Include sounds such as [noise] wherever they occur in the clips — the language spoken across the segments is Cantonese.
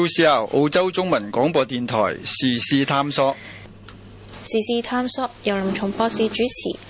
澳洲澳中文廣播電台時事探索，時事探索由林松博士主持。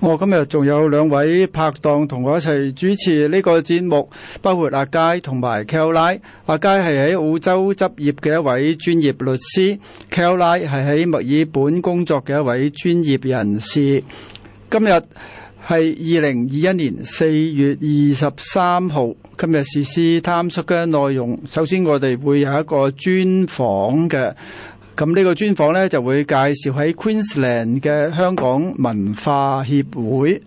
我、哦、今日仲有兩位拍檔同我一齊主持呢個節目，包括阿佳同埋 Kellie。阿佳係喺澳洲執業嘅一位專業律師，Kellie 係喺墨爾本工作嘅一位專業人士。今日係二零二一年四月二十三號。今日時事探索嘅內容，首先我哋會有一個專訪嘅。咁呢個專訪咧就會介紹喺 Queensland 嘅香港文化協會。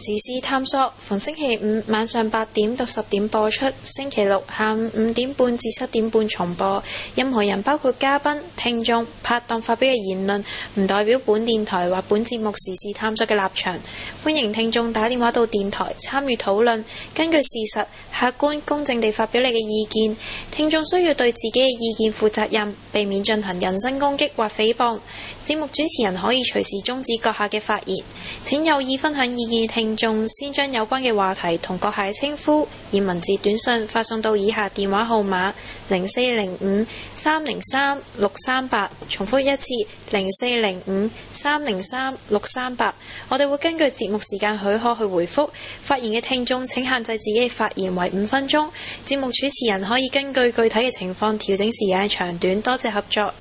時事探索逢星期五晚上八點到十點播出，星期六下午五點半至七點半重播。任何人包括嘉賓、聽眾、拍檔發表嘅言論，唔代表本電台或本節目時事探索嘅立場。歡迎聽眾打電話到電台參與討論，根據事實，客觀公正地發表你嘅意見。聽眾需要對自己嘅意見負責任，避免進行人身攻擊或誹謗。節目主持人可以隨時終止閣下嘅發言，請有意分享意見嘅聽眾先將有關嘅話題同閣下嘅稱呼以文字短信發送到以下電話號碼零四零五三零三六三八，重複一次零四零五三零三六三八。我哋會根據節目時間許可去回覆發言嘅聽眾，請限制自己嘅發言為五分鐘。節目主持人可以根據具體嘅情況調整時間嘅長短，多謝合作。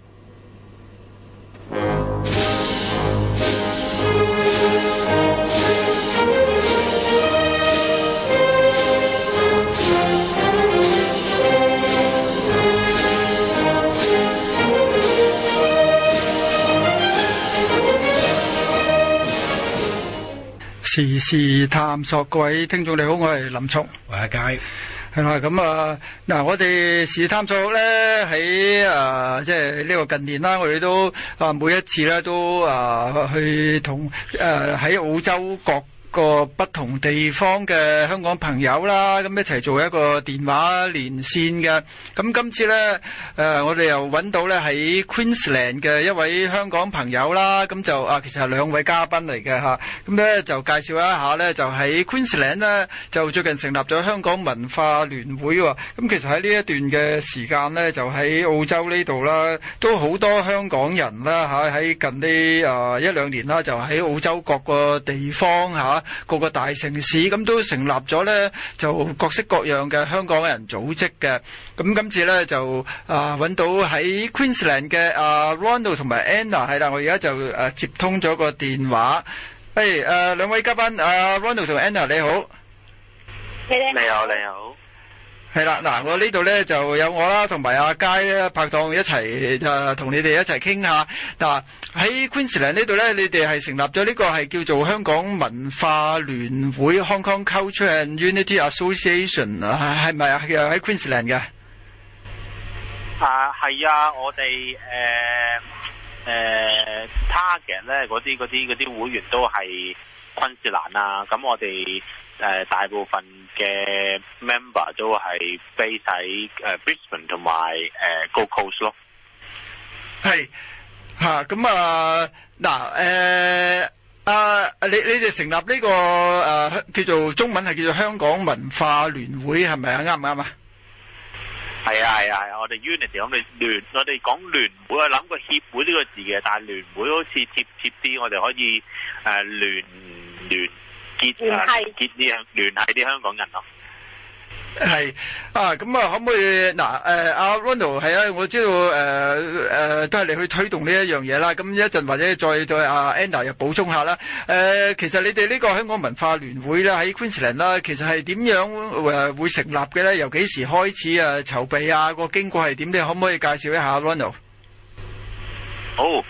時事探索，各位聽眾你好，我係林聰，喂阿佳。係啦，咁啊，嗱，我哋時事探索咧喺啊，即係呢個近年啦，我哋都啊每一次咧都啊去同誒喺、啊、澳洲各個不同地方嘅香港朋友啦，咁一齊做一個電話連線嘅。咁今次呢，誒我哋又揾到呢喺 Queensland 嘅一位香港朋友啦，咁就啊其實係兩位嘉賓嚟嘅嚇。咁呢就介紹一下呢，就喺 Queensland 呢就最近成立咗香港文化聯會喎。咁其實喺呢一段嘅時間呢，就喺澳洲呢度啦，都好多香港人啦嚇，喺近呢啊一兩年啦，就喺澳洲各個地方嚇。各個大城市咁都成立咗咧，就各式各樣嘅香港人組織嘅。咁今次咧就啊揾到喺 Queensland 嘅啊 Ronald 同埋 Anna 係啦，我而家就誒接通咗個電話。誒誒兩位嘉賓啊，Ronald 同 Anna 你好，你好你好。係啦，嗱，我呢度咧就有我啦，同埋阿佳咧拍檔一齊就同你哋一齊傾下。嗱，喺 Queensland 呢度咧，你哋係成立咗呢個係叫做香港文化聯會 （Hong Kong Culture and Unity Association） 啊，係咪啊？喺昆士蘭嘅？啊，係啊，我哋誒誒 target 咧，嗰啲嗰啲嗰啲會員都係昆士蘭啊，咁我哋。呃、大部分嘅 member 都係 base 喺、呃、Brisbane 同埋誒 Gold Coast 咯。係，嚇咁啊嗱啊、呃、啊，你你哋成立呢、這個、啊、叫做中文係叫做香港文化聯會係咪啊？啱唔啱啊？係啊係啊，我哋 Unity 我哋聯我哋講聯會，冇諗過協會呢個字嘅，但係聯會好似貼貼啲，我哋可以誒聯聯。啊結啊，結啲啊，聯繫啲香港人咯。係啊，咁啊，可唔可以嗱？誒，阿 Ronald 係啊，我知道誒誒，都係你去推動呢一樣嘢啦。咁一陣或者再對阿 Anna 又補充下啦。誒，其實你哋呢個香港文化聯會咧喺 Queensland 啦，其實係點樣誒會成立嘅咧？由幾時開始啊？籌備啊？個經過係點？你可唔可以介紹一下 Ronald？好誒，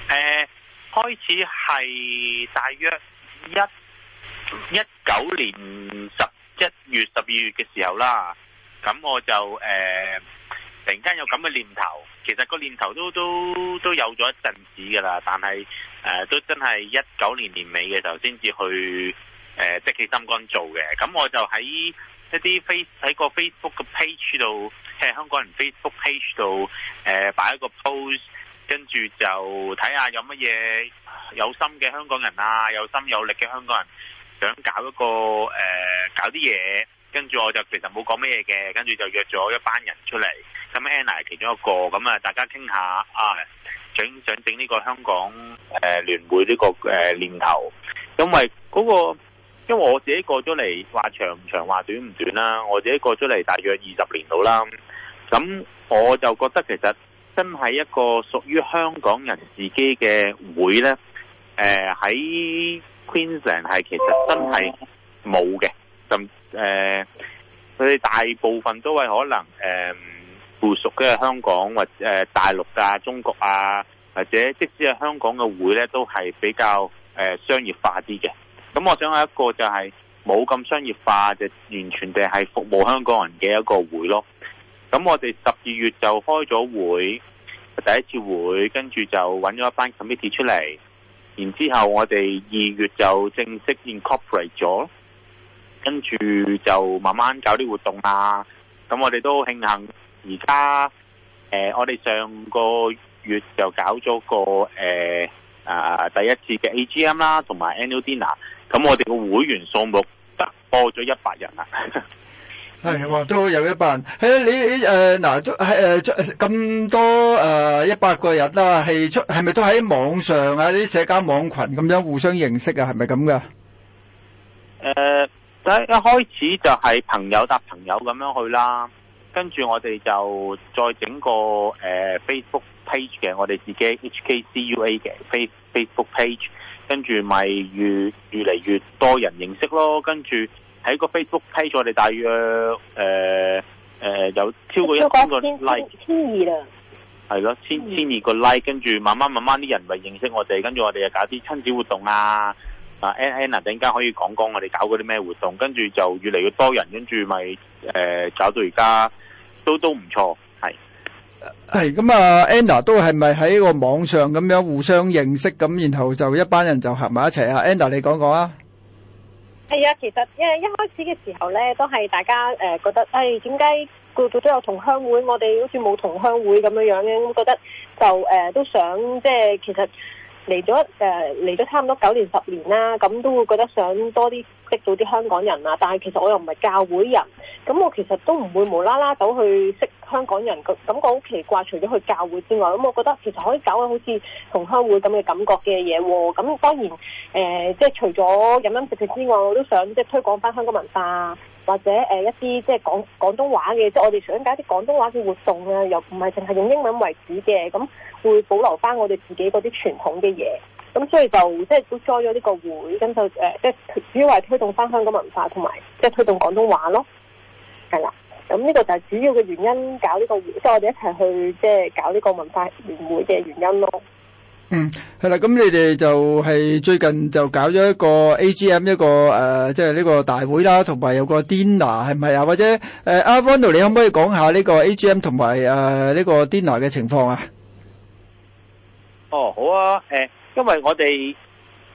開始係大約一。一九年十一月十二月嘅時候啦，咁我就誒、呃、突然間有咁嘅念頭，其實個念頭都都都有咗一陣子噶啦，但係誒、呃、都真係一九年年尾嘅時候先至去誒即係起心肝做嘅。咁我就喺一啲 face 喺個 Facebook 嘅 page 度，即香港人 Facebook page 度誒、呃、擺一個 post，跟住就睇下有乜嘢有心嘅香港人啊，有心有力嘅香港人。想搞一個誒、呃，搞啲嘢，跟住我就其實冇講咩嘢嘅，跟住就約咗一班人出嚟，咁 Anna 其中一個，咁啊大家傾下啊，想想整呢個香港誒、呃、聯會呢、呢個誒、呃、念頭，因為嗰、嗰個，因為我自己過咗嚟話長唔長話短唔短啦，我自己過咗嚟大約二十年度啦，咁我就覺得其實真係一個屬於香港人自己嘅會呢。誒、呃、喺。Queensland 係其實真係冇嘅，咁誒佢哋大部分都係可能附屬嘅香港或誒、呃、大陸啊、中國啊，或者即使係香港嘅會咧，都係比較、呃、商業化啲嘅。咁我想一個就係冇咁商業化就完全地係服務香港人嘅一個會咯。咁我哋十二月就開咗會，第一次會，跟住就揾咗一班 committee 出嚟。然之後，我哋二月就正式 incorporate 咗，跟住就慢慢搞啲活動啦。咁我哋都慶幸現在，而、呃、家我哋上個月就搞咗個、呃啊、第一次嘅 AGM 啦，同埋 annual dinner。咁我哋個會員數目突破咗一百人啦。 [laughs] 係都有一班，誒、哎，你誒，嗱、呃，誒，咁、呃、多誒一百個人啦，係出係咪都喺網上啊啲社交網群咁樣互相認識啊？係咪咁噶？誒、呃，第一一開始就係朋友搭朋友咁樣去啦，跟住我哋就再整個誒、呃、Facebook page 嘅，我哋自己 HKCUA 嘅 Face Facebook page，跟住咪越越嚟越多人認識咯，跟住。喺個 Facebook page 我哋大約誒誒、呃呃、有超過一千個 like，千二啦，係咯，千千二個 like，跟住慢慢慢慢啲人咪認識我哋，跟住我哋又搞啲親子活動啊啊，Anna 等陣間可以講講我哋搞嗰啲咩活動，跟住就越嚟越多人，跟住咪誒搞到而家都都唔錯，係係咁啊，Anna 都係咪喺個網上咁樣互相認識，咁然後就一班人就合埋一齊啊，Anna 你講講啊。係啊，其實因為一開始嘅時候呢，都係大家誒覺得，誒點解個個都有同鄉會，我哋好似冇同鄉會咁樣樣咧，咁、嗯、覺得就誒、呃、都想，即係其實嚟咗誒嚟咗差唔多九年十年啦，咁都會覺得想多啲識到啲香港人啊，但係其實我又唔係教會人，咁我其實都唔會無啦啦走去識。香港人感感覺好奇怪，除咗去教會之外，咁我覺得其實可以搞下好似同鄉會咁嘅感覺嘅嘢。咁當然，誒、呃，即係除咗飲飲食食之外，我都想即係推廣翻香港文化，或者誒、呃、一啲即係講廣東話嘅，即係我哋想搞啲廣東話嘅活動啊，又唔係淨係用英文為主嘅，咁會保留翻我哋自己嗰啲傳統嘅嘢。咁所以就即係都開咗呢個會，咁就誒、呃、即係主要係推動翻香港文化，同埋即係推動廣東話咯。係啦。咁呢個就係主要嘅原因搞呢個，即係我哋一齊去即係搞呢個文化聯會嘅原因咯。嗯，係啦，咁你哋就係最近就搞咗一個 AGM 一個誒，即係呢個大會啦，同埋有個 dinner 係咪啊？或者誒，阿方導你可唔可以講下呢個 AGM 同埋誒呢個 dinner 嘅情況啊？哦，好啊，誒，因為我哋。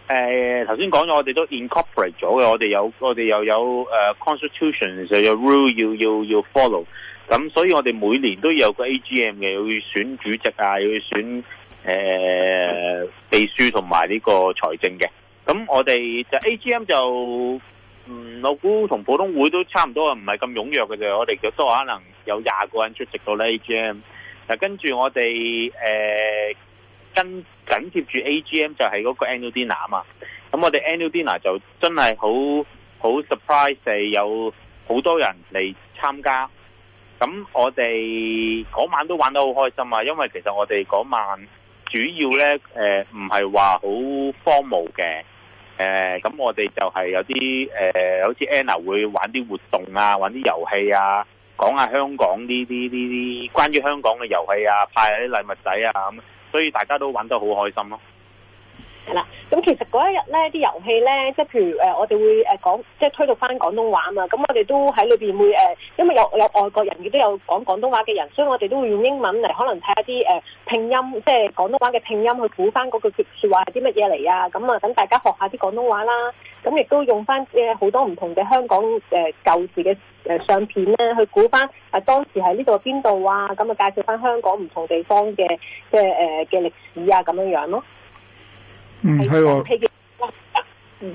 誒、呃，頭先講咗，我哋都 incorporate 咗嘅，我哋有，我哋，uh, 又有誒 constitution 就有 rule 要要要 follow，咁所以我哋每年都有個 AGM 嘅，要選主席啊，要選誒、呃、秘書同埋呢個財政嘅。咁我哋就 AGM 就，嗯，我估同普通會都差唔多，唔係咁踊躍嘅啫。我哋都可能有廿個人出席到呢 AGM 啊。嗱，跟住我哋誒。呃跟緊接住 AGM 就係嗰個 Annual Dinner 啊嘛，咁我哋 Annual Dinner 就真係好好 surprise，有好多人嚟參加。咁我哋嗰晚都玩得好開心啊，因為其實我哋嗰晚主要咧誒唔係話好 formal 嘅誒，咁、呃呃、我哋就係有啲誒、呃，好似 Anna 會玩啲活動啊，玩啲遊戲啊，講下香港呢啲呢啲關於香港嘅遊戲啊，派下啲禮物仔啊咁。所以大家都玩得好開心咯。係啦，咁其實嗰一日咧，啲遊戲咧，即係譬如誒，我哋會誒講，即係推導翻廣東話啊嘛。咁我哋都喺裏邊會誒，因為有有外國人亦都有講廣東話嘅人，所以我哋都會用英文嚟可能睇下啲誒拼音，即係廣東話嘅拼音去估翻嗰句説話係啲乜嘢嚟啊。咁啊，等大家學下啲廣東話啦。咁亦都用翻誒好多唔同嘅香港誒舊時嘅誒相片咧，去估翻啊當時喺呢度邊度啊。咁啊，介紹翻香港唔同地方嘅即係誒嘅歷史啊咁樣樣咯。唔係嗯。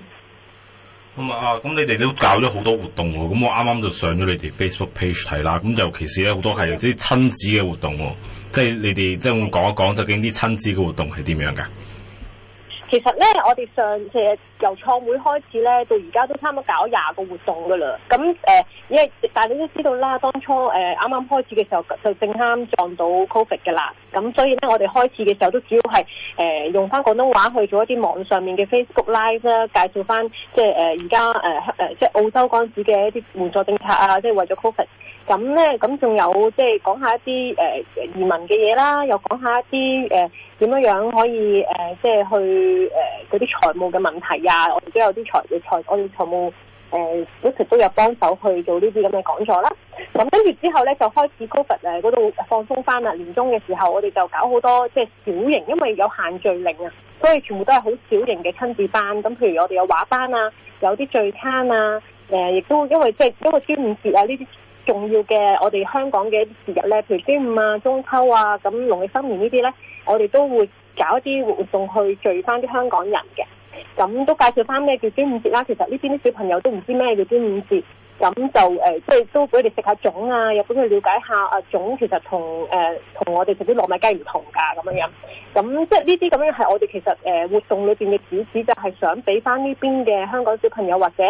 咁、嗯嗯、啊，咁你哋都搞咗好多活動喎。咁我啱啱就上咗你哋 Facebook page 睇啦。咁尤其係咧好多係啲親子嘅活動喎。即係你哋即係講一講究竟啲親子嘅活動係點樣嘅？其實咧，我哋上次由創會開始咧，到而家都差唔多搞廿個活動噶啦。咁誒，因為大家都知道啦，當初誒啱啱開始嘅時候就正啱撞到 Covid 噶啦。咁所以咧，我哋開始嘅時候都主要係誒、呃、用翻廣東話去做一啲網上面嘅 Facebook Live 啦、啊，介紹翻即係誒而家誒即係澳洲嗰陣時嘅一啲援助政策啊，即、就、係、是、為咗 COVID。咁咧咁仲有即係講一下一啲誒、呃、移民嘅嘢啦，又講一下一啲誒點樣樣可以誒即係去誒嗰啲財務嘅問題啊，我哋都有啲財嘅財，我哋財，財務。誒、呃，一直都有幫手去做呢啲咁嘅講座啦。咁跟住之後咧，就開始 COVID 誒嗰度放鬆翻啦。年中嘅時候，我哋就搞好多即係、就是、小型，因為有限聚令啊，所以全部都係好小型嘅親子班。咁譬如我哋有畫班啊，有啲聚餐啊。誒、呃，亦都因為即係、就是、因為端午節啊呢啲重要嘅我哋香港嘅節日咧，譬如端午啊、中秋啊、咁農曆新年呢啲咧，我哋都會搞一啲活動去聚翻啲香港人嘅。咁都介紹翻咩叫端午節啦，其實呢邊啲小朋友都唔知咩叫端午節，咁就即係、呃、都俾佢哋食下粽啊，又幫佢哋瞭解一下啊，粽其實同同、呃、我哋食啲糯米雞唔同㗎咁樣樣樣，咁即係呢啲咁樣係我哋其實、呃、活動裏面嘅主旨，就係、係、想俾翻呢邊嘅香港小朋友或者。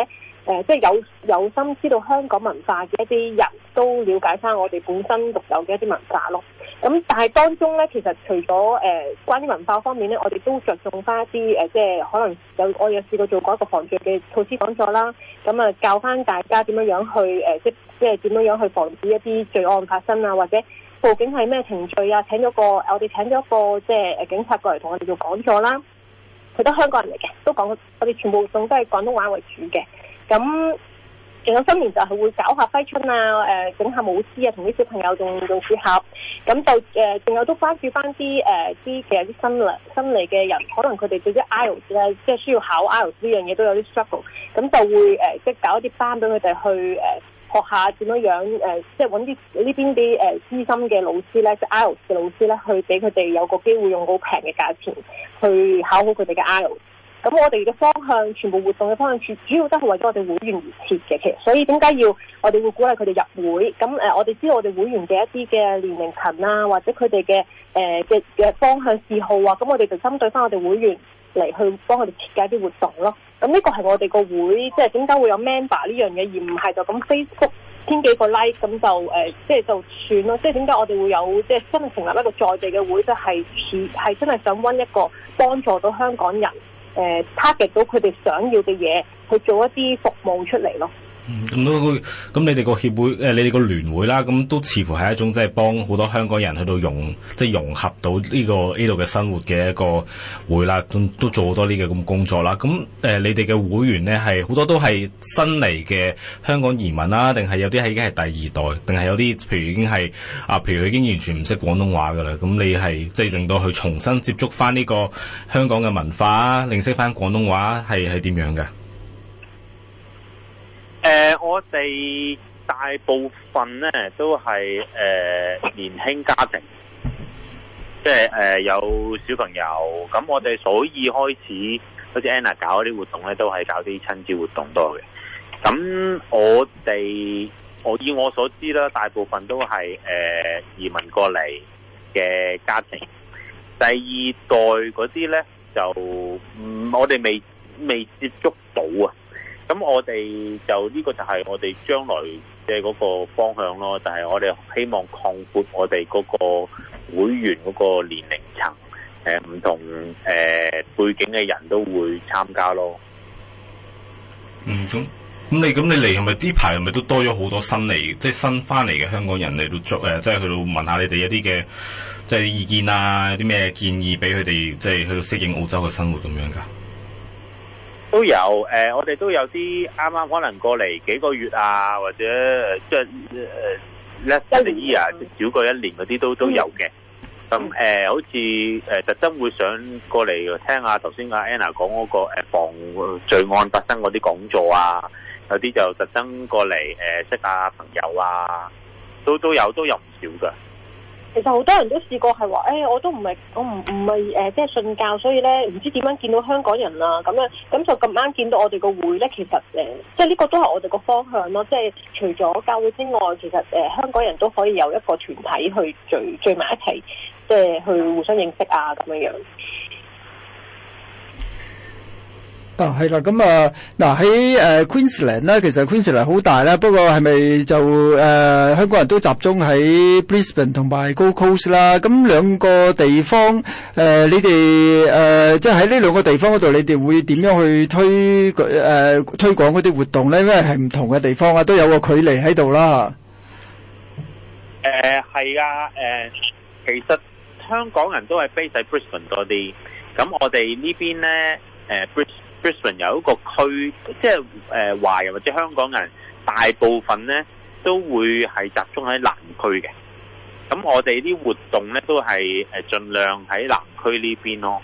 誒、呃，即係有有心知道香港文化嘅一啲人都了解翻我哋本身獨有嘅一啲文化咯。咁、嗯、但係當中咧，其實除咗誒、呃、關於文化方面咧，我哋都着重翻一啲誒、呃，即係可能有我有試過做過一個防罪嘅措施講座啦。咁、嗯、啊，教翻大家點樣樣去誒、呃，即即係點樣樣去防止一啲罪案發生啊，或者報警係咩程序啊？請咗個我哋請咗個即係誒警察過嚟同我哋做講座啦。佢都香港人嚟嘅，都講我哋全部用都係廣東話為主嘅。咁仲有新年就係會搞下揮春啊，誒、呃、整下舞獅啊，同啲小朋友仲做結合。咁就誒仲、呃、有都關注翻啲誒啲，其實啲新嚟嘅人，可能佢哋對啲 IELTS 咧即係需要考 IELTS 呢樣嘢都有啲 struggle，咁就會誒、呃、即係搞一啲班俾佢哋去誒、呃、學下點樣樣，誒、呃、即係搵啲呢邊啲誒資深嘅老師咧，即係 IELTS 嘅老師咧，去俾佢哋有個機會用好平嘅價錢去考好佢哋嘅 IELTS。咁我哋嘅方向，全部活動嘅方向，主主要都係為咗我哋會員而設嘅。其實，所以點解要我哋會鼓勵佢哋入會？咁誒，我哋知道我哋會員嘅一啲嘅年齡層啊，或者佢哋嘅誒嘅嘅方向嗜好啊，咁我哋就針對翻我哋會員嚟去幫佢哋設計一啲活動咯。咁呢個係我哋個會，即係點解會有 member 呢樣嘢，而唔係就咁 Facebook 添幾個 like 咁就呃、即係、就算咯。即係點解我哋會有即係真係成立一個在地嘅會，即係似係真係想揾一個幫助到香港人。誒，target 到佢哋想要嘅嘢，去做一啲服務出嚟咯。咁咁，你哋個協會你哋個聯會啦，咁都似乎係一種即係幫好多香港人去到融，即係融合到呢個呢度嘅生活嘅一個會啦，都都做好多呢個咁工作啦。咁、呃、你哋嘅會員咧係好多都係新嚟嘅香港移民啦，定係有啲係已經係第二代，定係有啲譬如已經係啊，譬如已經完全唔識廣東話㗎啦。咁你係即係令到佢重新接觸翻呢個香港嘅文化啊，認識翻廣東話係係點樣嘅？我哋大部分咧都係誒、呃、年輕家庭，即係誒、呃、有小朋友，咁我哋所以開始好似 Anna 搞啲活動咧，都係搞啲親子活動多嘅。咁我哋我以我所知啦，大部分都係誒、呃、移民過嚟嘅家庭，第二代嗰啲咧就、嗯、我哋未未接觸到啊。咁我哋就呢個就係我哋將來嘅嗰個方向咯，就係我哋希望擴闊我哋嗰個會員嗰個年齡層，誒唔同誒背景嘅人都會參加咯。嗯，咁咁你咁你嚟係咪？呢排係咪都多咗好多新嚟，即係新翻嚟嘅香港人嚟到捉，誒，即係去到問下你哋一啲嘅即係意見啊，有啲咩建議俾佢哋，即係去到適應澳洲嘅生活咁樣噶？都有，誒、呃，我哋都有啲啱啱可能過嚟幾個月啊，或者即係、uh，誒 last year [music] 少過一年嗰啲都都有嘅。咁誒、 [music] 嗯呃，好似誒、呃、特登會上過嚟聽下頭先阿 Anna 講嗰、那個、呃、防罪案發生嗰啲講座啊，有啲就特登過嚟誒、呃、識下朋友啊，都都有都有唔少㗎。其實好多人都試過係話，誒、欸，我都唔係，我唔唔係誒，即係信教，所以咧，唔知點樣見到香港人啊，咁樣，咁就咁啱見到我哋個會咧，其實誒、呃，即係呢個都係我哋個方向咯，即係除咗教會之外，其實誒、呃，香港人都可以有一個團體去聚聚埋一齊，即係去互相認識啊，咁樣樣。哦是嗯、啊，係啦，咁、呃、啊，嗱喺 Queensland 咧，其實 Queensland 好大啦。不過係咪就誒、呃、香港人都集中喺 Brisbane 同埋 Gold Coast 啦？咁、嗯、兩個地方誒、呃，你哋誒即係喺呢兩個地方嗰度，你哋會點樣去推誒、呃、推廣嗰啲活動咧？因為係唔同嘅地方啊，都有個距離喺度啦。誒係啊，其實香港人都係飛喺 Brisbane 多啲，咁我哋呢邊咧 Bris。呃 Brisbane 有一個區，即係誒華人或者香港人，大部分咧都會係集中喺南區嘅。咁我哋啲活動咧都係誒盡量喺南區呢邊咯。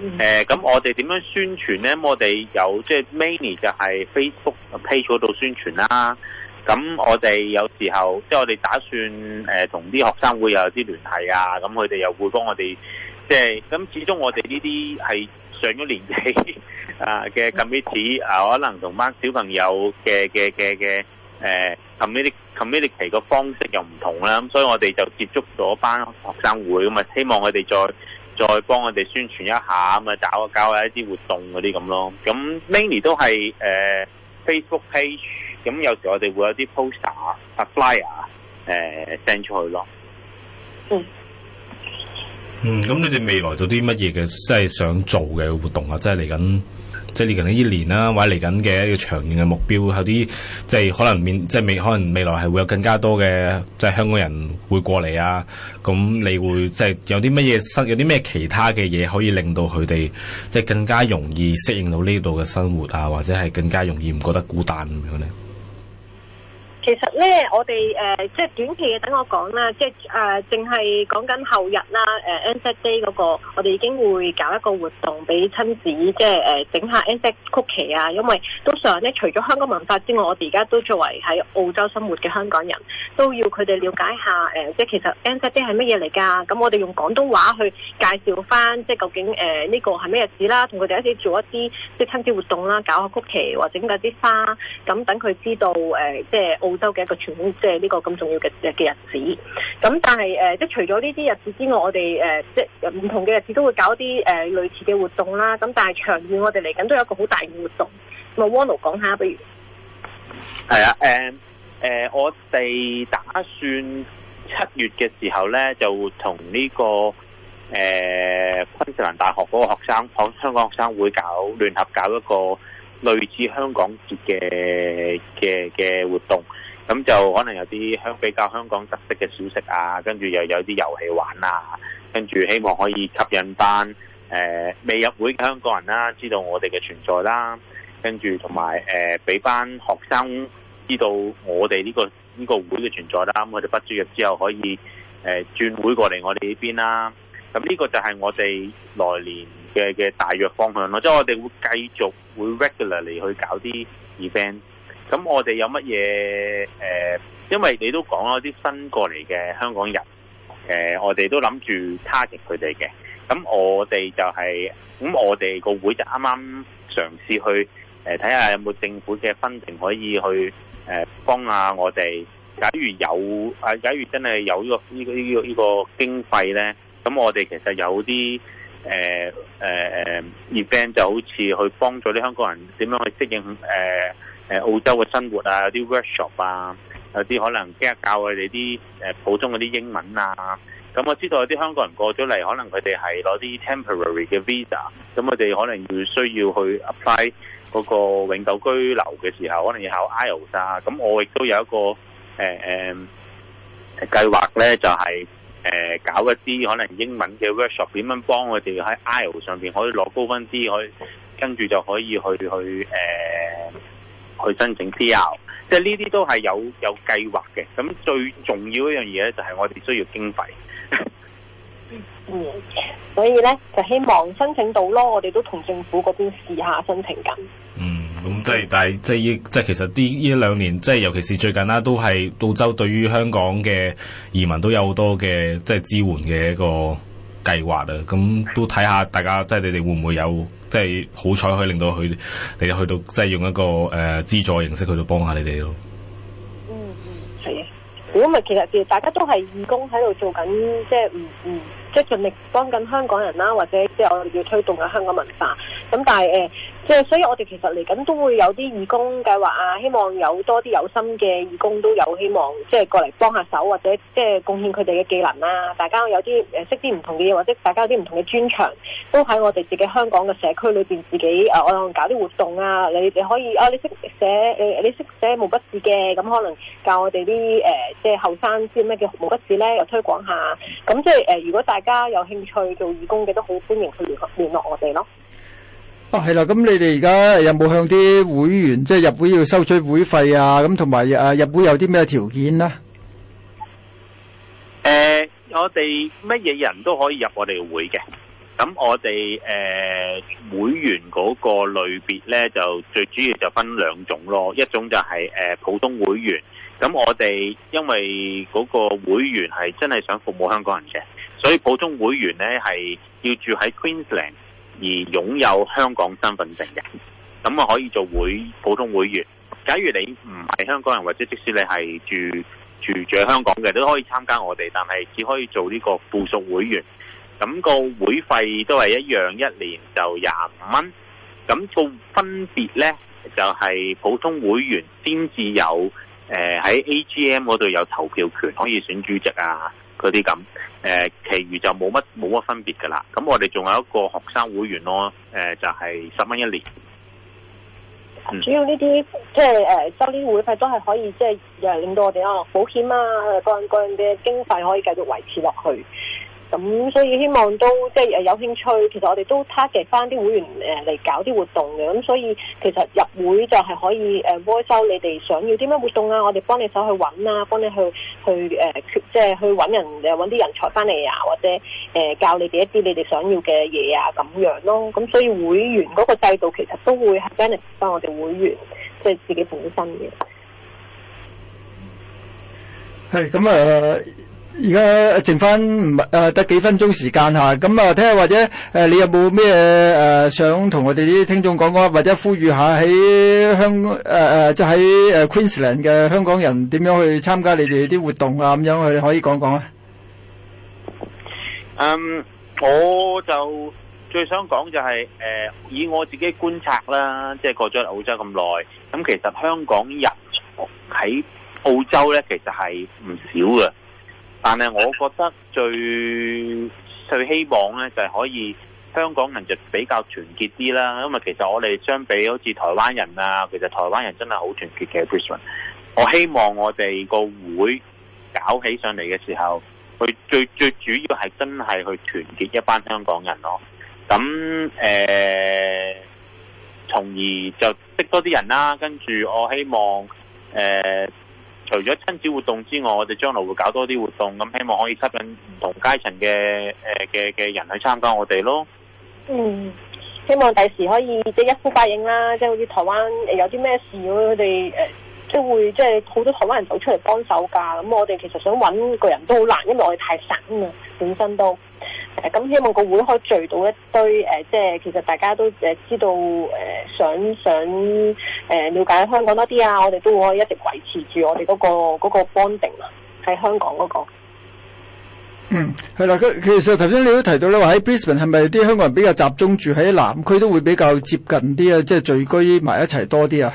誒、嗯、咁、啊、我哋點樣宣傳咧？我哋有即係 mainly 就係 Facebook page 嗰度宣傳啦、啊。咁我哋有時候即係我哋打算誒同啲學生會有啲聯繫啊。咁佢哋又會幫我哋。即係咁，始終我哋呢啲係上咗年紀啊嘅，committee 啊可能同班小朋友嘅嘅嘅嘅誒 communicate communicate 嘅方式又唔同啦，咁所以我哋就接觸咗班學生會咁啊，希望佢哋再再幫我哋宣傳一下啊嘛，搞一搞啊一啲活動嗰啲咁咯。咁 mainly 都係誒、呃、Facebook page，咁有時我哋會有啲 poster、呃、flyer 誒 send 出去咯。嗯嗯，咁你哋未來做啲乜嘢嘅？即係想做嘅活動啊，即係嚟緊，即係嚟緊呢一年啦，或者嚟緊嘅一個長遠嘅目標，有啲即係可能面，即係未可能未來係會有更加多嘅，即係香港人會過嚟啊。咁你會即係有啲乜嘢新，有啲咩其他嘅嘢可以令到佢哋即係更加容易適應到呢度嘅生活啊，或者係更加容易唔覺得孤單咁樣咧？其實咧，我哋、呃、即係短期嘅，等我講啦，即係誒淨係講緊後日啦、呃、Anzac Day 嗰、那個，我哋已經會搞一個活動俾親子，即係、呃、整下 Anzac 曲奇啊，因為都想咧，除咗香港文化之外，我哋而家都作為喺澳洲生活嘅香港人，都要佢哋了解下、呃、即係其實 Anzac Day 係乜嘢嚟㗎？咁我哋用廣東話去介紹翻，即係究竟誒呢、呃這個係咩日子啦，同佢哋一齊做一啲即係親子活動啦，搞下曲奇或者整下啲花，咁等佢知道、呃、即係澳。澳洲嘅一個傳統，即係呢個咁重要嘅嘅日子。咁但係誒，即、呃、係除咗呢啲日子之外，我哋誒、呃，即係唔同嘅日子都會搞啲誒、呃、類似嘅活動啦。咁但係長遠，我哋嚟緊都有一個好大嘅活動。咁阿 Wono 講下，不如係啊，誒、呃、誒、呃，我哋打算七月嘅時候咧，就同呢、這個誒、呃、昆士蘭大學嗰個學生，響香港學生會搞聯合搞一個類似香港節嘅嘅嘅活動。咁就可能有啲香比較香港特色嘅小食啊，跟住又有啲遊戲玩啊，跟住希望可以吸引班未入會嘅香港人啦、啊，知道我哋嘅存在啦、啊，跟住同埋誒俾班學生知道我哋呢、呢個呢、呢個會嘅存在啦、啊。咁我哋畢咗業之後可以轉會過嚟我哋呢邊啦、啊。咁呢個就係我哋來年嘅嘅大約方向咯、啊，即、就、係、是、我哋會繼續會 regularly 去搞啲 event。咁我哋有乜嘢？誒、呃，因為你都講咗啲新過嚟嘅香港人，誒、呃，我哋都諗住 target 佢哋嘅。咁我哋就係咁，我哋個、就是嗯、會就啱啱嘗試去誒睇下有冇政府嘅分庭可以去誒、呃、幫下我哋。假如有啊，假如真係有呢、呢個呢、呢個呢、呢個呢、呢個經費咧，咁、嗯、我哋其實有啲誒誒 event 就好似去幫助啲香港人點樣去適應誒。呃澳洲嘅生活啊，有啲 workshop 啊，有啲可能今日教佢哋啲普通嗰啲英文啊。咁、嗯、我知道有啲香港人過咗嚟，可能佢哋係攞啲 temporary 嘅 visa，咁我哋可能要需要去 apply 嗰個永久居留嘅時候，可能要考 IELTS 啊。咁、嗯、我亦都有一個誒誒、呃呃、計劃咧，就係、是、誒、呃、搞一啲可能英文嘅 workshop，點樣幫佢哋喺 IELTS 上邊可以攞高分啲，可以跟住就可以去去誒。呃去申請 PR，即係呢啲都係有有計劃嘅。咁最重要的一樣嘢咧，就係我哋需要經費。嗯，所以咧就希望申請到咯。我哋都同政府嗰邊試下申請緊。嗯，咁即係，但係即係，即係其實啲呢兩年，即係尤其是最近啦，都係澳洲對於香港嘅移民都有好多嘅即係支援嘅一個計劃啊。咁都睇下大家，即係你哋會唔會有？即係好彩可以令到佢哋去到，即係用一個誒、呃、資助形式去到幫下你哋咯。嗯嗯，係啊。如果咪其實，大家都係義工喺度做緊，即係唔唔，即、嗯、係、嗯即係、盡力幫緊香港人啦，或者即係、即係、我哋要推動下香港文化。咁但係誒。呃即係，所以我哋其實嚟緊都會有啲義工計劃啊，希望有多啲有心嘅義工都有希望，即係過嚟幫下手或者即係貢獻佢哋嘅技能啦、啊。大家有啲誒識啲唔同嘅嘢，或者大家有啲唔同嘅專長，都喺我哋自己香港嘅社區裏邊自己誒、啊，我哋搞啲活動啊，你你可以啊，你識寫誒，你識寫毛筆字嘅，咁可能教我哋啲誒，即係後生知咩叫毛筆字咧，又推廣下。咁即係誒，如果大家有興趣做義工嘅，都好歡迎去聯聯絡我哋咯。哦、啊，係啦，咁你哋而家有冇向啲會員即係入會要收取會費啊？咁同埋誒入會有啲咩條件咧？誒、呃，我哋乜嘢人都可以入我哋會嘅。咁我哋誒、呃、會員嗰個類別呢，就最主要就分兩種咯。一種就係、是、誒、呃、普通會員。咁我哋因為嗰個會員係真係想服務香港人嘅，所以普通會員呢係要住喺 Queensland。而擁有香港身份證嘅人，咁啊可以做會普通會員。假如你唔係香港人，或者即使你係住住住香港嘅，都可以參加我哋，但係只可以做呢個附屬會員。咁個會費都係一樣，一年就廿五蚊。咁個分別呢，就係普通會員先至有誒喺 AGM 嗰度有投票權，可以選主席啊。嗰啲咁，誒，其餘就冇乜冇乜分別噶啦。咁我哋仲有一個學生會員咯，誒，就係十蚊一年。主要呢啲即係誒，收啲會費都係可以即係誒令到我哋啊，保險啊各樣各樣嘅經費可以繼續維持落去。咁、嗯、所以希望都即係誒有興趣，其實我哋都 target 翻啲會員誒嚟搞啲活動嘅。咁、嗯、所以其實入會就係可以誒 research 你哋想要啲咩活動啊，我哋幫你手去揾啊，幫你去去誒即係去揾人誒揾啲人才翻嚟啊，或者誒、呃、教你哋一啲你哋想要嘅嘢啊咁樣咯。咁、嗯、所以會員嗰個制度其實都會係 benefit 翻我哋會員即係、就是、自己本身嘅。係咁啊！而家剩翻唔得幾分鐘時間下，咁啊聽下或者你有冇咩、呃、想同我哋啲聽眾講講，或者呼籲下喺香誒誒即喺 Queensland 嘅香港人點樣去參加你哋啲活動啊咁樣，我哋可以講講啊。嗯，我就最想講就係、是呃、以我自己觀察啦，即、就、係、是、過咗澳洲咁耐，咁其實香港人喺澳洲咧其實係唔少嘅。但係，我覺得最最希望呢，就係、是、可以香港人就比較團結啲啦。因為其實我哋相比好似台灣人啊，其實台灣人真係好團結嘅。 [music] 我希望我哋個會搞起上嚟嘅時候，去最最主要係真係去團結一班香港人咯、啊。咁誒，從、呃、而就識多啲人啦、啊。跟住，我希望誒。呃除咗親子活動之外，我哋將來會搞多啲活動，咁希望可以吸引唔同階層嘅誒嘅嘅人去參加我哋咯。嗯，希望第時可以即、就是、一呼百應啦，即、就、係、是、好似台灣、呃、有啲咩事要他們，佢哋誒。即會即係好多台灣人走出嚟幫手㗎，咁我哋其實想搵個人都好難，因為我哋太散啊，本身都呃，咁希望個會可以聚到一堆誒，呃，即係其實大家都誒知道誒、呃、想想誒瞭解香港多啲啊，我哋都會可以一直維持住我哋嗰個嗰個 bonding 啊，喺香港嗰個。嗯，係啦，其實頭先你都提到呢，話喺 Brisbane 係咪啲香港人比較集中住喺南區，都會比較接近啲啊，即係聚居埋一齊多啲啊。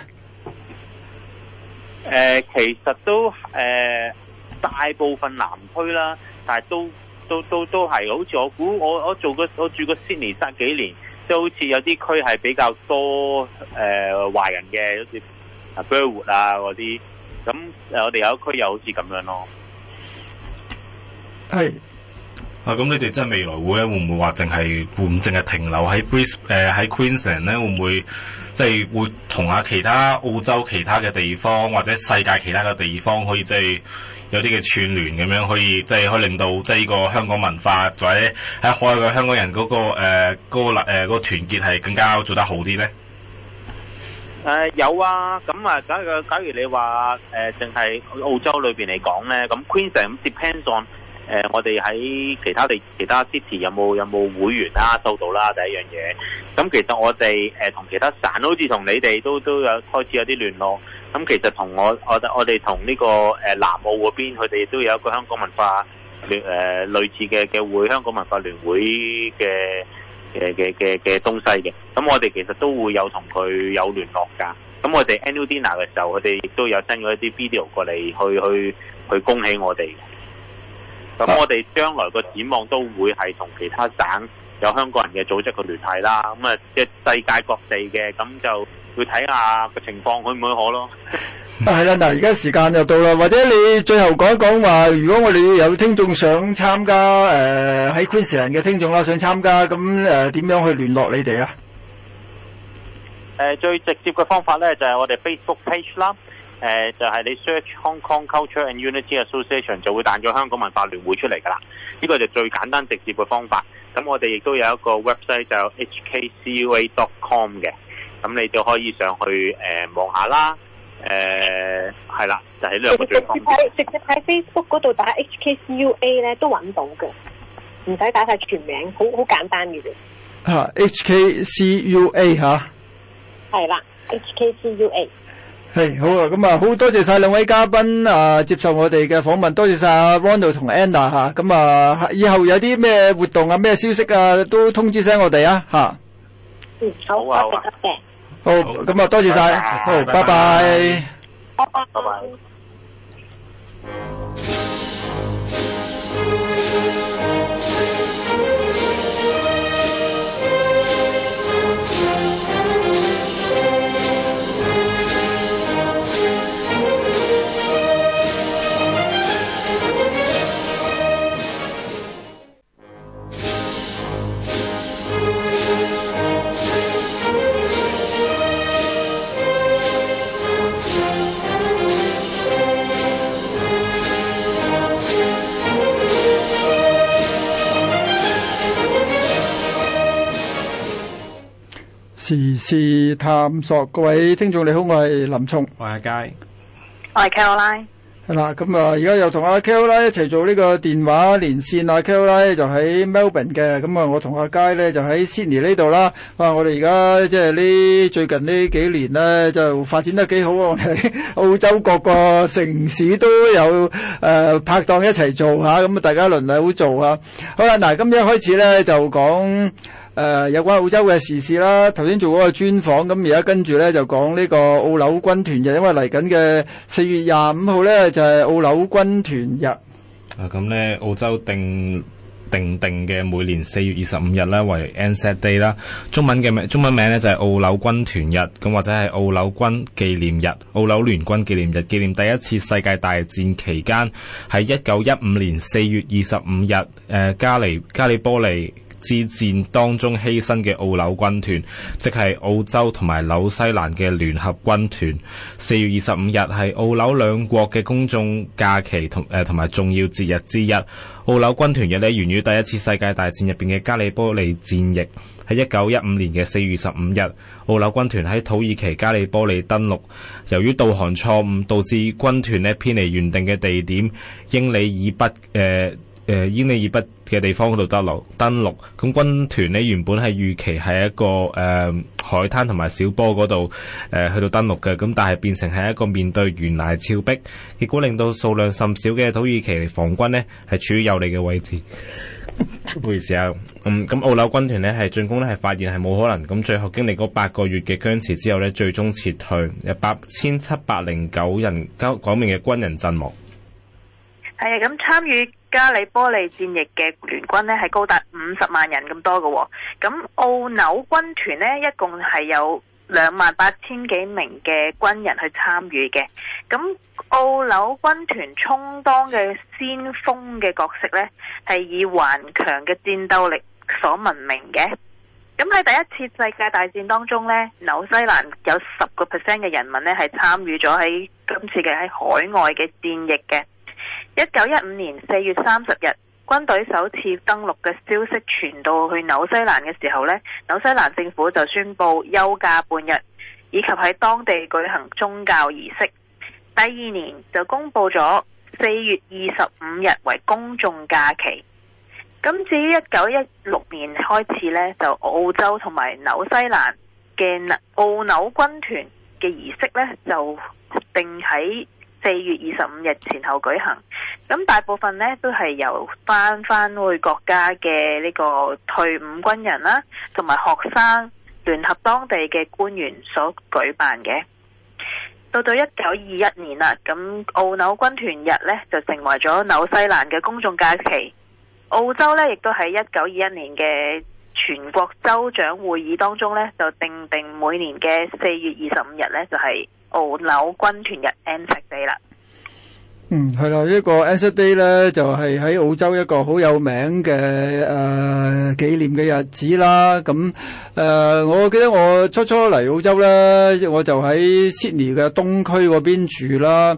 誒、呃，其實都誒、呃，大部分南區啦，但係都都都都係，好似我估，我我，做過我住過我住過悉尼三十幾年，即係好似有啲區係比較多誒、呃、華人嘅，好似啊 Burwood 啊嗰啲，咁我哋有一區又好似咁樣咯。係啊，咁你哋真係未來會唔會話淨係會唔淨係停留喺 Bris 誒喺 Queensland 咧？會唔會？即係會同下其他澳洲其他嘅地方，或者世界其他嘅地方，可以即係有啲嘅串聯咁樣，可以即係可以令到即係呢個香港文化，或者喺海外嘅香港人嗰個誒嗰個誒嗰個團結係更加做得好啲咧。誒有啊，咁啊，假如假如你話誒淨係澳洲裏邊嚟講咧，咁 Queensland depends on。誒、呃，我哋喺其他地、其他 city 有冇有冇會員啦、啊、收到啦，第一樣嘢。咁、嗯、其實我哋誒同其他省，好似同你哋都都有開始有啲聯絡。咁、嗯、其實同我我我哋同呢個誒、呃、南澳嗰邊，佢哋都有一個香港文化聯誒、呃、類似嘅嘅會，香港文化聯會嘅嘅嘅嘅嘅東西嘅。咁、嗯、我哋其實都會有同佢有聯絡㗎。咁、嗯、我哋 Annual Dinner 嘅時候，佢哋亦都有 send 咗一啲 video 過嚟去去去恭喜我哋。咁我哋將來個展望都會係同其他省有香港人嘅組織去聯繫啦，咁啊即係世界各地嘅，咁就會睇下個情況會唔可咯。係啦，嗱、啊，而、啊、家時間就到啦，或者你最後講一講話，如果我哋有聽眾想參加誒喺 Queensland 嘅聽眾啦，想參加咁誒點樣去聯絡你哋啊、呃？最直接嘅方法咧就係、是、我哋 Facebook page 啦。誒、呃，就係、是、你 search Hong Kong Culture and Unity Association，就會彈咗香港文化聯會出嚟㗎喇。呢、這個就最簡單直接嘅方法。咁我哋亦都有一個 website 就有 HKCUA.com 嘅，咁你就可以上去誒望下啦。誒、呃，係啦，就喺、是、呢兩個地方。直接喺直接喺 Facebook 嗰度打 HKCUA 咧，都搵到嘅，唔使打晒全名，好好簡單嘅啫。吓，HKCUA 吓，係啦，HKCUA。係好啊，咁啊，好多謝晒兩位嘉賓啊，接受我哋嘅訪問，多謝晒阿 Ronald 同 Anna 吓，咁啊，以後有啲咩活動啊，咩消息啊，都通知聲我哋啊吓。嗯，好，多謝，多謝。好，咁啊，多謝晒，好，拜拜。好，拜拜。時事探索，各位聽眾你好，我係林聰，我係阿佳，我係 k a r l i e 係啦，咁啊，而家又同阿 k a r l i e 一齊做呢個電話連線啊 k a r l i e 就喺 Melbourne 嘅，咁啊，我同阿佳咧就喺 Sydney 呢度啦。啊，我哋而家即係呢最近呢幾年呢，就發展得幾好，我哋澳洲各個城市都有誒拍檔一齊做吓，咁啊，大家輪流做啊。好啦，嗱，今日一開始咧就講。誒有關澳洲嘅時事啦，頭先做嗰個專訪，咁而家跟住呢，就講呢個澳紐軍團日，因為嚟緊嘅四月廿五號呢，就係澳紐軍團日。啊，咁咧澳洲定定定嘅每年四月二十五日呢，為 Anzac Day 啦，中文嘅中文名呢，就係澳紐軍團日，咁或者係澳紐軍紀念日、澳紐聯軍紀念日，紀念第一次世界大戰期間喺一九一五年四月二十五日，誒加利加利波利之戰當中犧牲嘅澳紐軍團，即係澳洲同埋紐西蘭嘅聯合軍團。四月二十五日係澳紐兩國嘅公眾假期同，誒同埋重要節日之一。澳紐軍團日呢，源於第一次世界大戰入邊嘅加利波利戰役。喺一九一五年嘅四月十五日，澳紐軍團喺土耳其加利波利登陸，由於導航錯誤導致軍團呢偏離原定嘅地點，英里以北誒。呃誒伊利爾北嘅地方嗰度登陸登陸，咁軍團呢，原本係預期係一個誒、呃、海灘同埋小波嗰度誒去到登陸嘅，咁但係變成係一個面對懸崖峭壁，結果令到數量甚少嘅土耳其防軍呢係處於有利嘅位置。唔 [laughs] 好意思咁、啊嗯、澳紐軍團呢係進攻呢係發現係冇可能，咁最後經歷嗰八個月嘅僵持之後呢，最終撤退，有八千七百零九人交講明嘅軍人陣亡。係啊，咁參與。加里波利戰役嘅聯軍呢，係高達五十萬人咁多嘅，哦，咁澳紐軍團呢，一共係有兩萬八千幾名嘅軍人去參與嘅，咁澳紐軍團充當嘅先鋒嘅角色呢，係以頑強嘅戰鬥力所聞名嘅，咁喺第一次世界大戰當中呢，紐西蘭有十個 percent 嘅人民呢，係參與咗喺今次嘅喺海外嘅戰役嘅。一九一五年四月三十日，軍隊首次登陸嘅消息傳到去紐西蘭嘅時候呢，紐西蘭政府就宣布休假半日，以及喺當地舉行宗教儀式。第二年就公布咗四月二十五日為公眾假期。咁至於一九一六年開始呢，就澳洲同埋紐西蘭嘅澳紐軍團嘅儀式呢，就定喺。四月二十五日前後舉行，咁大部分咧都係由翻翻去國家嘅呢個退伍軍人啦、啊，同埋學生聯合當地嘅官員所舉辦嘅。到到一九二一年啦，咁澳紐軍團日咧就成為咗紐西蘭嘅公眾假期。澳洲咧亦都喺一九二一年嘅全國州長會議當中咧，就定定每年嘅四月二十五日咧就係、是。澳紐軍團日 Anzac Day 啦。嗯，係啦，這個、呢個 Anzac Day 咧，就係、是、喺澳洲一個好有名嘅誒紀念嘅日子啦。咁誒、呃，我記得我初初嚟澳洲咧，我就喺 Sydney 嘅東區嗰邊住啦。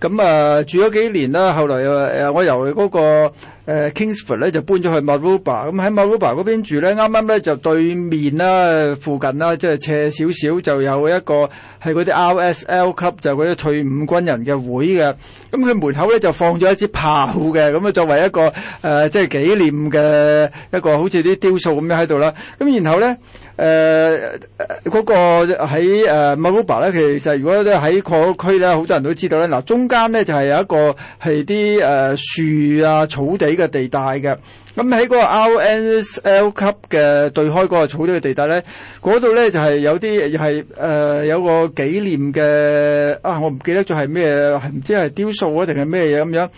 咁啊、呃，住咗幾年啦，後來誒，我由嗰、那個。誒、呃、Kingsford 咧就搬咗去 Maroubra 咁喺 Maroubra 嗰邊住咧，啱啱咧就對面啦、附近啦，即、就、係、是、斜少少就有一個係嗰啲 RSL Club，就嗰啲退伍軍人嘅會嘅。咁佢門口咧就放咗一支炮嘅，咁啊作為一個誒即係紀念嘅一個好似啲雕塑咁樣喺度啦。咁然後咧，誒、呃、嗰、那個喺 Maroubra 咧，其實如果咧喺嗰區咧，好多人都知道咧。嗱、呃，中間咧就係、是、有一個係啲誒樹啊、草地。地，那那個地帶嘅，咁喺嗰個 RSL 嘅對開嗰個草地嘅地帶咧，嗰度咧就係、是、有啲係誒有個紀念嘅啊，我唔記得咗係咩，唔知係雕塑啊定係咩嘢咁樣。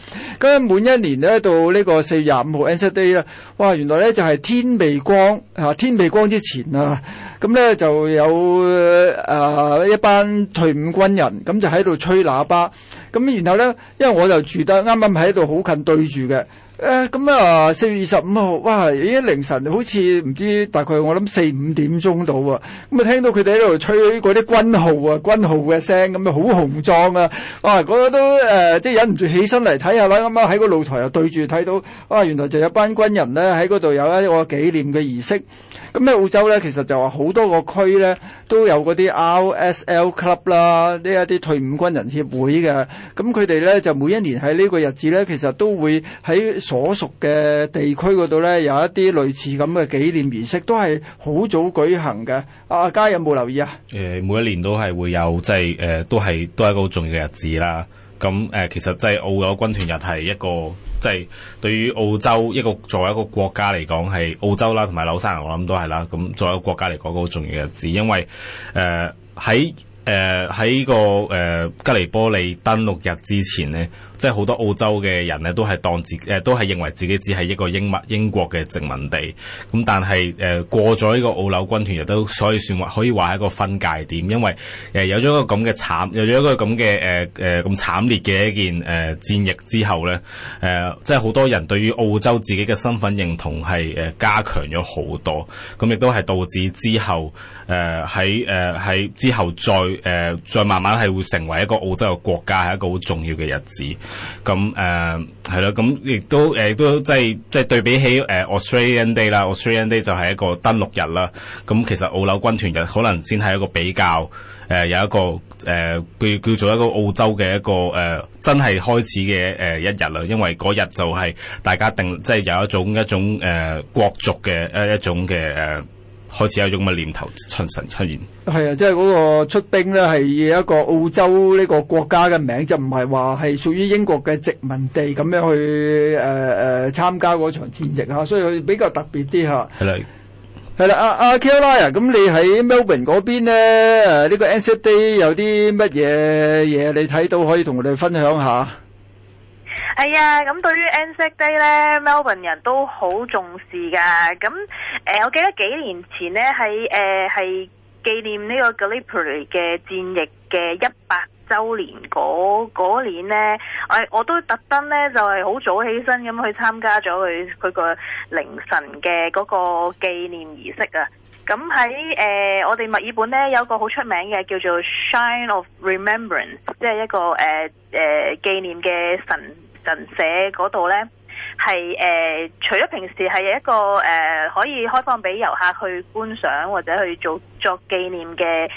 咁每一年咧到呢個四月廿五號 Anzac Day 啦，NCA, 哇！原來咧就係、是、天未光吓、啊，天未光之前啊，咁咧就有誒一班退伍軍人咁就喺度吹喇叭咁。然後咧，因為我就住得啱啱喺度好近對住嘅。誒咁啊！四月二十五號，哇！依家凌晨好似唔知大概，我諗四五點鐘到喎。咁啊，聽到佢哋喺度吹嗰啲軍號啊，軍號嘅聲咁啊，好雄壯啊！啊，嗰、那個、都誒，即係忍唔住起身嚟睇下啦。啱啱喺個露台又對住睇到，啊，原來就有班軍人咧喺嗰度有一個紀念嘅儀式。咁喺澳洲咧其實就話好多個區咧都有嗰啲 RSL Club 啦，呢一啲退伍軍人協會嘅。咁佢哋咧就每一年喺呢個日子咧，其實都會喺所屬嘅地區嗰度呢，有一啲類似咁嘅紀念儀式，都係好早舉行嘅。阿、啊、家有冇留意啊？誒，每一年都係會有，即係誒，都係都係一個好重要嘅日子啦。咁誒、呃，其實即係澳紐軍團日係一個，即、就、係、是、對於澳洲一個作為一個國家嚟講是，係澳洲啦，同埋紐西蘭，我諗都係啦。咁作為一個國家嚟講，個好重要嘅日子，因為誒喺誒喺個誒、呃、吉利波利登陸日之前呢。即係好多澳洲嘅人咧，都係當自誒，都係認為自己只係一個英物，英國嘅殖民地。咁但係誒過咗呢個澳紐軍團也，亦都所以算話可以話係一個分界點。因為誒有咗一個咁嘅慘，有咗一個咁嘅誒誒咁慘烈嘅一件誒、呃、戰役之後咧，誒、呃、即係好多人對於澳洲自己嘅身份認同係誒加強咗好多。咁亦都係導致之後誒喺誒喺之後再誒、呃、再慢慢係會成為一個澳洲嘅國家係一個好重要嘅日子。咁誒係咯，咁、嗯、亦、嗯、都誒都即係即係對比起誒、呃、Australian Day 啦，Australian Day 就係一個登陸日啦。咁、嗯、其實澳紐軍團就可能先係一個比較誒、呃、有一個誒，叫、呃、叫做一個澳洲嘅一個誒、呃、真係開始嘅誒、呃、一日啦。因為嗰日就係大家定即係有一種一種誒、呃、國族嘅一一種嘅誒。呃開始有種嘅念頭產神出現？係啊，即係嗰個出兵咧，係一個澳洲呢個國家嘅名，就唔係話係屬於英國嘅殖民地咁樣去誒誒參加嗰場戰役啊，所以比較特別啲吓。係啦，係啦，阿阿 Kella 啊，咁、啊、你喺 Melbourne 嗰邊咧，誒、這、呢個 ANZAC Day 有啲乜嘢嘢你睇到可以同我哋分享下？係啊，咁對於 Anzac Day 咧，Melbourne 人都好重視㗎。咁誒、呃，我記得幾年前咧，喺誒係紀念呢個 Gallipoli 嘅戰役嘅一百週年嗰、那個、年咧，我我都特登咧就係、是、好早起身咁去參加咗佢佢個凌晨嘅嗰個紀念儀式啊。咁喺誒我哋墨爾本咧有個好出名嘅叫做 Shine of Remembrance，即係一個誒誒、呃呃、紀念嘅神。神社嗰度咧，係誒、呃，除咗平時係一個誒、呃、可以開放俾遊客去觀賞或者去做作紀念嘅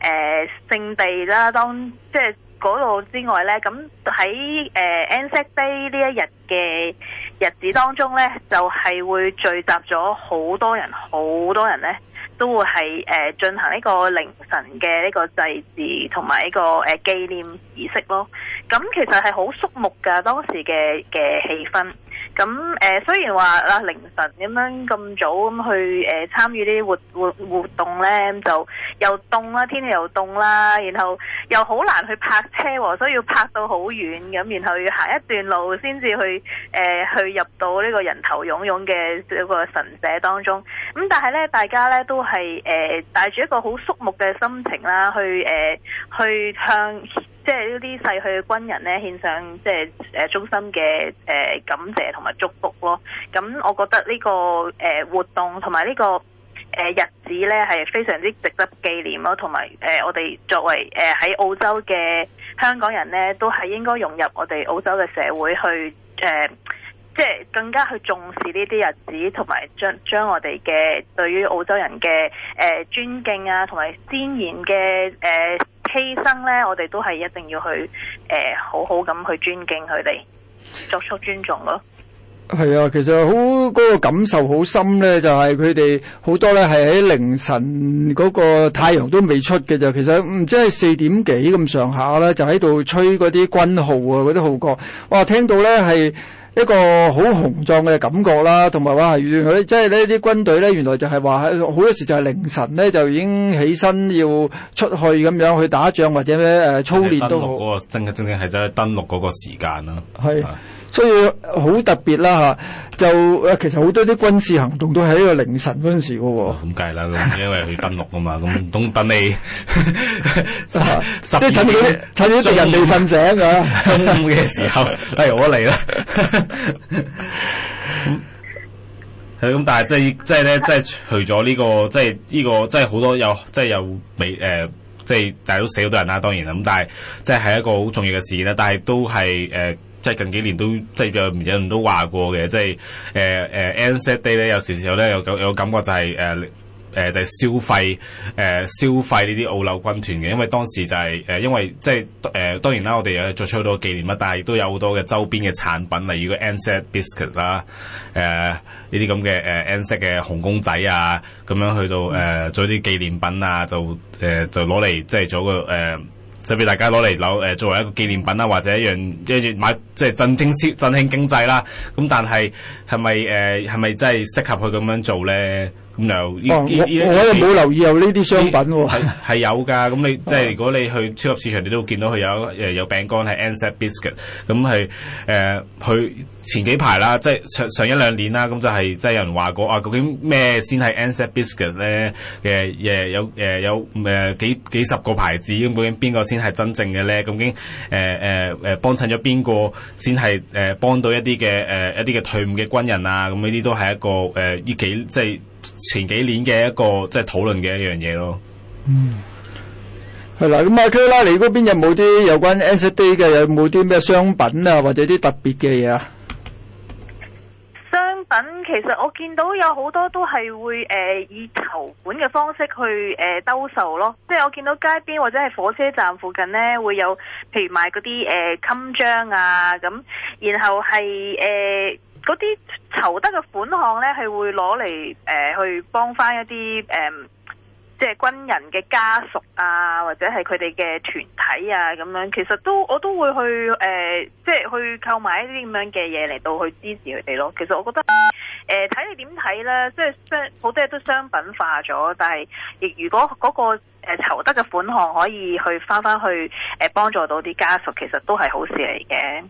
誒聖地啦、啊，當即係嗰度之外咧，咁喺誒 Anzac Day 呢一日嘅日子當中咧，就係、是、會聚集咗好多人，好多人咧。都會係誒、呃、進行呢個凌晨嘅呢個祭祀同埋呢個誒、呃、紀念儀式咯。咁其實係好肅穆噶當時嘅嘅氣氛。咁、嗯、誒、呃、雖然話啦、呃、凌晨咁樣咁早咁去誒、呃、參與啲活活活動咧，就又凍啦，天氣又凍啦，然後又好難去泊車喎，所以要泊到好遠咁，然後要行一段路先至去誒、呃、去入到呢個人頭湧湧嘅一個神社當中。咁、嗯、但係咧，大家咧都～係誒帶住一個好肅穆嘅心情啦，去誒去向即係呢啲逝去嘅軍人咧，獻上即係誒衷心嘅誒感謝同埋祝福咯。咁我覺得呢個誒活動同埋呢個誒日子咧，係非常之值得紀念咯。同埋誒我哋作為誒喺澳洲嘅香港人咧，都係應該融入我哋澳洲嘅社會去誒。即係更加去重視呢啲日子，同埋將將我哋嘅對於澳洲人嘅誒、呃、尊敬啊，同埋先烈嘅誒犧牲咧，我哋都係一定要去誒、呃、好好咁去尊敬佢哋，作出尊重咯。係啊，其實好嗰、那個感受好深咧，就係佢哋好多咧係喺凌晨嗰個太陽都未出嘅就，其實唔知係四點幾咁上下啦，就喺度吹嗰啲軍號啊，嗰啲號角，哇，聽到咧係。一個好雄壯嘅感覺啦，同埋話原來即係呢啲軍隊咧，原來就係話喺好多時就係凌晨咧就已經起身要出去咁樣去打仗或者咧誒、呃、操練都好、那個。嗰個正係正正正係真係登陸嗰個時間啦。係。所以好特別啦吓，就其實好多啲軍事行動都喺呢個凌晨嗰陣時嘅喎、哦啊。咁梗係啦，因為佢登陸啊嘛，咁 [laughs] 唔通等你，鄧 [laughs] 嚟、啊，即係趁佢趁佢人哋瞓醒啊， [laughs] 中午嘅時候，哎 [laughs] 我嚟啦。咁、 [laughs] [laughs] [laughs] 嗯，但係即係即係咧，即係除咗呢、這個，即係呢、這個，即係好多有，即係有美、呃、即係大家都死好多人啦。當然啦，咁但係即係係一個好重要嘅事啦。但係都係誒。呃即係近幾年都即係有有人都話過嘅，即係誒誒 Anzac Day 咧，有時時候咧有感有，有感覺就係誒誒就係、是、消費誒、呃、消費呢啲澳紐軍團嘅。因為當時就係、是、誒因為即係誒、呃、當然啦，我哋有做出好多紀念物，但係亦都有好多嘅周邊嘅產品，例如個 Anzac biscuit 啦、呃，誒呢啲咁嘅誒 Anzac 嘅熊公仔啊，咁樣去到誒、呃、做啲紀念品啊，就誒、呃、就攞嚟即係做個誒。呃就俾大家攞嚟攞作為一個紀念品啦，或者一樣一月買即係振興消振興經濟啦。咁但係係咪誒係咪真係適合佢咁樣做呢？No, 哦、我又冇留意有呢啲商品喎、啊，係有㗎。咁你、哦、即係如果你去超級市場，你都會見到佢有誒有餅乾係 Anzac biscuit。咁係誒，佢、呃、前幾排啦，即係上上一兩年啦，咁就係、是、即係有人話過啊，究竟咩先係 Anzac biscuit 咧？嘅嘅有誒有誒幾幾十個牌子咁，究竟邊個先係真正嘅咧？究竟誒誒誒幫襯咗邊個先係誒幫到一啲嘅誒一啲嘅退伍嘅軍人啊？咁呢啲都係一個誒呢、呃、幾即係。前幾年嘅一個即係討論嘅一樣嘢咯。嗯，係啦，咁阿克拉尼嗰邊有冇啲有,有關 Anzac Day 嘅有冇啲咩商品啊，或者啲特別嘅嘢啊？商品其實我見到有好多都係會誒、呃、以球館嘅方式去誒、呃、兜售咯，即、就、係、是、我見到街邊或者係火車站附近咧會有，譬如賣嗰啲誒襟章啊咁，然後係誒。呃嗰啲籌得嘅款項呢，係會攞嚟誒去幫翻一啲誒、呃，即係軍人嘅家屬啊，或者係佢哋嘅團體啊咁樣。其實都我都會去誒、呃，即係去購買一啲咁樣嘅嘢嚟到去支持佢哋咯。其實我覺得誒，睇、呃、你點睇呢？即係商好多嘢都商品化咗，但係亦如果嗰個。誒籌得嘅款項可以去返返去、呃、幫助到啲家屬，其實都係好事嚟嘅。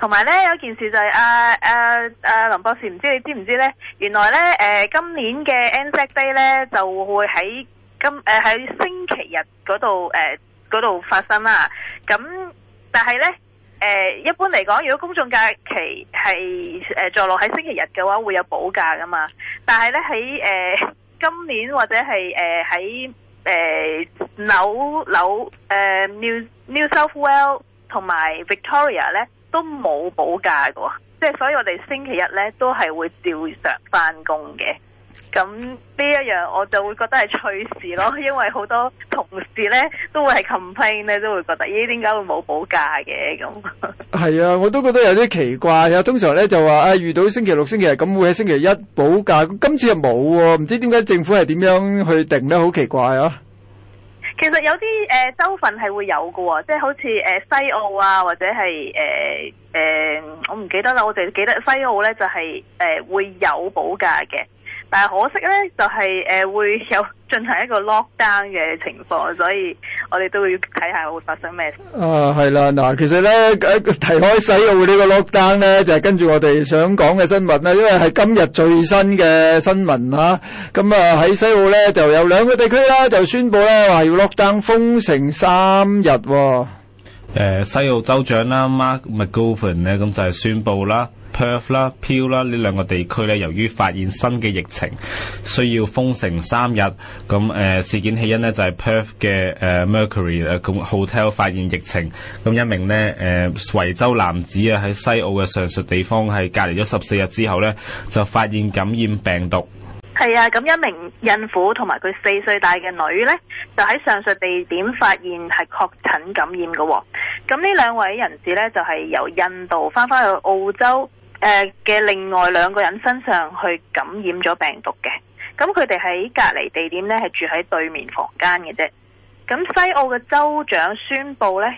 同埋咧，有件事就係、是、啊啊，啊林博士，唔知你知唔知咧？原來咧誒、呃、今年嘅 Anzac Day 咧就會喺今誒喺、呃、星期日嗰度誒嗰度發生啦。咁但係咧誒一般嚟講，如果公眾假期係誒坐落喺星期日嘅話，會有補假噶嘛。但係咧喺今年或者係誒喺誒、呃，紐紐誒、呃、New New South Wales 同埋 Victoria 咧都冇補假嘅，即係，所以我哋星期一咧都係會照常翻工嘅。咁呢一樣我就會覺得係趣事咯，因為好多同事咧都會係 complain 咧，都會覺得咦，點解會冇補假嘅咁？係啊，我都覺得有啲奇怪啊。通常咧就話啊，遇到星期六、星期日咁會喺星期一補假，今次又冇喎，唔知點解政府係點樣去定咧，好奇怪啊！其實有啲誒州份係會有嘅，即係好似誒西澳啊，或者係誒誒，我唔記得啦，我淨係記得西澳咧就係誒會有補假嘅。但係可惜咧，就係誒會有進行一個 lockdown 嘅情況，所以我哋都要睇下會發生咩事。啊，係啦，嗱，其實咧誒提開西澳呢個 lockdown 咧，就係跟住我哋想講嘅新聞啦，因為係今日最新嘅新聞啊。咁啊喺西澳咧就有兩個地區咧就宣布咧話要 lockdown 封城三日。誒，西澳州長啦 Mark McGowan 咧咁就係宣布啦。Perth 啦、Peel 啦呢兩個地區咧，由於發現新嘅疫情，需要封城三日。咁誒、呃、事件起因呢，就係 Perth 嘅誒 Mercury 啊、呃，咁 hotel 發現疫情。咁一名咧誒、呃、維州男子啊喺西澳嘅上述地方係隔離咗十四日之後咧，就發現感染病毒。係啊，咁一名孕婦同埋佢四歲大嘅女咧，就喺上述地點發現係確診感染嘅、哦。咁呢兩位人士咧就係、是、由印度翻返去澳洲。誒嘅另外兩個人身上去感染咗病毒嘅，咁佢哋喺隔離地點呢，係住喺對面房間嘅啫。咁西澳嘅州長宣布呢，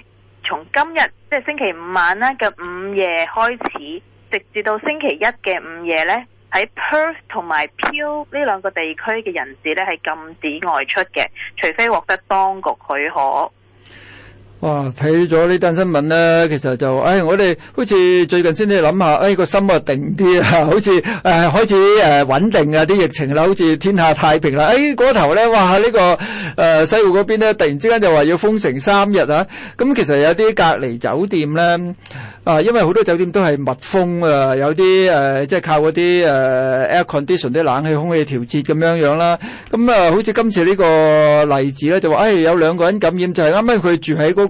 從今日即係星期五晚咧嘅午夜開始，直至到星期一嘅午夜呢，喺 Perth 同埋 Peel 呢兩個地區嘅人士呢，係禁止外出嘅，除非獲得當局許可。哇！睇咗呢單新聞咧，其實就誒、哎，我哋好似最近先至諗下，誒、哎、個心啊定啲啊，好似誒、呃、開始誒穩定啊啲疫情啦，好似天下太平啦。誒、哎，嗰頭咧，哇！呢、這個誒、呃、西澳嗰邊咧，突然之間就話要封城三日啊。咁其實有啲隔離酒店咧，啊，因為好多酒店都係密封啊，有啲誒即係靠嗰啲誒 air condition 啲冷氣空氣調節咁樣樣啦。咁啊，啊，好似今次呢個例子咧，就話誒、哎、有兩個人感染，就係啱啱佢住喺嗰。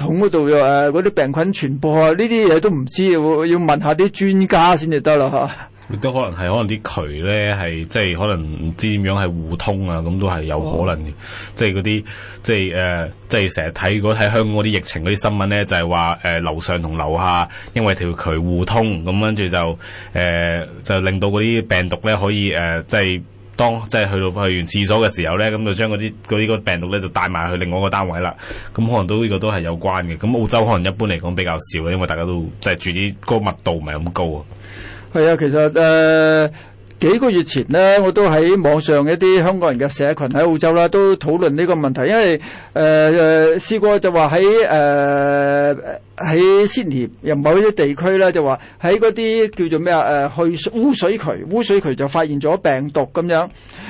桶嗰度又誒嗰啲病菌傳播啊，呢啲嘢都唔知，要問下啲專家先至得啦吓。亦都可能係可能啲渠咧係即係可能唔知點樣，係互通啊，咁都係有可能嘅，哦。即係嗰啲即係誒，即係成日睇嗰睇香港嗰啲疫情嗰啲新聞咧，就係話誒樓上同樓下因為條渠互通，咁跟住就誒，呃、就令到嗰啲病毒咧可以誒，呃、即係。當即係去到去完廁所嘅時候咧，咁就將嗰啲啲個病毒咧就帶埋去另外一個單位啦。咁可能都呢個都係有關嘅。咁澳洲可能一般嚟講比較少啦，因為大家都即係、即係、住啲、嗰個密度唔係咁高啊。係啊，其實誒。呃幾個月前呢，我都喺網上一啲香港人嘅社群喺澳洲啦，都討論呢個問題。因為誒試過就話喺誒喺悉尼又某啲地區咧，就話喺嗰啲叫做咩啊去污水渠，污水渠就發現咗病毒咁樣。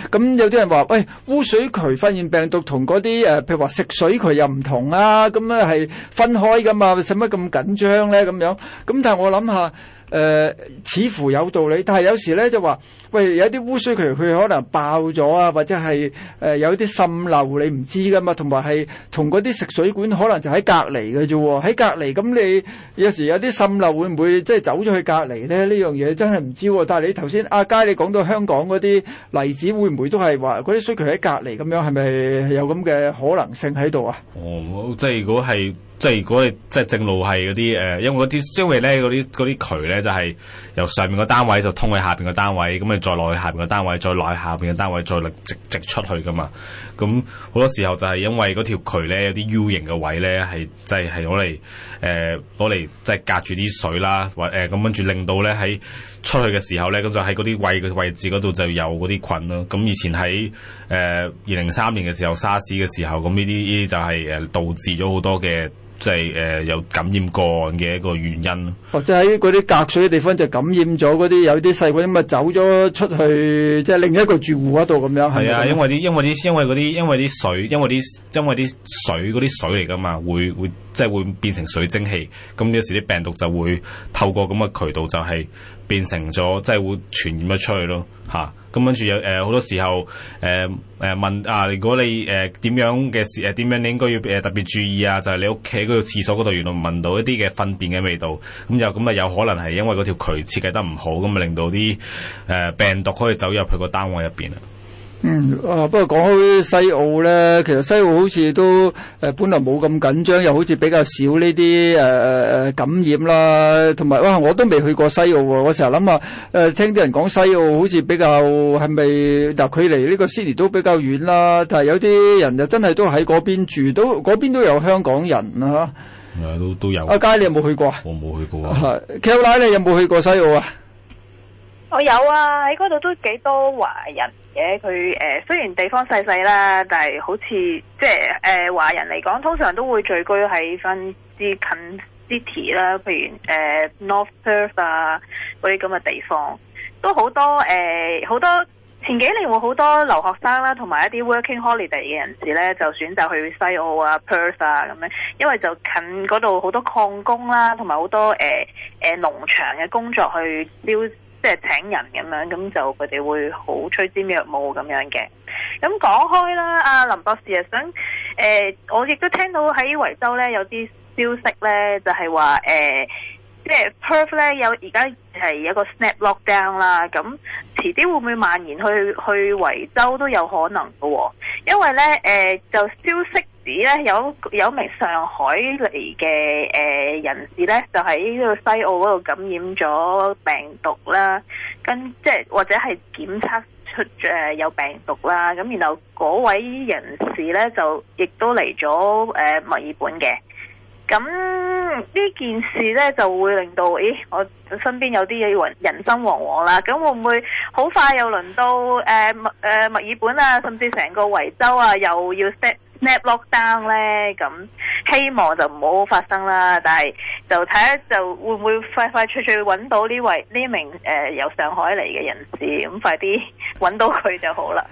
咁有啲人話：喂、哎，污水渠發現病毒同嗰啲譬如話食水渠又唔同啊，咁啊係分開噶嘛，使乜咁緊張咧？咁樣咁，但係我諗下。誒、呃、似乎有道理，但係有時咧就話，喂，有啲污水渠佢可能爆咗啊，或者係誒、呃、有啲滲漏你唔知噶嘛，同埋係同嗰啲食水管可能就喺隔離㗎啫喎，喺隔離咁你有時有啲滲漏會唔會即係走咗去隔離咧？呢樣嘢真係唔知喎。但係你頭先阿佳你講到香港嗰啲例子，會唔會都係話嗰啲水渠喺隔離咁樣，係咪有咁嘅可能性喺度啊？哦，即係如果係。即係如果即係正路係嗰啲誒，因為嗰啲因為咧嗰啲嗰啲渠咧就係由上面個單位就通去下邊個單位，咁咪再落去下邊個單位，再落去下邊個單,單,單位，再直直出去噶嘛。咁好多時候就係因為嗰條渠咧有啲 U 型嘅位咧，係即係係攞嚟誒攞嚟即係隔住啲水啦，或誒咁跟住令到咧喺出去嘅時候咧，咁就喺嗰啲位嘅位置嗰度就有嗰啲菌咯。咁以前喺誒二零三年嘅時候沙士嘅時候，咁呢啲呢啲就係誒、呃、導致咗好多嘅。即係誒有感染個案嘅一個原因咯，或者喺嗰啲隔水嘅地方就感染咗嗰啲有啲細菌，咁啊走咗出去，即係另一個住戶嗰度咁樣。係啊，因為啲因為啲因為啲因為啲水，因為啲因為啲水啲水嚟噶嘛，會會即係會變成水蒸氣，咁有時啲病毒就會透過咁嘅渠道就係。變成咗，即係會傳染咗出去咯，嚇、啊！咁跟住有誒好多時候誒誒問啊，如果你誒點樣嘅事誒點樣你應該要誒特別注意啊，就係你屋企嗰個廁所嗰度，原來聞到一啲嘅糞便嘅味道，咁又咁啊，有可能係因為嗰條渠設計得唔好，咁咪令到啲誒病毒可以走入去個單位入邊啊。嗯啊，不過講開西澳咧，其實西澳好似都誒、呃、本來冇咁緊張，又好似比較少呢啲誒誒誒感染啦，同埋哇，我都未去過西澳喎。我成日諗啊，誒聽啲人講西澳好似比較係咪？但係佢離呢個悉尼都比較遠啦。但係有啲人就真係都喺嗰邊住，都嗰邊都有香港人啦。都都有。阿佳，你有冇去過啊？我冇去過啊。Kola，你有冇去過西澳啊？我、oh, 有啊，喺嗰度都幾多華人嘅。佢誒、呃、雖然地方細細啦，但係好似即係誒、呃、華人嚟講，通常都會聚居喺返啲近 city 啦，譬如誒、呃、North Perth 啊嗰啲咁嘅地方，都好多誒好、呃、多前幾年會好多留學生啦，同埋一啲 working holiday 嘅人士咧，就選擇去西澳啊 Perth 啊咁樣，因為就近嗰度好多礦工啦，同埋好多誒、呃呃、農場嘅工作去撩。即、就、係、是、請人咁樣，咁就佢哋會好趨之若鶩咁樣嘅。咁講開啦，阿林博士又想，誒、呃，我亦都聽到喺維州咧有啲消息咧，就係話誒，即、呃、係、就是、Perth 咧有而家係有個 Snap Lockdown 啦。咁遲啲會唔會蔓延去去維州都有可能嘅喎、哦，因為咧誒、呃、就消息。子咧有有名上海嚟嘅誒人士咧，就喺呢個西澳嗰度感染咗病毒啦，跟即係或者係檢測出誒有病毒啦，咁然後嗰位人士咧就亦都嚟咗誒墨爾本嘅，咁呢件事咧就會令到咦我身邊有啲人人心惶惶啦，咁會唔會好快又輪到誒墨誒墨爾本啊，甚至成個維州啊又要的？lockdown 咧，咁希望就唔好發生啦。但係就睇下就會唔會快快脆脆揾到呢位呢名誒、呃、由上海嚟嘅人士，咁快啲揾到佢就好啦。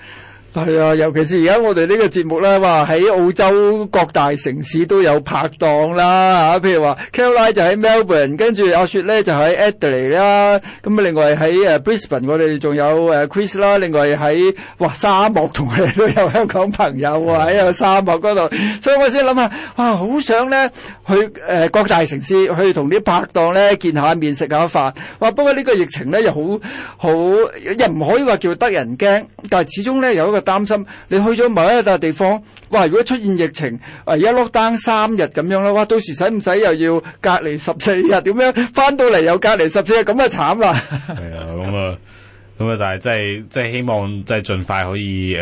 係啊，尤其是而家我哋呢個節目咧，哇！喺澳洲各大城市都有拍檔啦，吓，譬如話 Kelly 就喺 Melbourne，跟住阿雪咧就喺 Adelaide 啦，咁啊，另外喺誒 Brisbane 我哋仲有誒 Chris 啦，另外喺哇沙漠同我哋都有香港朋友啊，喺個沙漠度，所以我先諗下，哇！好想咧去誒、呃、各大城市去同啲拍檔咧見一下面食下飯，哇！不過呢個疫情咧又好好又唔可以話叫得人驚，但係始終咧有一個。擔心你去咗某一笪地方，哇！如果出現疫情，一 lockdown 三日咁樣啦，哇！到時使唔使又要隔離十四日？點樣翻到嚟又隔離十四日？咁啊慘啦！係、嗯、啊，咁、嗯、啊，咁、嗯、啊、嗯嗯嗯嗯，但係真係，真係希望真係盡快可以誒，即、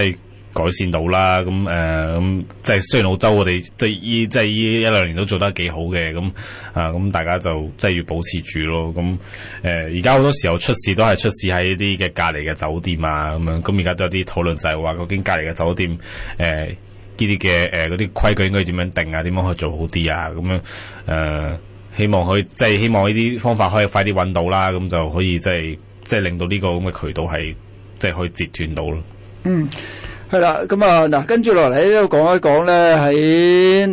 呃、係。真改善到啦，咁咁即係雖然澳洲我哋即係依即係依一,一,一兩年都做得幾好嘅，咁啊咁大家就即係要保持住咯。咁而家好多時候出事都係出事喺呢啲嘅隔離嘅酒店啊，咁咁而家都有啲討論就係話究竟隔離嘅酒店呢啲嘅嗰啲規矩應該點樣定啊？點樣去做好啲啊？咁、嗯、希望可以即係、即係、希望呢啲方法可以快啲揾到啦，咁就可以即係即係令到呢個咁嘅渠道係即係可以截斷到咯。嗯。係啦，咁啊，嗱，跟住落嚟呢度講一講咧，喺南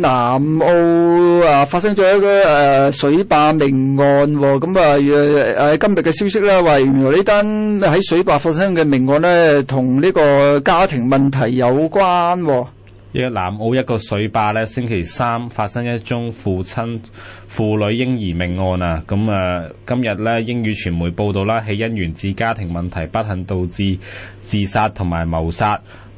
澳啊，發生咗一個誒水壩命案，咁啊誒今日嘅消息咧話，原來呢單喺水壩發生嘅命案咧，同呢個家庭問題有關。因為南澳一個水壩咧，星期三發生一宗父親婦女嬰兒命案啊，咁啊今日咧英語傳媒報道啦，起因源自家庭問題，不幸導致自殺同埋謀殺。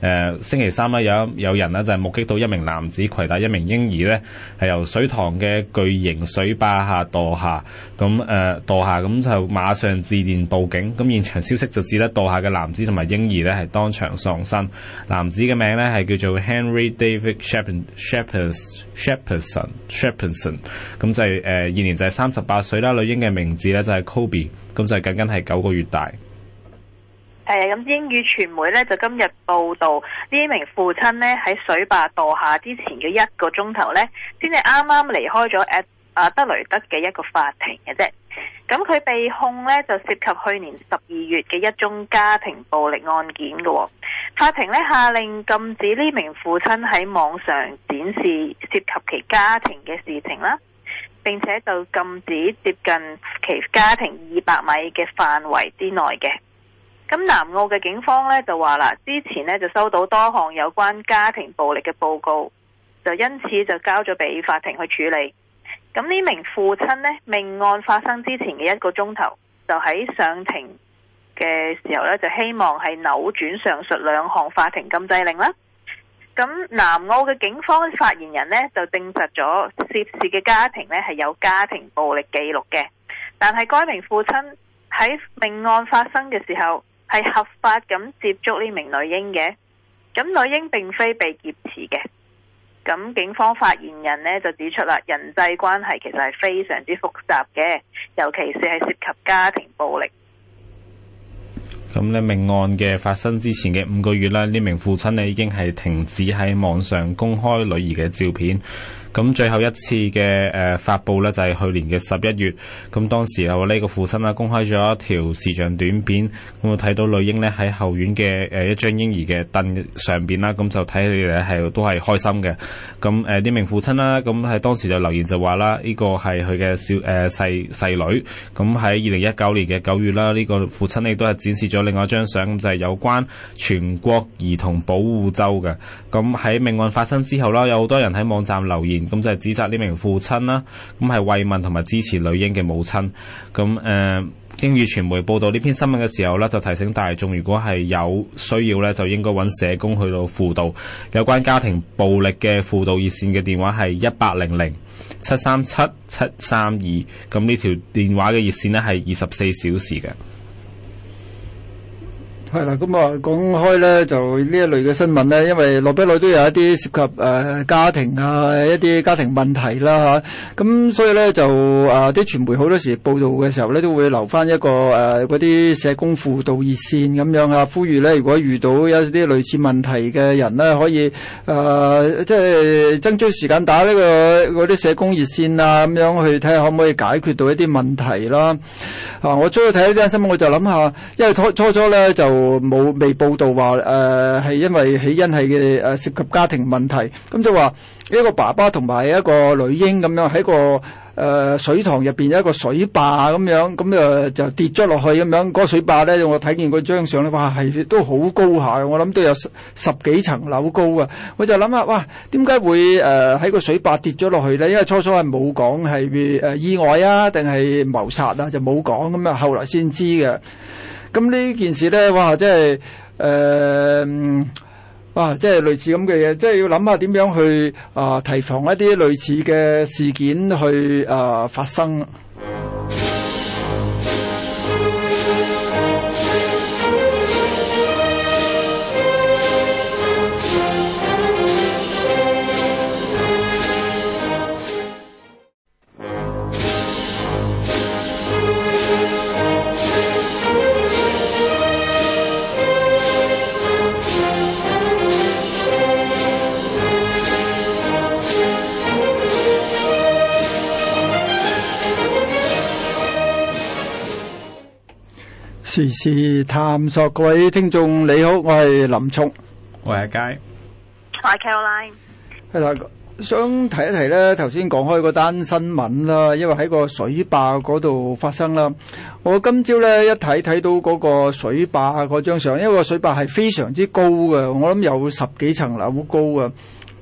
誒、呃、星期三咧，有有人咧就係、是、目擊到一名男子攜帶一名嬰兒咧係由水塘嘅巨型水壩下墮下，咁誒、呃、墮下咁就馬上致電報警，咁現場消息就指得墮下嘅男子同埋嬰兒咧係當場喪生。男子嘅名咧係叫做 Henry David Shepherdson Shepherdson 咁就係誒、呃、現年就係三十八歲啦。女嬰嘅名字咧就係、是、Kobe，咁就僅僅係九個月大。係啊，咁英語傳媒咧就今日報道呢名父親呢，喺水壩墮下之前嘅一個鐘頭呢，先至啱啱離開咗阿德雷德嘅一個法庭嘅啫。咁佢被控呢，就涉及去年十二月嘅一宗家庭暴力案件嘅、哦。法庭呢，下令禁止呢名父親喺網上展示涉及其家庭嘅事情啦，並且就禁止接近其家庭二百米嘅範圍之內嘅。咁南澳嘅警方咧，就話啦，之前呢，就收到多項有關家庭暴力嘅報告，就因此就交咗俾法庭去處理。咁呢名父親呢，命案發生之前嘅一個鐘頭，就喺上庭嘅時候咧，就希望係扭轉上述兩項法庭禁制令啦。咁南澳嘅警方發言人呢，就證實咗涉事嘅家庭呢，係有家庭暴力記錄嘅，但係該名父親喺命案發生嘅時候，係合法咁接觸呢名女嬰嘅，咁女嬰並非被劫持嘅。咁警方發言人呢就指出啦，人際關係其實係非常之複雜嘅，尤其是係涉及家庭暴力。咁呢命案嘅發生之前嘅五個月咧，呢名父親呢已經係停止喺網上公開女兒嘅照片。咁最後一次嘅誒發布咧就係去年嘅十一月，咁當時啊呢個父親啦公開咗一條視像短片，咁我睇到女嬰咧喺後院嘅誒一張嬰兒嘅凳上邊啦，咁就睇嚟係都係開心嘅。咁誒呢名父親啦，咁喺當時就留言就話啦，呢個係佢嘅小誒細細女。咁喺二零一九年嘅九月啦，呢、這個父親亦都係展示咗另外一張相，咁就係、是、有關全國兒童保護周嘅。咁喺命案發生之後啦，有好多人喺網站留言。咁就係指責呢名父親啦，咁係慰問同埋支持女嬰嘅母親。咁誒，英、呃、語傳媒報道呢篇新聞嘅時候呢，就提醒大眾，如果係有需要呢，就應該揾社工去到輔導有關家庭暴力嘅輔導熱線嘅電話係一八零零七三七七三二。咁呢條電話嘅熱線呢，係二十四小時嘅。係啦，咁啊講開咧，就呢一類嘅新聞咧，因為耐不耐都有一啲涉及誒、呃、家庭啊，一啲家庭問題啦吓，咁、啊、所以咧就啲、啊、傳媒好多時報道嘅時候咧，都會留翻一個誒嗰啲社工輔導熱線咁樣啊，呼籲咧，如果遇到有啲類似問題嘅人咧，可以誒即係爭取時間打呢、這個嗰啲社工熱線啊，咁樣去睇下可唔可以解決到一啲問題啦。啊，我初初睇呢單新聞，我就諗下，因為初初初咧就。冇未報道話係、呃、因為起因係嘅、啊、涉及家庭問題，咁就話一個爸爸同埋一個女嬰咁樣喺個、呃、水塘入邊，有一個水壩咁樣，咁就就跌咗落去咁樣。嗰、個水壩咧，我睇見嗰張相咧，哇係都好高下，我諗都有十幾層樓高啊！我就諗下，哇，點解會喺、呃、個水壩跌咗落去咧？因為初初係冇講係意外啊，定係謀殺啊，就冇講咁啊，後來先知嘅。咁呢件事咧，哇！即係誒、呃，哇！即係類似咁嘅嘢，即係要諗下點樣去啊、呃、提防一啲類似嘅事件去啊、呃、發生。時事探索，各位聽眾你好，我係林聰，我係阿佳，Hi Caroline。係啦，想提一提咧，頭先講開個單新聞啦，因為喺個水壩嗰度發生啦。我今朝咧一睇睇到嗰個水壩嗰張相，因為個水壩係非常之高嘅，我諗有十幾層樓高啊。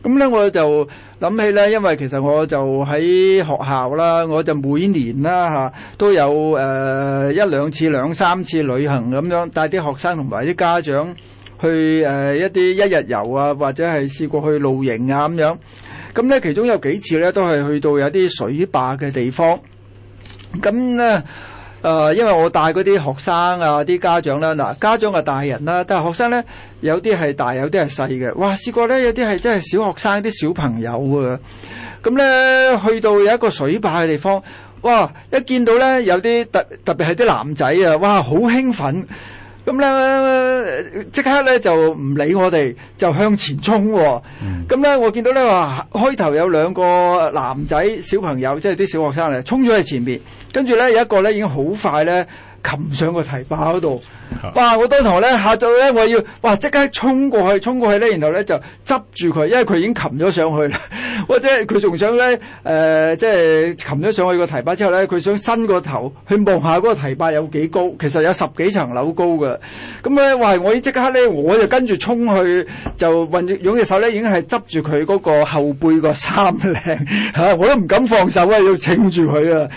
咁咧我就諗起咧，因為其實我就喺學校啦，我就每年啦嚇都有誒一兩次兩三次旅行咁樣，帶啲學生同埋啲家長去誒一啲一日遊啊，或者係試過去露營啊咁樣。咁咧其中有幾次咧都係去到有啲水壩嘅地方，咁咧。誒、呃，因為我帶嗰啲學生啊，啲家長啦，嗱，家長係大人啦，啊，但係學生咧，有啲係大，有啲係細嘅。哇，試過咧，有啲係真係小學生，啲小朋友啊，咁咧去到有一個水壩嘅地方，哇，一見到咧有啲特特別係啲男仔啊，哇，好興奮。咁咧，即刻咧就唔理我哋，就向前衝，啊。咁、嗯、咧，我見到咧話，開頭有兩個男仔小朋友，即係啲小學生嚟，衝咗喺前面。跟住咧，有一個咧已經好快咧。擒上個堤壩嗰度，哇！我當堂咧，嚇到咧我要，哇！即刻衝過去，衝過去咧，然後咧就執住佢，因為佢已經擒咗上去啦。或者佢仲想咧，誒，即係擒咗上去個堤壩之後咧，佢想伸個頭去望下嗰個堤壩有幾高，其實有十幾層樓高㗎。咁咧，哇！我即刻咧，我就跟住沖去，就用隻手咧已經係執住佢嗰個後背個衫領，我都唔敢放手啊，要請住佢啊！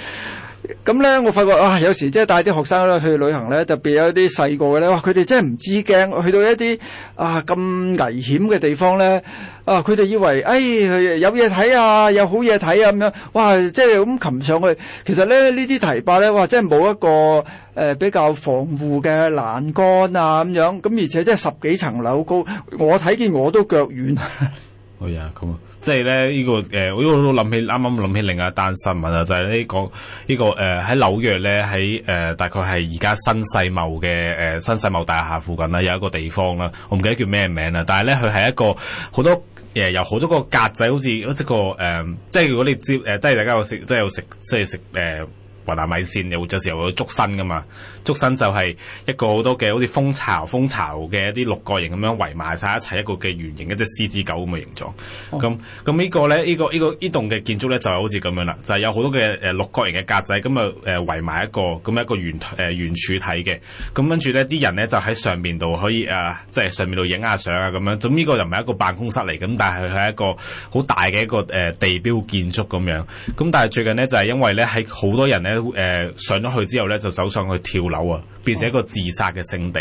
咁咧，我發覺啊，有時即係帶啲學生咧去旅行咧，特別有啲細個嘅咧，哇！佢哋真係唔知驚，去到一啲啊咁危險嘅地方咧，啊！佢哋、啊、以為誒、哎、有嘢睇啊，有好嘢睇啊咁樣，哇！即係咁擒上去，其實咧呢啲堤壩咧，哇！即係冇一個、呃、比較防護嘅欄杆啊咁樣，咁而且即係十幾層樓高，我睇見我都腳軟。 [laughs] 係、oh、啊、yeah,，咁即係咧呢個誒、呃，我都諗起啱啱諗起另一單新聞啊，就係、是這個這個呃、呢個呢個誒喺紐約咧，喺誒、呃、大概係而家新世貿嘅誒新世貿大廈附近啦，有一個地方啦，我唔記得叫咩名啦，但係咧佢係一個好多、呃、有好多個格仔，好似好似即個誒、呃，即係如果你接誒，係、呃、大家有食，即係有食，即係食雲南米線有有時候會捉身㗎嘛，捉身就係一個很多的好多嘅好似蜂巢蜂巢嘅一啲六角形咁樣圍埋晒一齊一個嘅圓形嘅隻獅子狗咁嘅形狀。咁咁呢個咧呢個呢、這個呢、這個這個、棟嘅建築咧就係好似咁樣啦，就係、就是、有好多嘅誒、呃、六角形嘅格仔咁啊誒圍埋一個咁一個圓誒、呃、圓柱體嘅。咁跟住咧啲人咧就喺上面度可以誒即係上面度影下相啊咁樣。咁呢個又唔係一個辦公室嚟，咁但係佢係一個好大嘅一個誒、呃、地標建築咁樣。咁但係最近咧就係、是、因為咧喺好多人咧。誒，上咗去之後咧，就走上去跳樓啊，變成一個自殺嘅聖地。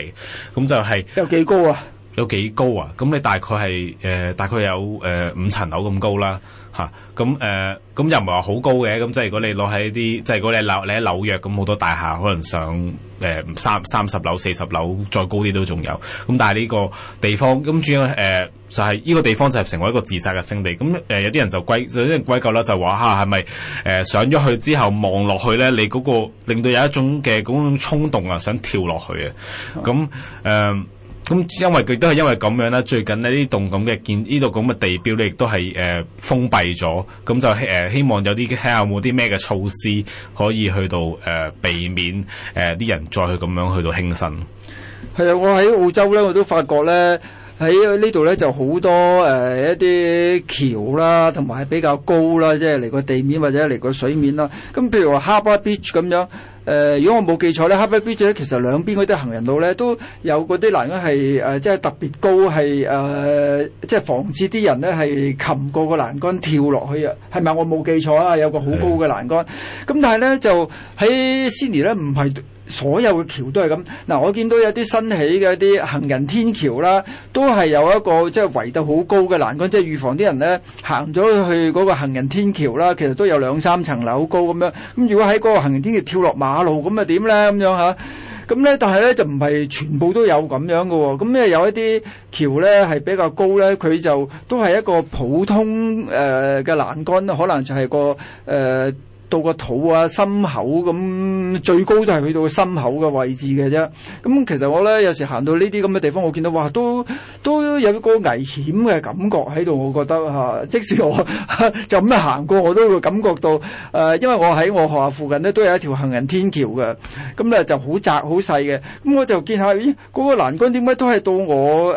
咁就係有幾高啊？有幾高啊？咁你大概係誒，大概有誒五層樓咁高啦。嚇咁誒咁又唔係話好高嘅，咁即係如果你攞喺啲，即係如果你你喺紐約咁好多大廈，可能上誒、呃、三三十樓、四十樓再高啲都仲有。咁但係呢個地方咁主要誒、呃、就係、是、呢個地方就成為一個自殺嘅勝地。咁、呃、有啲人就歸有啲人歸咎啦，就話嚇係咪誒上咗去之後望落去咧，你嗰個令到有一種嘅嗰種衝動啊，想跳落去啊。咁誒。呃咁因為佢都係因為咁樣啦，最近咧呢棟咁嘅建呢度咁嘅地標咧，亦都係誒，封閉咗，咁就誒、呃、希望有啲睇下有冇啲咩嘅措施可以去到誒、呃、避免誒啲、呃、人再去咁樣去到輕生。係啊，我喺澳洲咧，我都發覺咧喺呢度咧就好多誒、呃、一啲橋啦，同埋係比較高啦，即係嚟個地面或者嚟個水面啦。咁譬如話 Harbour Beach 咁樣。誒、呃、如果我冇記錯咧，Happy Bridge 咧，其實兩邊嗰啲行人路咧，都有嗰啲欄杆係誒即係特別高，係誒即係防止啲人咧係擒過個欄杆跳落去啊？係咪我冇記錯啊？有個好高嘅欄杆，咁但係咧就喺悉尼咧，唔係所有嘅橋都係咁。嗱、呃，我見到有啲新起嘅一啲行人天橋啦，都係有一個即係圍到好高嘅欄杆，即、就、係、是、預防啲人咧行咗去嗰個行人天橋啦，其實都有兩三層樓高咁樣。咁如果喺個行人天橋跳落馬。馬路咁啊點咧咁樣嚇，咁咧但係咧就唔係全部都有咁樣嘅喎。咁咧有一啲橋咧係比較高咧，佢就都係一個普通誒嘅欄杆咯，可能就係個誒。到個肚啊，心口咁最高都係去到個心口嘅位置嘅啫。咁其實我咧有時行到呢啲咁嘅地方，我見到哇都都有一個危險嘅感覺喺度。我覺得、啊、即使我、啊、就咁樣行過，我都會感覺到、呃、因為我喺我學校附近呢，都有一條行人天橋嘅。咁、嗯、咧就好窄好細嘅。咁我就見下咦嗰個欄杆點解都係到我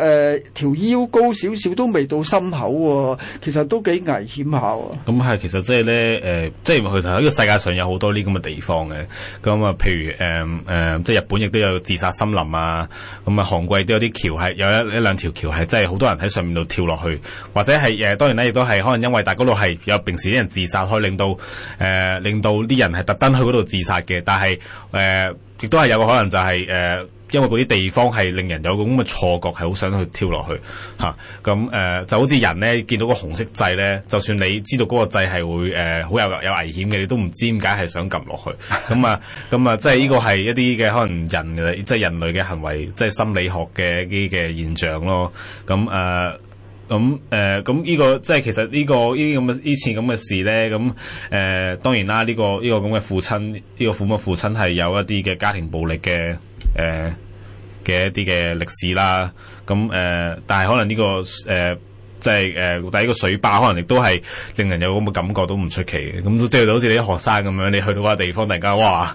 條、呃、腰高少少都未到心口喎？其實都幾危險下喎。咁係其實即係咧即係其實。呃就是呢、這個世界上有好多呢咁嘅地方嘅，咁啊，譬如誒誒、嗯呃，即係日本亦都有自殺森林啊，咁、嗯、啊，韓國亦都有啲橋係有一有一兩條橋係真係好多人喺上面度跳落去，或者係誒、呃，當然咧亦都係可能因為大嗰度係有平時啲人自殺，可以令到誒、呃、令到啲人係特登去嗰度自殺嘅，但係誒亦都係有個可能就係、是、誒。呃因為嗰啲地方係令人有咁嘅錯覺，係好想去跳落去嚇。咁、啊、誒、呃，就好似人咧見到個紅色掣咧，就算你知道嗰個掣係會誒好、呃、有有危險嘅，你都唔知點解係想撳落去。咁啊，咁 [laughs] 啊、嗯，即係呢個係一啲嘅可能人嘅，即、就、係、是、人類嘅行為，即、就、係、是、心理學嘅啲嘅現象咯。咁、嗯、誒。呃咁、嗯、誒，咁、呃、呢、嗯這個即係其實呢、這個呢啲咁嘅以前咁嘅事咧，咁、嗯、誒、呃、當然啦。呢、這個呢、這個咁嘅父親，呢、這個父母父親係有一啲嘅家庭暴力嘅誒嘅一啲嘅歷史啦。咁、嗯、誒、呃，但係可能呢、這個誒即係誒第一個水壩，可能亦都係令人有咁嘅感覺，都唔出奇嘅。咁即係好似你啲學生咁樣，你去到嗰個地方，大家哇，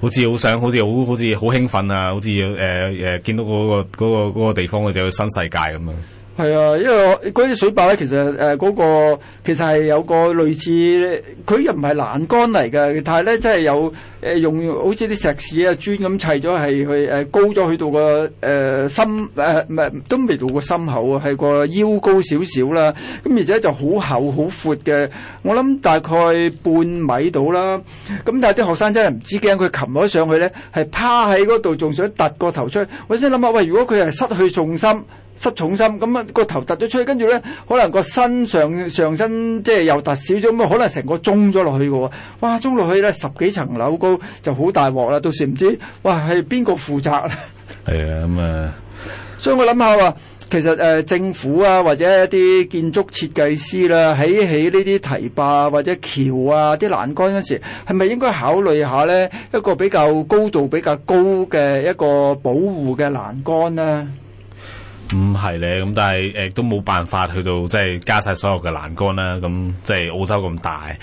好似好想，好似好像很好似好興奮啊！好似要誒誒見到嗰、那個嗰、那個那個那個、地方，佢、那、就、個、新世界咁啊！係啊，因為嗰啲水壩咧、呃那個，其實誒嗰個其實係有個類似，佢又唔係欄杆嚟嘅，但係咧真係有、呃、用好似啲石屎啊磚咁砌咗，係去、呃、高咗去到個誒、呃、心誒唔、呃、都未到個心口啊，係個腰高少少啦。咁而且就好厚好闊嘅，我諗大概半米到啦。咁但係啲學生真係唔知驚，佢擒咗上去咧，係趴喺嗰度，仲想突個頭出去。我先諗下，喂、呃，如果佢係失去重心。失重心咁，啊，個頭突咗出去。跟住咧，可能個身上上身即係又突少咗咁，可能成個中咗落去嘅喎。哇，中落去咧，十幾層樓高就好大鑊啦！到時唔知哇係邊個負責？係啊，咁、嗯、啊，所以我諗下話，其實誒、呃、政府啊或者一啲建築設計師啦、啊，喺起呢啲堤壩或者橋啊啲欄杆嗰時，係咪應該考慮下咧一個比較高度比較高嘅一個保護嘅欄杆啊唔係咧，咁但係誒都冇辦法去到即係、就是、加晒所有嘅欄杆啦。咁即係澳洲咁大誒，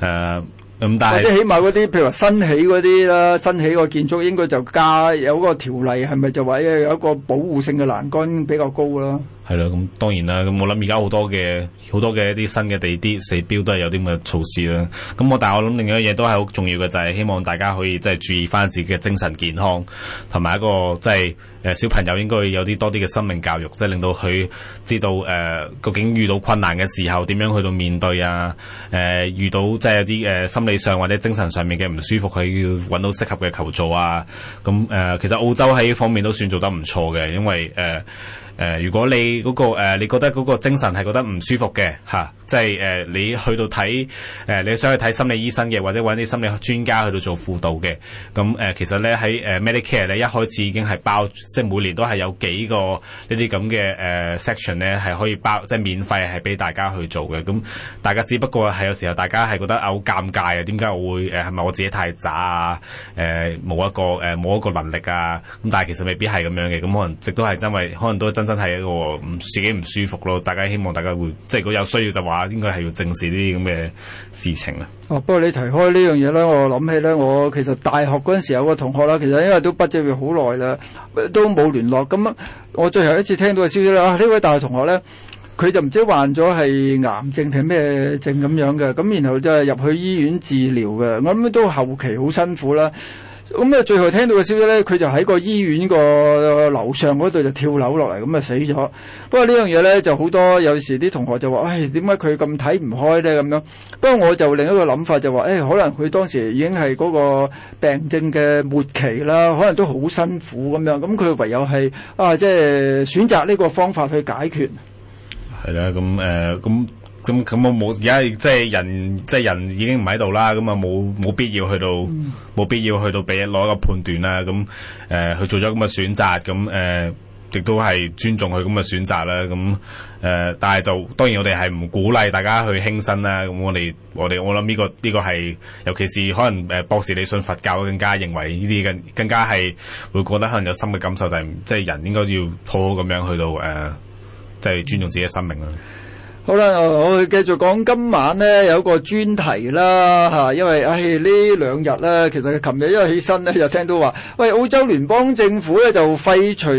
咁、呃、但係即係起碼嗰啲譬如話新起嗰啲啦，新起個建築應該就加有一個條例，係咪就話有一個保護性嘅欄杆比較高啦？係啦，咁、嗯、當然啦。咁我諗而家好多嘅好多嘅一啲新嘅地啲地標都係有啲咁嘅措施啦。咁我但係我諗另外一樣嘢都係好重要嘅，就係、是、希望大家可以即係、就是、注意翻自己嘅精神健康同埋一個即係。就是呃、小朋友應該有啲多啲嘅生命教育，即係令到佢知道誒、呃、究竟遇到困難嘅時候點樣去到面對啊！呃、遇到即係有啲、呃、心理上或者精神上面嘅唔舒服，佢要揾到適合嘅求助啊！咁、嗯、誒、呃、其實澳洲喺呢方面都算做得唔錯嘅，因為誒、呃誒、呃、如果你嗰、那、誒、個呃、你覺得嗰精神係覺得唔舒服嘅，吓即係誒你去到睇誒、呃、你想去睇心理醫生嘅，或者揾啲心理專家去到做輔導嘅，咁、嗯、誒、呃、其實咧喺 Medicare 咧一開始已經係包，即、就、係、是、每年都係有幾個這這、呃 section、呢啲咁嘅誒 section 咧係可以包，即、就、係、是、免費係俾大家去做嘅。咁、嗯、大家只不過係有時候大家係覺得好尷尬啊，點解我會誒係咪我自己太渣啊？誒、呃、冇一個誒冇、呃、一個能力啊？咁、嗯、但係其實未必係咁樣嘅，咁、嗯、可能直都係真為可能都真。真係一個唔自己唔舒服咯，大家希望大家會即係，如果有需要就話，應該係要正視啲咁嘅事情哦、啊，不過你提開呢樣嘢咧，我諗起咧，我其實大學嗰陣時有個同學啦，其實因為都畢業咗好耐啦，都冇聯絡。咁我最後一次聽到嘅消息咧，啊呢位大學同學咧，佢就唔知患咗係癌症定咩症咁樣嘅，咁然後就入去醫院治療嘅，我諗都後期好辛苦啦。咁啊！最後聽到嘅消息咧，佢就喺個醫院個樓上嗰度就跳樓落嚟，咁啊死咗。不過呢樣嘢咧就好多，有時啲同學就話：唉，點解佢咁睇唔開咧？咁樣。不過我就另一個諗法就話：誒，可能佢當時已經係嗰個病症嘅末期啦，可能都好辛苦咁樣。咁佢唯有係啊，即係選擇呢個方法去解決。係啦，咁誒，咁。咁咁我冇而家即係人即係人已經唔喺度啦，咁啊冇冇必要去到冇必要去到俾攞一個判斷啦，咁誒去做咗咁嘅選擇，咁誒亦都係尊重佢咁嘅選擇啦，咁、嗯、誒、呃、但係就當然我哋係唔鼓勵大家去輕生啦，咁、嗯、我哋我哋我諗呢個呢個係尤其是可能誒博士你信佛教更加認為呢啲更更加係會覺得可能有深嘅感受就係即係人應該要好好咁樣去到誒即係尊重自己嘅生命啦。好啦，我繼續講今晚呢，有個個專題啦，吓，因為唉呢、哎、兩日呢，其實佢琴日因為起身呢，就聽到話，喂，澳洲聯邦政府咧就廢除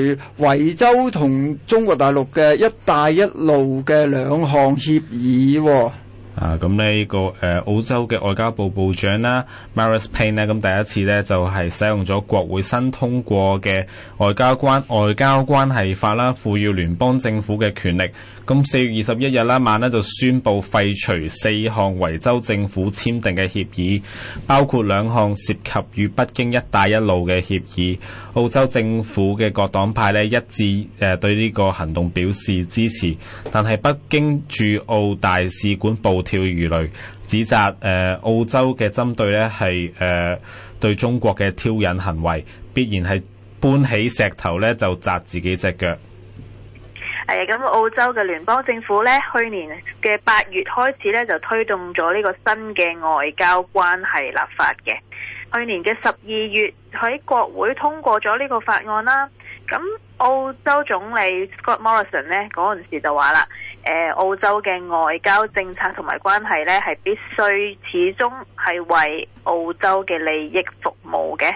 維州同中國大陸嘅“一帶一路”嘅兩項協議喎、哦。啊，咁、嗯、呢、這個誒、呃、澳洲嘅外交部部長啦，Marise Payne 呢、嗯，咁第一次呢，就係、是、使用咗國會新通過嘅外交關外交關係法啦，賦予聯邦政府嘅權力。咁四月二十一日啦，晚咧，就宣布廢除四項維州政府簽訂嘅協議，包括兩項涉及與北京一帶一路嘅協議。澳洲政府嘅各黨派咧一致誒、呃、對呢個行動表示支持，但係北京駐澳大使館暴跳如雷，指責誒、呃、澳洲嘅針對咧係誒對中國嘅挑釁行為，必然係搬起石頭咧就砸自己隻腳。係啊，咁澳洲嘅聯邦政府咧，去年嘅八月開始咧就推動咗呢個新嘅外交關係立法嘅。去年嘅十二月喺國會通過咗呢個法案啦。咁澳洲總理 Scott Morrison 咧嗰陣時就話啦：，誒，澳洲嘅外交政策同埋關係咧係必須始終係為澳洲嘅利益服務嘅。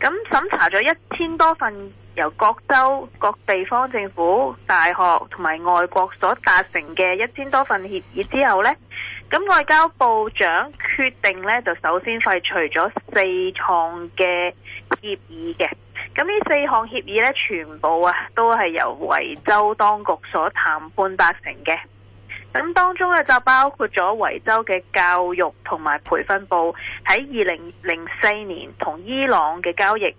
咁審查咗一千多份。由各州、各地方政府、大學同埋外國所達成嘅一千多份協議之後咧，咁外交部長決定咧就首先廢除咗四項嘅協議嘅。咁呢四項協議咧，全部啊都係由維州當局所談判達成嘅。咁當中咧就包括咗維州嘅教育同埋培訓部喺二零零四年同伊朗嘅交易。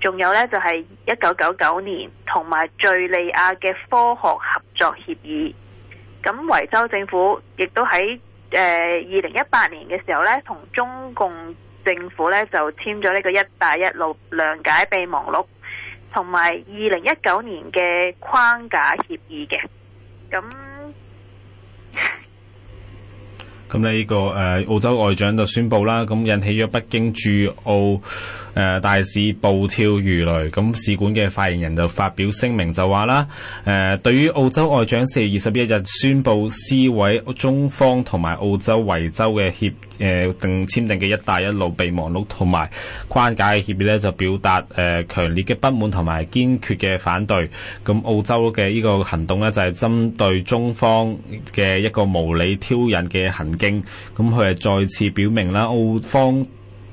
仲有呢，就係一九九九年同埋敘利亞嘅科學合作協議。咁維州政府亦都喺誒二零一八年嘅時候呢，同中共政府呢就簽咗呢個一帶一路諒解備忘錄，同埋二零一九年嘅框架協議嘅。咁咁，呢個誒澳洲外長就宣布啦，咁引起咗北京駐澳。.誒、呃、大使暴跳如雷，咁使館嘅發言人就發表聲明就話啦，誒、呃、對於澳洲外長四月二十一日宣布撕毀中方同埋澳洲維州嘅協定簽訂嘅「一帶一路」備忘錄同埋框架嘅協議咧，就表達、呃、強烈嘅不滿同埋堅決嘅反對，咁澳洲嘅呢個行動咧，就係、是、針對中方嘅一個無理挑釁嘅行徑，咁佢係再次表明啦，澳方。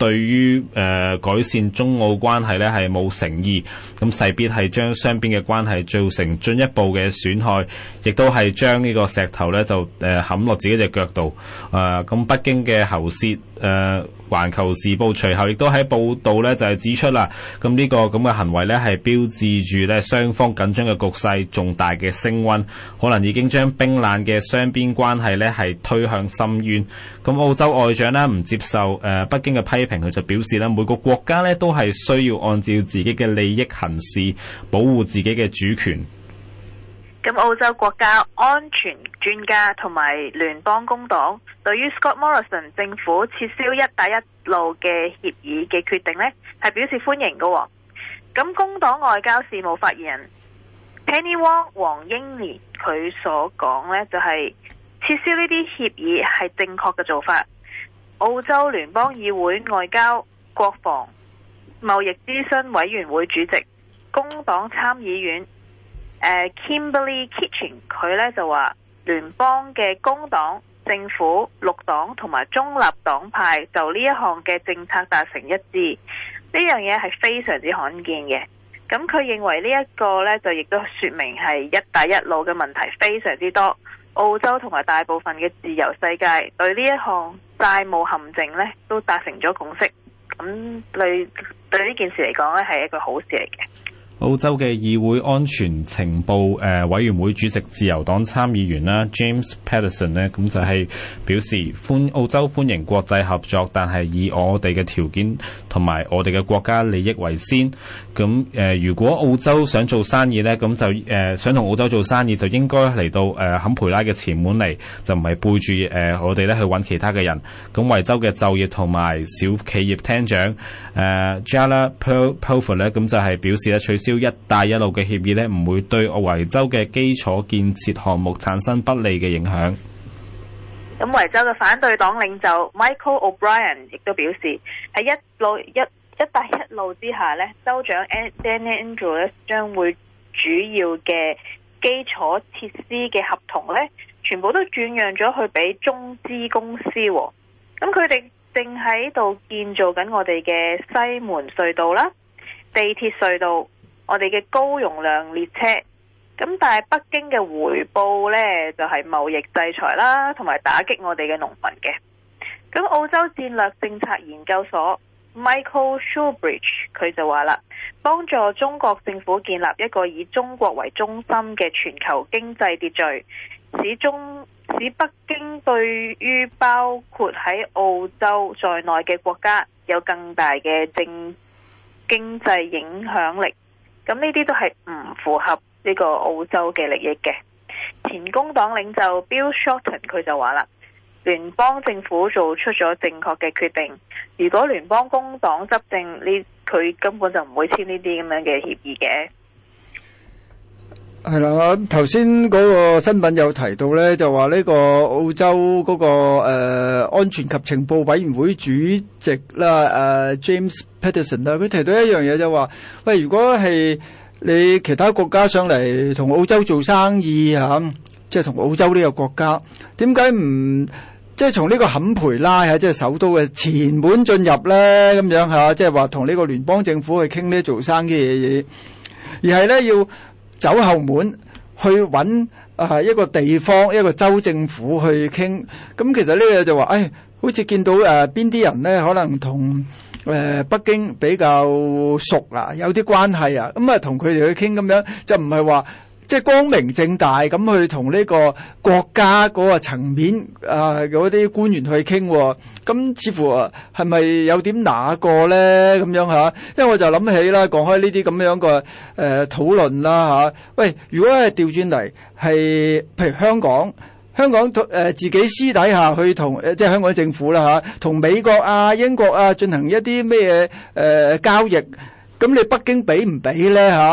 對於誒、呃、改善中澳關係呢，呢係冇誠意，咁勢必係將雙邊嘅關係造成進一步嘅損害，亦都係將呢個石頭呢就誒冚落自己隻腳度。誒、呃、咁北京嘅喉舌誒。呃《環球時報》隨後亦都喺報道呢，就係指出啦，咁呢個咁嘅行為呢，係標誌住呢雙方緊張嘅局勢重大嘅升溫，可能已經將冰冷嘅雙邊關係呢係推向深淵。咁澳洲外長呢，唔接受誒北京嘅批評，佢就表示呢，每個國家呢，都係需要按照自己嘅利益行事，保護自己嘅主權。咁澳洲國家安全專家同埋聯邦工黨對於 Scott Morrison 政府撤銷一帶一路嘅協議嘅決定呢，係表示歡迎嘅，哦。咁工黨外交事務發言人 Penny Wong 黃英年）佢所講呢，就係撤銷呢啲協議係正確嘅做法。澳洲聯邦議會外交國防貿易諮詢委員會主席工黨參議院。Uh, Kimberly Kitching 佢咧就話聯邦嘅工黨政府、綠黨同埋中立黨派就呢一項嘅政策達成一致，呢樣嘢係非常之罕見嘅。咁佢認為這個呢一個咧就亦都説明係一帶一路嘅問題非常之多。澳洲同埋大部分嘅自由世界對呢一項債務陷阱咧都達成咗共識。咁對對呢件事嚟講咧係一個好事嚟嘅。澳洲嘅議會安全情報誒委員會主席、自由黨參議員啦 James Patterson 咧，咁就係表示歡澳洲歡迎國際合作，但係以我哋嘅條件同埋我哋嘅國家利益為先。咁誒、呃、如果澳洲想做生意咧，咁就誒、呃、想同澳洲做生意，就應該嚟到誒坎、呃、培拉嘅前門嚟，就唔係背住誒、呃、我哋咧去揾其他嘅人。咁維州嘅就業同埋小企業廳長誒 Jaala Pulford 咧，咁、呃、per 就係表示咧取。朝“一帶一路”嘅協議呢，唔會對維州嘅基礎建設項目產生不利嘅影響。咁維州嘅反對黨領袖 Michael O’Brien 亦都表示，喺一路一一帶一路之下咧，州長 Dan Andrews 咧將會主要嘅基礎設施嘅合同咧，全部都轉讓咗去俾中資公司。咁佢哋正喺度建造緊我哋嘅西門隧道啦、地鐵隧道。我哋嘅高容量列車咁，但係北京嘅回報咧就係、是、貿易制裁啦，同埋打擊我哋嘅農民嘅。咁澳洲戰略政策研究所 Michael Shoebridge 佢就話啦，幫助中國政府建立一個以中國為中心嘅全球經濟秩序，始終使北京對於包括喺澳洲在內嘅國家有更大嘅政經濟影響力。咁呢啲都係唔符合呢個澳洲嘅利益嘅。前工黨領袖 Bill Shorten 佢就話啦，聯邦政府做出咗正確嘅決定。如果聯邦工黨執政呢，佢根本就唔會簽呢啲咁樣嘅協議嘅。係啦，咁頭先嗰個新聞有提到咧，就話呢個澳洲嗰、那個誒、呃、安全及情報委員會主席啦，誒、呃、James Peterson 啦，佢提到一樣嘢就話：喂，如果係你其他國家上嚟同澳洲做生意，吓即係同澳洲呢個國家，點解唔即係從呢個坎培拉、就是、的啊，即係首都嘅前門進入咧咁樣吓？即係話同呢個聯邦政府去傾呢做生意嘅嘢嘢，而係咧要。走後門去揾啊，一個地方、一個州政府去傾咁，其實呢個就話誒、哎，好似見到誒邊啲人咧，可能同誒、呃、北京比較熟啊，有啲關係啊，咁啊同佢哋去傾咁樣就唔係話。即係光明正大咁去同呢個國家嗰個層面啊嗰啲官員去傾，咁似乎係咪有點哪個咧咁樣嚇？因為我就諗起啦，講開呢啲咁樣個誒討論啦嚇。喂，如果係調轉嚟係譬如香港，香港誒、呃、自己私底下去同即係香港政府啦嚇、啊，同美國啊、英國啊進行一啲咩嘢誒交易？咁你北京俾唔俾咧嚇？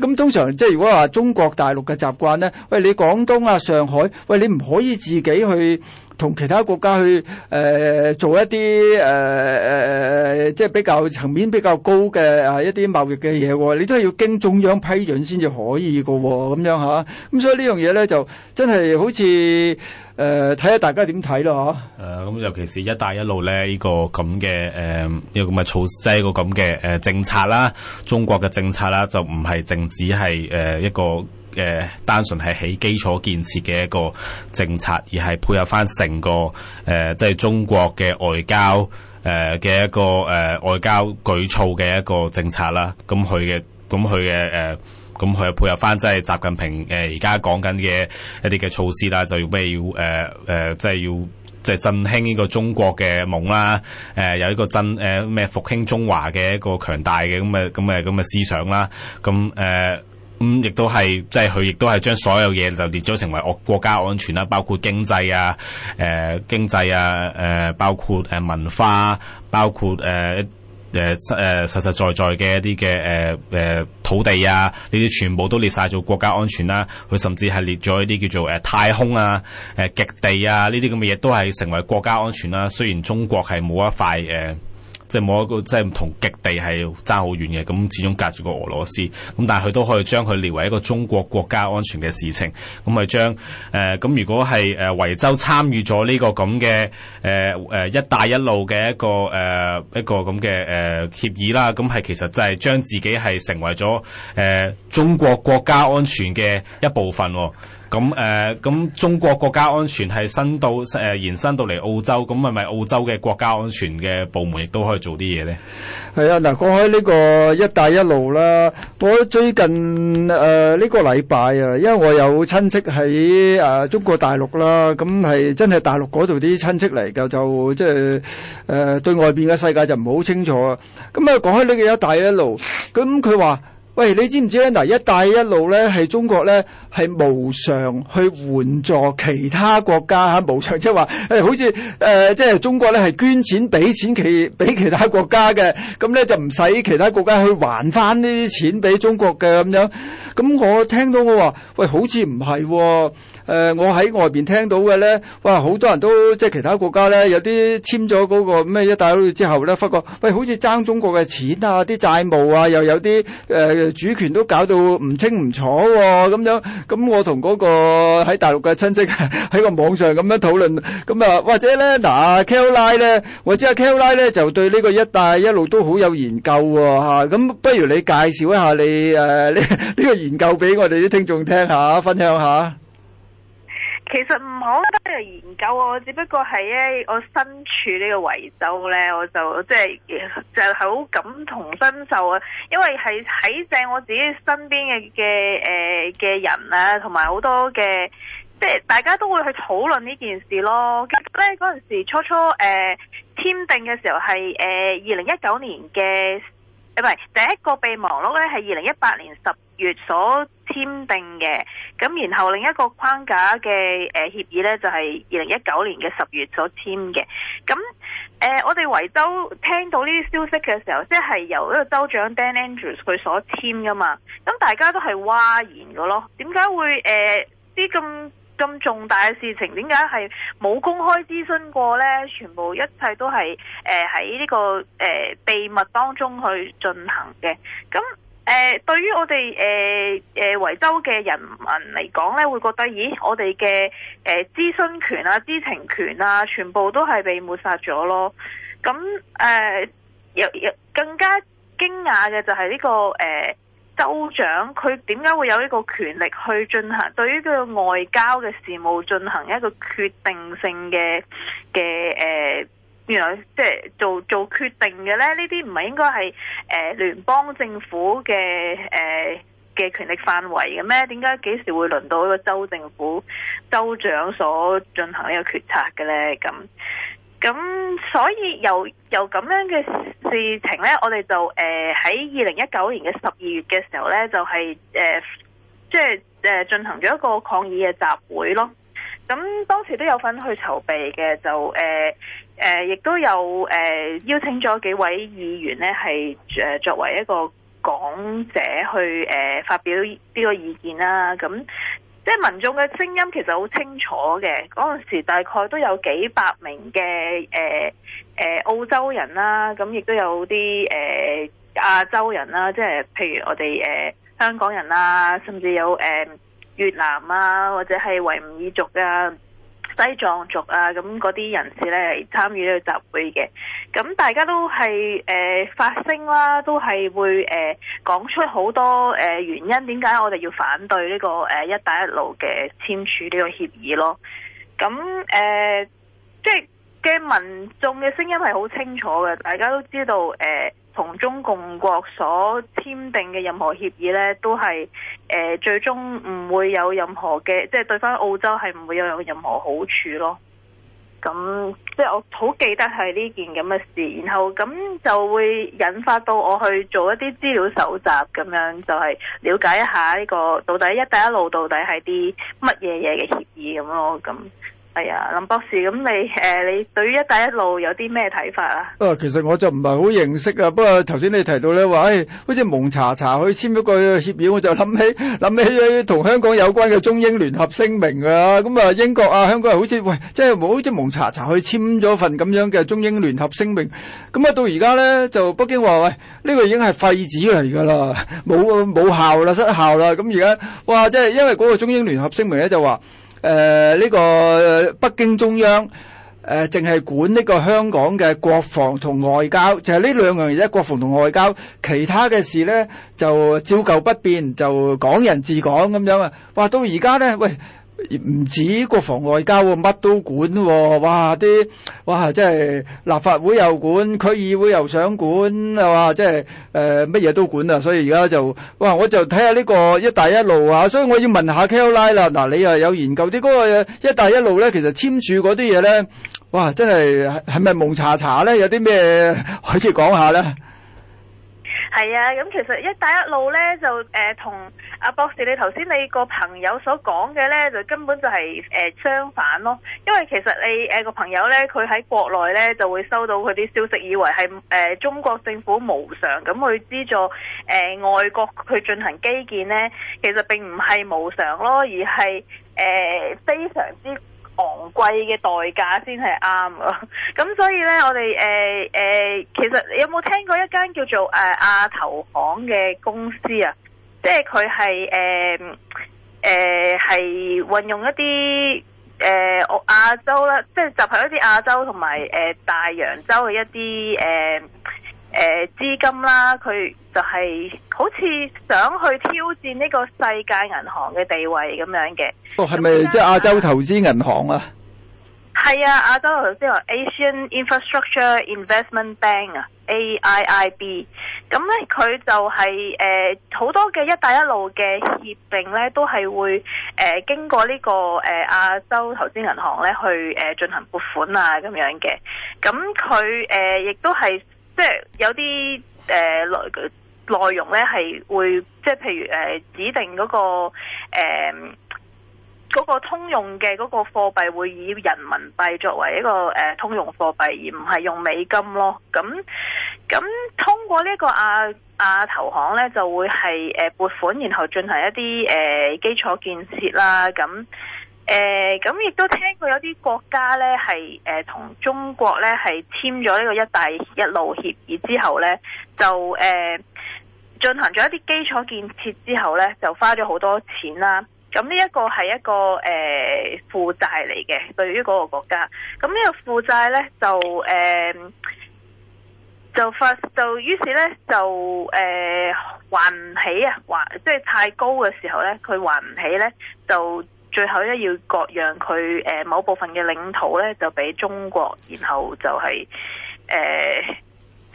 咁、啊、通常即係如果話中國大陸嘅習慣咧，喂你廣東啊、上海，喂你唔可以自己去同其他國家去誒、呃、做一啲誒、呃呃、即係比較層面比較高嘅、啊、一啲貿易嘅嘢，你都係要經中央批准先至可以㗎。咁樣嚇。咁、啊、所以呢樣嘢咧就真係好似～誒、呃，睇下大家點睇咯，誒、咁、呃、尤其是“一帶一路”呢咧、這個、呢、呃這個咁嘅，誒、呢個咁嘅措施，一個咁嘅誒政策啦，中國嘅政策啦，就唔係淨止係誒一個誒、呃，單純係起基礎建設嘅一個政策，而係配合翻成個誒、呃，即係中國嘅外交誒嘅、呃、一個誒、呃、外交舉措嘅一個政策啦。咁佢嘅，咁佢嘅誒。嗯咁佢又配合翻即係習近平誒而家講緊嘅一啲嘅措施啦，就要咩、呃呃就是、要誒誒，即係要即係振興呢個中國嘅夢啦，誒、呃、有一個振誒咩復興中華嘅一個強大嘅咁嘅咁嘅咁嘅思想啦，咁誒咁亦都係即係佢亦都係將所有嘢就列咗成為國家安全啦，包括經濟啊，誒、呃、經濟啊，誒、呃、包括誒文化，包括誒。呃誒誒實實在在嘅一啲嘅誒誒土地啊，呢啲全部都列晒做國家安全啦。佢甚至係列咗一啲叫做誒太空啊、誒極地啊呢啲咁嘅嘢，都係成為國家安全啦。雖然中國係冇一塊誒。即係冇一個即係唔同極地係差好遠嘅，咁始終隔住個俄羅斯，咁但係佢都可以將佢列為一個中國國家安全嘅事情，咁咪將誒咁、呃、如果係誒維州參與咗呢個咁嘅誒一帶一路嘅一個誒、呃、一個咁嘅誒協議啦，咁係其實就係將自己係成為咗誒、呃、中國國家安全嘅一部分喎、哦。咁誒，咁、呃、中國國家安全係伸到誒、呃、延伸到嚟澳洲，咁係咪澳洲嘅國家安全嘅部門亦都可以做啲嘢咧？係啊，嗱，講開呢個一帶一路啦，我最近誒呢、呃這個禮拜啊，因為我有親戚喺誒、呃、中國大陸啦，咁係真係大陸嗰度啲親戚嚟噶，就即係誒對外邊嘅世界就唔係好清楚。咁啊，講開呢個一帶一路，咁佢話。喂，你知唔知咧？嗱，一帶一路咧，係中國咧係無償去援助其他國家嚇，無償即係話，誒好似誒即係中國咧係捐錢俾錢其俾其他國家嘅，咁咧就唔使其他國家去還翻呢啲錢俾中國嘅咁樣。咁我聽到我話，喂，好似唔係喎。誒、呃，我喺外面聽到嘅咧，哇！好多人都即係其他國家咧，有啲簽咗嗰個咩一帶一路之後咧，發覺喂，好似爭中國嘅錢啊，啲債務啊，又有啲、呃、主權都搞到唔清唔楚喎、哦，咁樣咁我同嗰個喺大陸嘅親戚喺個網上咁樣討論咁啊，或者咧嗱 Kella 呢，咧、啊，或者阿 Kella 呢，咧就對呢個一帶一路都好有研究喎、哦、咁、啊、不如你介紹一下你誒呢呢個研究俾我哋啲聽眾聽下，分享下。其實唔好得人研究我，只不過係咧，我身處呢個維州咧，我就即係就係好感同身受啊！因為係喺正我自己身邊嘅嘅誒嘅人啊，同埋好多嘅即係大家都會去討論呢件事咯。咁咧嗰陣時初初誒簽訂嘅時候係誒二零一九年嘅誒，唔係第一個備忘錄咧係二零一八年十月所簽訂嘅。咁然後另一個框架嘅誒協議咧就係二零一九年嘅十月所簽嘅。咁誒，我哋維州聽到呢啲消息嘅時候，即係由呢個州長 Dan Andrews 佢所簽噶嘛。咁大家都係嘩然噶咯。點解會誒啲咁咁重大嘅事情？點解係冇公開諮詢過呢？全部一切都係誒喺呢個誒、呃、秘密當中去進行嘅。咁。誒、呃，對於我哋誒誒，維、呃呃、州嘅人民嚟講咧，會覺得，咦，我哋嘅誒諮詢權啊、知情權啊，全部都係被抹殺咗咯。咁、呃、誒、呃，又又更加驚訝嘅就係呢、這個誒、呃、州長，佢點解會有呢個權力去進行對於佢個外交嘅事務進行一個決定性嘅嘅誒。原來即係做做決定嘅咧，呢啲唔係應該係誒聯邦政府嘅誒嘅權力範圍嘅咩？點解幾時會輪到一個州政府州長所進行呢個決策嘅咧？咁咁所以由由咁樣嘅事情咧，我哋就誒喺二零一九年嘅十二月嘅時候咧，就係誒即係誒進行咗一個抗議嘅集會咯。咁當時都有份去籌備嘅，就誒。呃誒、呃，亦都有誒、呃、邀請咗幾位議員咧，係、呃、作為一個講者去、呃、發表呢個意見啦。咁即係民眾嘅聲音其實好清楚嘅。嗰陣時候大概都有幾百名嘅誒誒澳洲人啦，咁亦都有啲誒、呃、亞洲人啦。即係譬如我哋、呃、香港人啦，甚至有、呃、越南啊，或者係維吾爾族啊。西藏族啊，咁嗰啲人士咧係參與呢個集會嘅，咁大家都係誒、呃、發聲啦，都係會誒、呃、講出好多誒、呃、原因，點解我哋要反對呢、呢個誒、呃、一帶一路嘅簽署呢個協議咯。咁誒，即係嘅民眾嘅聲音係好清楚嘅，大家都知道誒。呃同中共國所簽訂嘅任何協議呢，都係、呃、最終唔會有任何嘅，即係對翻澳洲係唔會有有任何好處咯。咁即係我好記得係呢件咁嘅事，然後咁就會引發到我去做一啲資料搜集咁樣，咁樣就係、是、了解一下呢個到底一帶一路到底係啲乜嘢嘢嘅協議咁咯，咁。係啊，林博士，咁你誒你對於一帶一路有啲咩睇法啊？啊，其實我就唔係好認識啊。不過頭先你提到咧話，誒好似蒙查查去簽咗一個協議，我就諗起諗起同香港有關嘅中英聯合聲明啊。咁啊英國啊香港人，好似喂，即係好似蒙查查去簽咗份咁樣嘅中英聯合聲明。咁啊到而家咧就北京話，喂呢個已經係廢紙嚟㗎啦，冇冇效啦，失效啦。咁而家哇，即係因為嗰個中英聯合聲明咧就話。誒、呃、呢個北京中央誒淨係管呢個香港嘅國防同外交，就係呢兩樣嘢啫。國防同外交，其他嘅事呢，就照舊不變，就港人治港咁樣啊！哇，到而家呢。喂～唔止國防外交乜都管喎，哇！啲哇真係立法會又管，區議會又想管，話即係乜嘢都管啦，所以而家就哇我就睇下呢個一帶一路啊，所以我要問下 Kelley 啦，嗱你又有研究啲嗰、嗰個一帶一路咧，其實簽署嗰啲嘢咧，哇！真係係咪蒙查查咧？有啲咩可以講下咧？係啊，咁其實一帶一路呢，就誒同、呃、阿博士你頭先你個朋友所講嘅呢，就根本就係、是、誒、呃、相反咯，因為其實你誒、呃那個朋友呢，佢喺國內呢，就會收到佢啲消息，以為係、呃、中國政府無償咁去資助誒外國去進行基建呢，其實並唔係無償咯，而係誒、呃、非常之昂貴嘅代價先係啱咯，咁所以呢，我哋誒誒，其實有冇聽過一間叫做誒亞、啊、投行嘅公司啊？即係佢係誒誒，係、呃、運、呃、用一啲誒亞洲啦，即、就、係、是、集合一啲亞洲同埋誒大洋洲嘅一啲誒。呃誒，資金啦，佢就係好似想去挑戰呢個世界銀行嘅地位咁樣嘅。哦，係咪即係亞洲投資銀行啊？係啊，亞洲投資銀行 Asian Infrastructure Investment Bank 啊 （AIIB）。咁咧、就是，佢就係誒好多嘅一帶一路嘅協定咧，都係會誒、呃、經過呢、這個誒亞、呃、洲投資銀行咧去誒進、呃、行撥款啊咁樣嘅。咁佢誒亦都係。即係有啲誒內內容咧，係會即係譬如誒、呃、指定嗰、嗰個誒、呃嗰個通用嘅嗰個貨幣會以人民幣作為一個誒、呃、通用貨幣，而唔係用美金咯。咁咁通過呢、呢個亞、啊啊、投行咧，就會係誒撥款，然後進行一啲誒、呃、基礎建設啦。咁。誒、呃，咁亦都聽過有啲國家咧係誒同中國咧係簽咗呢個一帶一路協議之後咧，就誒進、呃、行咗一啲基礎建設之後咧，就花咗好多錢啦。咁呢一個係一個誒負債嚟嘅，對於嗰個國家。咁呢個負債咧就誒、呃、就發就於是咧就誒還唔起啊，還即係、就是、太高嘅時候咧，佢還唔起咧就。最後咧要割讓佢、呃、某部分嘅領土咧，就俾中國，然後就係、是、誒，即、呃、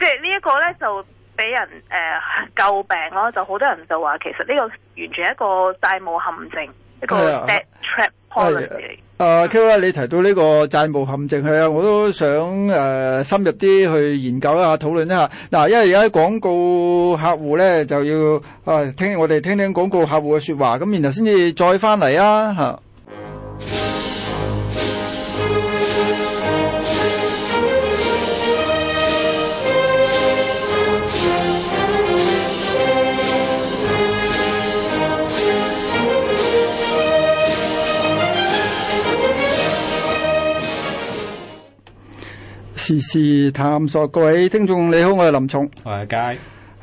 係、就是、呢一個咧就俾人誒、呃、詬病咯，就好多人就話其實呢個完全係一個債務陷阱，yeah. 一個 debt trap policy。Yeah. Yeah. 啊，K Y，你提到呢個債務陷阱係啊，我都想誒、啊、深入啲去研究一下、討論一下。嗱、啊，因為而家廣告客戶咧就要啊，聽我哋聽聽廣告客戶嘅說話，咁然後先至再翻嚟啊嚇。時事探索，各位聽眾你好，我係林松，我係佳。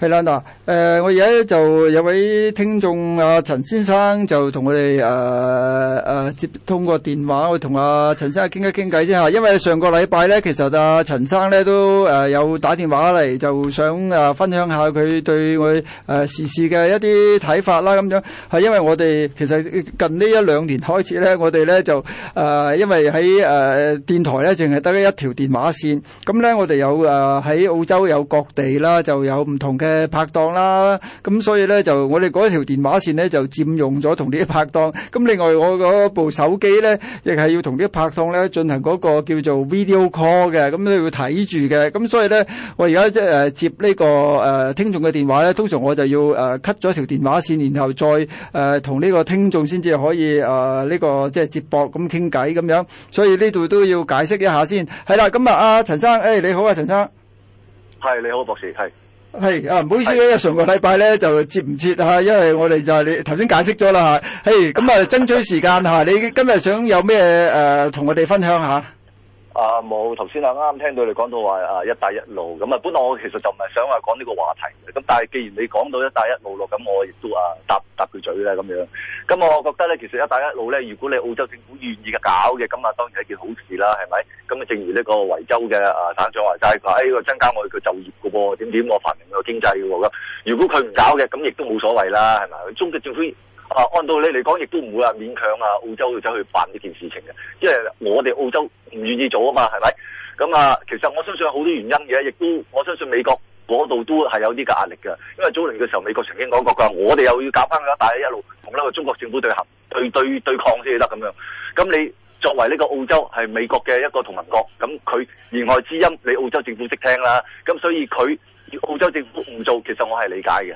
係啦，嗱，誒，我而家就有位聽眾阿陳先生就同我哋誒誒接通過電話，去同阿陳生傾一傾偈先嚇。因為上個禮拜咧，其實阿陳生咧都誒有打電話嚟，就想誒分享下佢對我誒時事嘅一啲睇法啦。咁樣係因為我哋其實近呢一兩年開始咧，我哋咧就誒因為喺誒電台咧，淨係得一條電話線，咁咧我哋有誒喺澳洲有各地啦，就有唔同嘅。誒拍檔啦，咁所以咧就我哋嗰條電話線咧就佔用咗同啲拍檔。咁另外我嗰部手機咧亦係要同啲拍檔咧進行嗰個叫做 video call 嘅，咁都要睇住嘅。咁所以咧我而家即係誒接呢個誒聽眾嘅電話咧，通常我就要誒 cut 咗一條電話線，然後再誒同呢個聽眾先至可以誒呢個即係接駁咁傾偈咁樣。所以呢度都要解釋一下先係啦。咁啊，阿陳生，誒你好啊，陳生，係你好，博士係。係啊，唔好意思，上個禮拜呢就接唔接，因為我哋就係你頭先解釋咗啦係，咁啊爭取時間，你今日想有咩呃同我哋分享下？啊冇，頭先啱啱聽到你講到話啊一帶一路咁啊，本來我其實就唔係想話講呢個話題嘅，咁但係既然你講到一帶一路咯，咁我亦都啊答答佢嘴咧咁樣。咁我覺得咧，其實一帶一路咧，如果你澳洲政府願意搞嘅，咁啊當然係件好事啦，係咪？咁啊正如呢個維州嘅啊省長話齋話，誒要、哎、增加我哋嘅就業嘅噃，點點我繁榮個經濟嘅喎。咁如果佢唔搞嘅，咁亦都冇所謂啦，係咪？中國政府。啊，按道理嚟講，亦都唔會話勉強啊，澳洲就走去辦呢件事情嘅，因為我哋澳洲唔願意做啊嘛，係咪？咁啊，其實我相信有好多原因嘅，亦都我相信美國嗰度都係有啲嘅壓力嘅，因為早輪嘅時候美國曾經講過，佢話我哋又要搞翻佢，大但一路同呢個中國政府對合、對對對抗先至得咁樣。咁你作為呢個澳洲係美國嘅一個同盟國，咁佢言外之音，你澳洲政府識聽啦。咁所以佢澳洲政府唔做，其實我係理解嘅。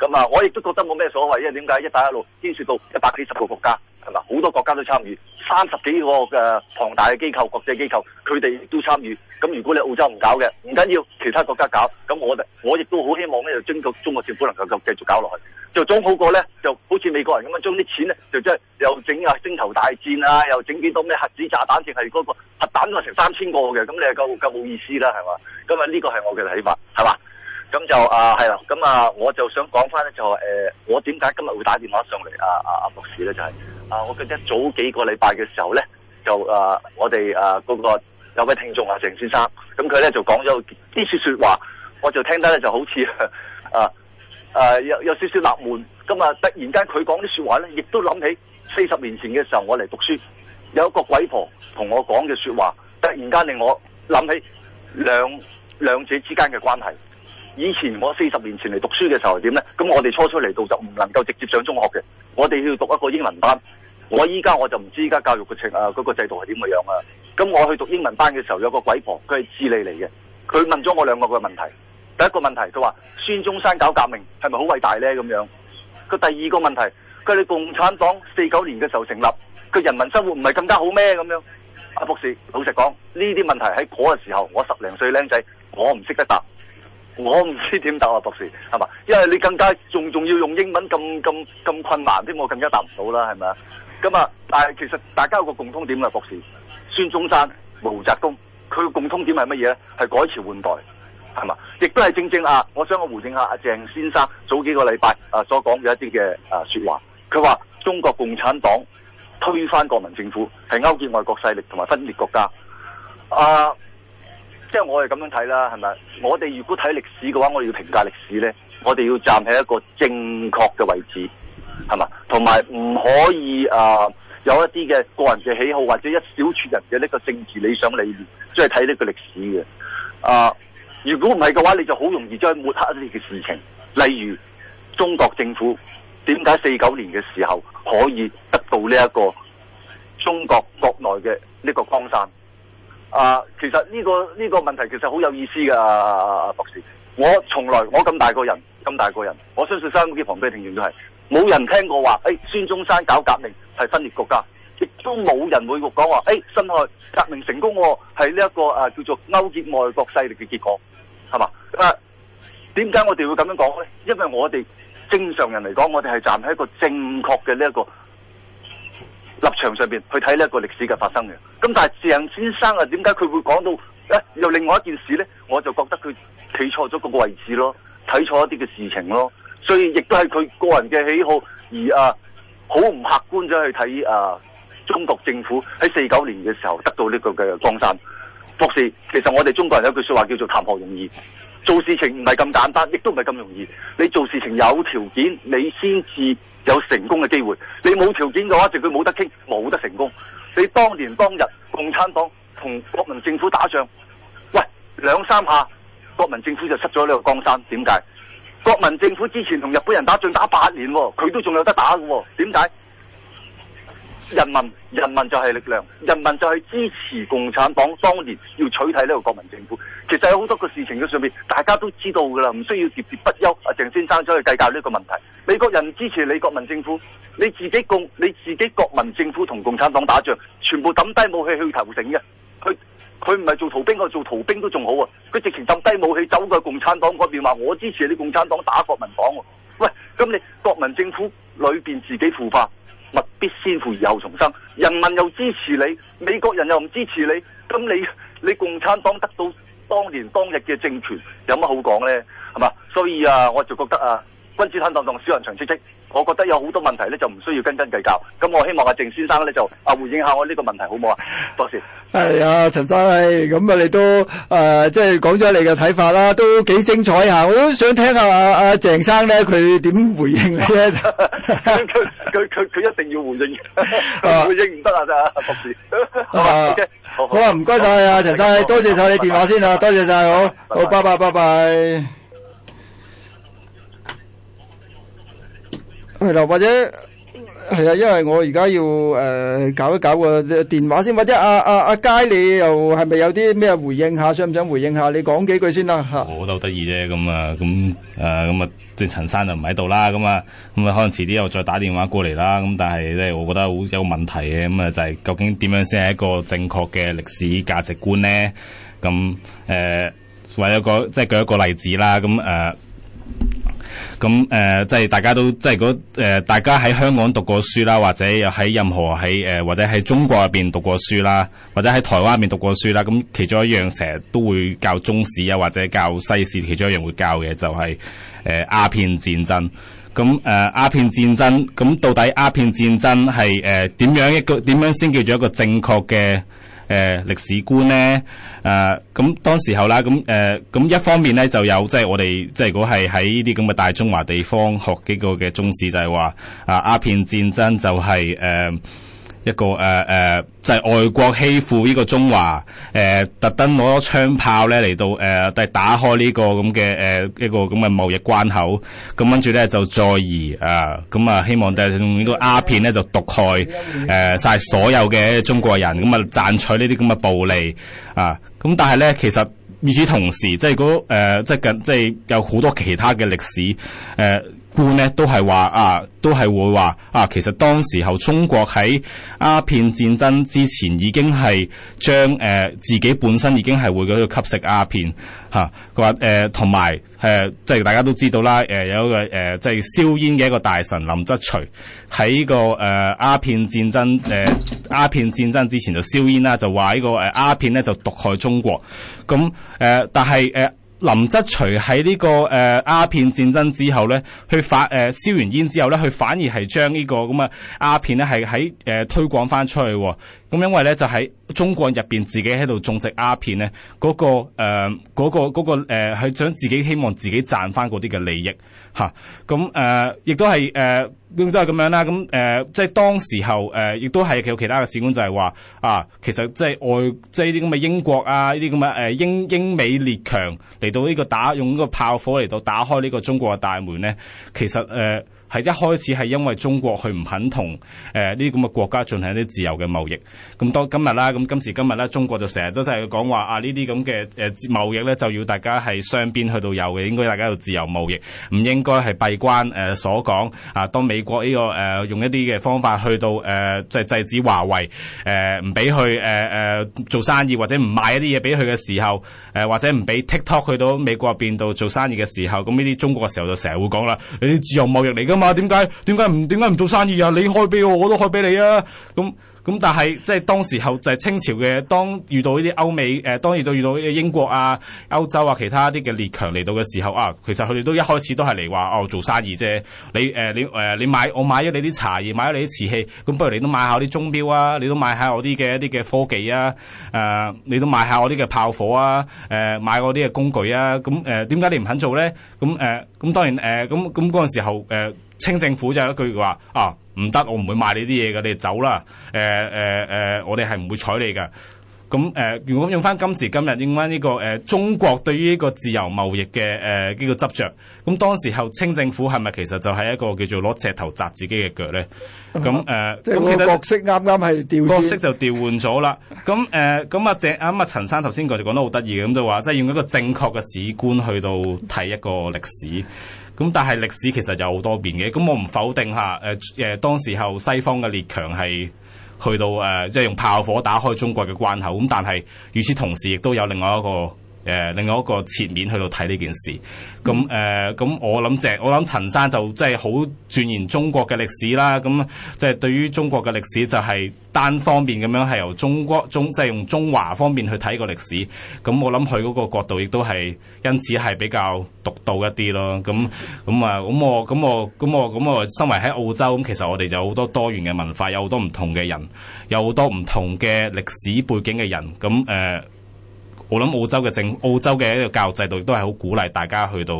咁啊，我亦都覺得冇咩所謂，因為點解一帶一路牽涉到一百幾十個國家，係嘛？好多國家都參與，三十幾個嘅龐大嘅機構、國際機構，佢哋都參與。咁如果你澳洲唔搞嘅，唔緊要，其他國家搞，咁我哋我亦都好希望咧，就中國中國政府能夠夠繼續搞落去，就總好過咧，就好似美國人咁樣，將啲錢咧，就即係又整下星球大戰啊，又整幾多咩核子炸彈，淨係嗰個核彈都係成三千個嘅，咁你係夠夠冇意思啦，係嘛？咁啊，呢個係我嘅睇法，係嘛？咁就啊，係啦。咁啊，我就想講翻咧，就係、呃、我點解今日會打電話上嚟啊？啊，阿博士咧，就係、係、啊，我覺得早幾個禮拜嘅時候咧，就啊，我哋啊嗰、嗰個有位聽眾啊，鄭先生咁佢咧就講咗啲說話，我就聽得咧就好似啊有有少少納悶。咁啊，啊點點突然間佢講啲説話咧，亦都諗起四十年前嘅時候，我嚟讀書有一個鬼婆同我講嘅說話，突然間令我諗起兩兩者之間嘅關係。以前我四十年前嚟讀書嘅時候係點呢？咁我哋初初嚟到就唔能夠直接上中學嘅，我哋要讀一個英文班。我依家我就唔知依家教育嘅程、啊、嗰個制度係點嘅樣啊。咁我去讀英文班嘅時候有個鬼婆，佢係智利嚟嘅，佢問咗我兩個嘅問題。第一個問題，佢話孫中山搞革命係咪好偉大呢？咁樣？佢第二個問題，佢話共產黨四九年嘅時候成立，佢人民生活唔係更加好咩咁樣？阿、啊、博士，老實講呢啲問題喺嗰個時候，我十零歲僆仔，我唔識得答。我唔知點答啊，博士，係嘛？因為你更加仲仲要用英文咁咁咁困難啲，我更加答唔到啦，係咪啊？咁啊，但係其實大家有個共通點啊，博士，孫中山、毛澤東，佢個共通點係乜嘢咧？係改朝換代，係嘛？亦都係正正啊！我想我回應下阿鄭先生早幾個禮拜啊所講嘅一啲嘅啊説話，佢話中國共產黨推翻國民政府係勾結外國勢力同埋分裂國家啊！即係我哋咁樣睇啦，係咪？我哋如果睇歷史嘅話，我哋要評價歷史呢，我哋要站喺一個正確嘅位置，係嘛？同埋唔可以誒、呃，有一啲嘅個人嘅喜好或者一小撮人嘅呢個政治理想理念，即係睇呢個歷史嘅。啊、呃，如果唔係嘅話，你就好容易將抹黑呢件事情。例如，中國政府點解四九年嘅時候可以得到呢一個中國國內嘅呢個江山？啊，其實呢、這個呢、這個問題其實好有意思噶、啊，博士。我從來我咁大個人，咁大個人，我相信、龐培、庭元都係，冇人聽過話，誒、哎，孫中山搞革命係分裂國家，亦都冇人會講話，誒、哎，辛亥革命成功係呢一個誒、啊、叫做勾結外國勢力嘅結果，係嘛？點解我哋會咁樣講咧？因為我哋正常人嚟講，我哋係站喺一個正確嘅呢一個。立場上邊去睇呢一個歷史嘅發生嘅，咁但係鄭先生啊，點解佢會講到，誒、欸，又另外一件事呢，我就覺得佢企錯咗個位置咯，睇錯一啲嘅事情咯，所以亦都係佢個人嘅喜好，而啊，好唔客觀咗去睇啊，中國政府喺四九年嘅時候得到呢個嘅江山，博士，其實我哋中國人有句說話叫做談何容易。做事情唔係咁簡單，亦都唔係咁容易。你做事情有條件，你先至有成功嘅機會。你冇條件嘅話，就佢冇得傾，冇得成功。你當年當日共產黨同國民政府打仗，喂，兩三下，國民政府就失咗呢個江山。點解？國民政府之前同日本人打仗打八年，佢都仲有得打嘅。點解？人民人民就係力量，人民就係支持共產黨。當年要取締呢個國民政府，其實有好多個事情嘅上面，大家都知道㗎啦，唔需要喋喋不休。阿鄭先生再去計較呢個問題，美國人支持你國民政府，你自己共你自己國民政府同共產黨打仗，全部抌低武器去投誠嘅，佢佢唔係做逃兵，我做逃兵都仲好啊，佢直情抌低武器走過去共產黨嗰邊，話我支持你共產黨打國民黨喎。喂，咁你國民政府裏邊自己腐化，物必先腐而後重生。人民又支持你，美國人又唔支持你，咁你你共產黨得到當年當日嘅政權有乜好講咧？係嘛？所以啊，我就覺得啊。君子坦蕩蕩，小人長戚戚。我覺得有好多問題咧，就唔需要斤斤計較。咁我希望阿鄭先生咧就啊回應下我呢個問題好，好唔好啊？博士，係啊，陳生，咁、哎、啊，你都誒、呃、即係講咗你嘅睇法啦，都幾精彩下。我都想聽阿阿、呃、鄭生咧，佢點回應你咧？佢佢佢佢一定要回應， [laughs] 回應唔得啊！咋博士？好啊，唔該晒啊，陳生，多謝晒你電話先啊，多謝晒。好，好，拜拜，拜拜。Bye bye, bye bye 係啦，或者係啊，因為我而家要誒、呃、搞一搞個電話先，或者阿阿阿佳，你又係咪有啲咩回應下？想唔想回應下？你講幾句先啦吓。我都好得意啫，咁啊，咁、呃、誒，咁啊，即、呃、陳生就唔喺度啦，咁啊，咁啊，可能遲啲又再打電話過嚟啦。咁但係咧，我覺得好有問題嘅，咁啊，就係究竟點樣先係一個正確嘅歷史價值觀咧？咁誒、呃，為一個即係、就是、舉一個例子啦。咁誒。呃咁、嗯、誒、呃，即係大家都即係，如果、呃、大家喺香港讀過書啦，或者又喺任何喺誒、呃，或者喺中國入邊讀過書啦，或者喺台灣入邊讀過書啦，咁、嗯、其中一樣成日都會教中史啊，或者教西史，其中一樣會教嘅就係誒鴉片戰爭。咁誒鴉片戰爭，咁、嗯、到底鴉片戰爭係誒、呃、點樣一個點樣先叫做一個正確嘅？誒、呃、歷史觀咧，誒、呃、咁當時候啦，咁誒咁一方面咧，就有、是、即係我哋即係如果係喺呢啲咁嘅大中華地方學幾個嘅中史，就係話啊，鴉片戰爭就係、是、誒。呃一個誒誒、呃，就係、是、外國欺負呢個中華，誒、呃、特登攞咗槍炮咧嚟到誒，打開呢個咁嘅誒一個咁嘅貿易關口，咁跟住咧就再而啊，咁、呃、啊希望就用呢個鴉片咧就毒害誒曬、呃、所有嘅中國人，咁啊賺取、呃、呢啲咁嘅暴利啊，咁但係咧其實與此同時，即係嗰、呃、即係近即係有好多其他嘅歷史誒。呃官咧都係話啊，都係會話啊，其實當時候中國喺鴉片戰爭之前已經係將誒自己本身已經係會喺度吸食鴉片吓，佢話誒同埋誒即係大家都知道啦，誒、呃、有一個誒即係燒煙嘅一個大臣林則徐喺呢、這個誒鴉、呃、片戰爭誒鴉、呃、片戰爭之前就燒煙啦，就話、這個呃、呢個誒鴉片咧就毒害中國咁誒、呃、但係誒。呃林則徐喺呢、這個誒鴉、呃、片戰爭之後呢，去發誒、呃、燒完煙之後呢，佢反而係將呢個咁啊鴉片呢係喺誒推廣翻出去，哦。咁因為呢，就喺中國入面自己喺度種植鴉片呢，嗰、那個誒嗰、呃那個嗰、那個係、呃、想自己希望自己賺翻嗰啲嘅利益。嚇，咁誒、呃，亦都係誒，呃、亦都係咁樣啦。咁、呃、誒，即係當時候誒、呃，亦都係有其他嘅史官就係話啊，其實即係外，即係呢啲咁嘅英國啊，呢啲咁嘅誒英英美列強嚟到呢個打用呢個炮火嚟到打開呢個中國嘅大門咧，其實誒。呃係一開始係因為中國佢唔肯同誒呢啲咁嘅國家進行一啲自由嘅貿易，咁當今日啦，咁今時今日咧，中國就成日都真係講話啊，呢啲咁嘅貿易咧就要大家係雙邊去到有嘅，應該大家度自由貿易，唔應該係閉關所講啊。當美國呢、呢個誒、啊、用一啲嘅方法去到誒即係制止華為誒唔俾佢誒做生意或者唔賣一啲嘢俾佢嘅時候，啊、或者唔俾 TikTok 去到美國邊度做生意嘅時候，咁呢啲中國嘅時候就成日會講啦，你啲自由貿易嚟㗎嘛點解點解唔點解唔做生意啊？你開俾我，我都開俾你啊！咁咁，但係即係當時候就係清朝嘅，當遇到呢啲歐美誒、呃，當遇到呢啲英國啊、歐洲啊、其他啲嘅列強嚟到嘅時候啊，其實佢哋都一開始都係嚟話哦做生意啫。你誒、呃、你誒、呃、你買我買咗你啲茶葉，買咗你啲瓷器，咁不如你都買下啲鐘錶啊，你都買下我啲嘅一啲嘅科技啊，誒、呃、你都買下我啲嘅炮火啊，誒、呃、買我啲嘅工具啊，咁誒點解你唔肯做咧？咁誒咁當然誒咁咁嗰陣時候誒。呃清政府就係一句話啊，唔得，我唔會賣你啲嘢嘅，你哋走啦！誒誒誒，我哋係唔會睬你嘅。咁、嗯、誒，如、呃、果用翻今時今日用翻呢、呢個誒、呃、中國對於呢個自由貿易嘅誒呢個執着。咁、嗯、當時候清政府係咪其實就係一個叫做攞石頭砸自己嘅腳咧？咁、嗯、誒、嗯嗯嗯，即係角色啱啱係角色就調換咗啦。咁 [laughs] 誒，咁阿謝，啱、啊、阿、啊、陳生頭先佢就講得好得意咁就話即係用一個正確嘅史觀去到睇一個歷史。咁但係歷史其實有好多變嘅，咁我唔否定吓，誒誒當時候西方嘅列強係去到誒，即係用炮火打開中國嘅關口，咁但係與此同時亦都有另外一個。誒，另外一個切面去到睇呢件事，咁誒，咁、呃、我諗謝、就係，我諗陳生就即係好鑽研中國嘅歷史啦，咁即係對於中國嘅歷史就係單方面咁樣係由中國中即係、就係、用中華方面去睇個歷史，咁我諗佢嗰個角度亦都係因此係比較獨到一啲咯，咁咁啊，咁我咁我咁我咁我，我身為喺澳洲，咁其實我哋就好多多元嘅文化，有好多唔同嘅人，有好多唔同嘅歷史背景嘅人，咁誒。呃我諗澳洲嘅政澳洲嘅一個教育制度，亦都係好鼓勵大家去到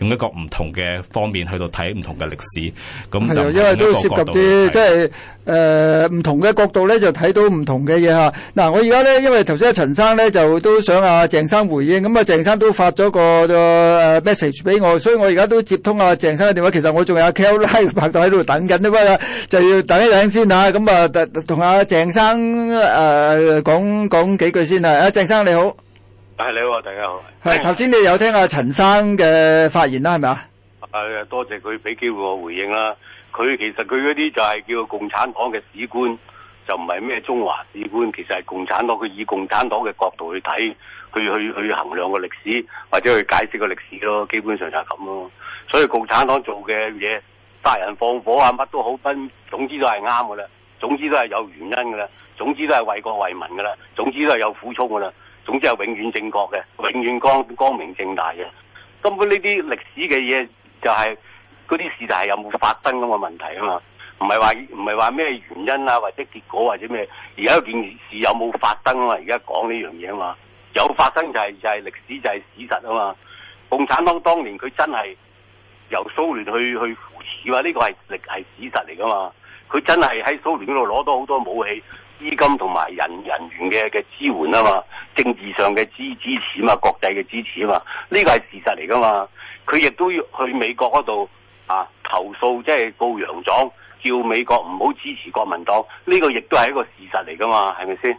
用一個唔同嘅方面去到睇唔同嘅歷史。咁就係係因為都涉及啲即係誒唔同嘅角度咧、呃，就睇到唔同嘅嘢嚇。嗱，我而家咧，因為頭先阿陳生咧就都想阿、啊、鄭生回應，咁、嗯、啊，鄭生都發咗個、呃、message 俾我，所以我而家都接通阿、啊、鄭生嘅電話。其實我仲有 Kelie 嘅朋友喺度等緊，呢就要等一等先嚇。咁啊，同阿鄭生誒講講幾句先啊，阿、啊、鄭生你好。係你好，大家好。係頭先你有聽阿陳生嘅發言啦，係咪啊？誒，多謝佢俾機會我回應啦。佢其實佢嗰啲就係叫共產黨嘅史觀，就唔係咩中華史觀。其實係共產黨，佢以共產黨嘅角度去睇，去去去衡量個歷史，或者去解釋個歷史咯。基本上就係咁咯。所以共產黨做嘅嘢，殺人放火啊，乜都好，分，總之都係啱噶啦。總之都係有原因噶啦。總之都係為國為民噶啦。總之都係有苦衷噶啦。總之係永遠正確嘅，永遠光光明正大嘅。根本呢啲歷史嘅嘢就係嗰啲事就係有冇發生咁嘅問題啊嘛？唔係話唔係話咩原因啊，或者結果或者咩？而家件事有冇發生啊？而家講呢樣嘢啊嘛？有發生就係、是、就係、是、歷史就係、是、史實啊嘛！共產黨當年佢真係由蘇聯去去扶持啊！呢、這個係歷係史實嚟噶嘛？佢真係喺蘇聯嗰度攞到好多武器。資金同埋人人員嘅嘅支援啊嘛，政治上嘅支支持嘛，國際嘅支持啊嘛，呢個係事實嚟噶嘛。佢亦都要去美國嗰度啊投訴，即係告洋狀，叫美國唔好支持國民黨。呢個亦都係一個事實嚟噶嘛，係咪先？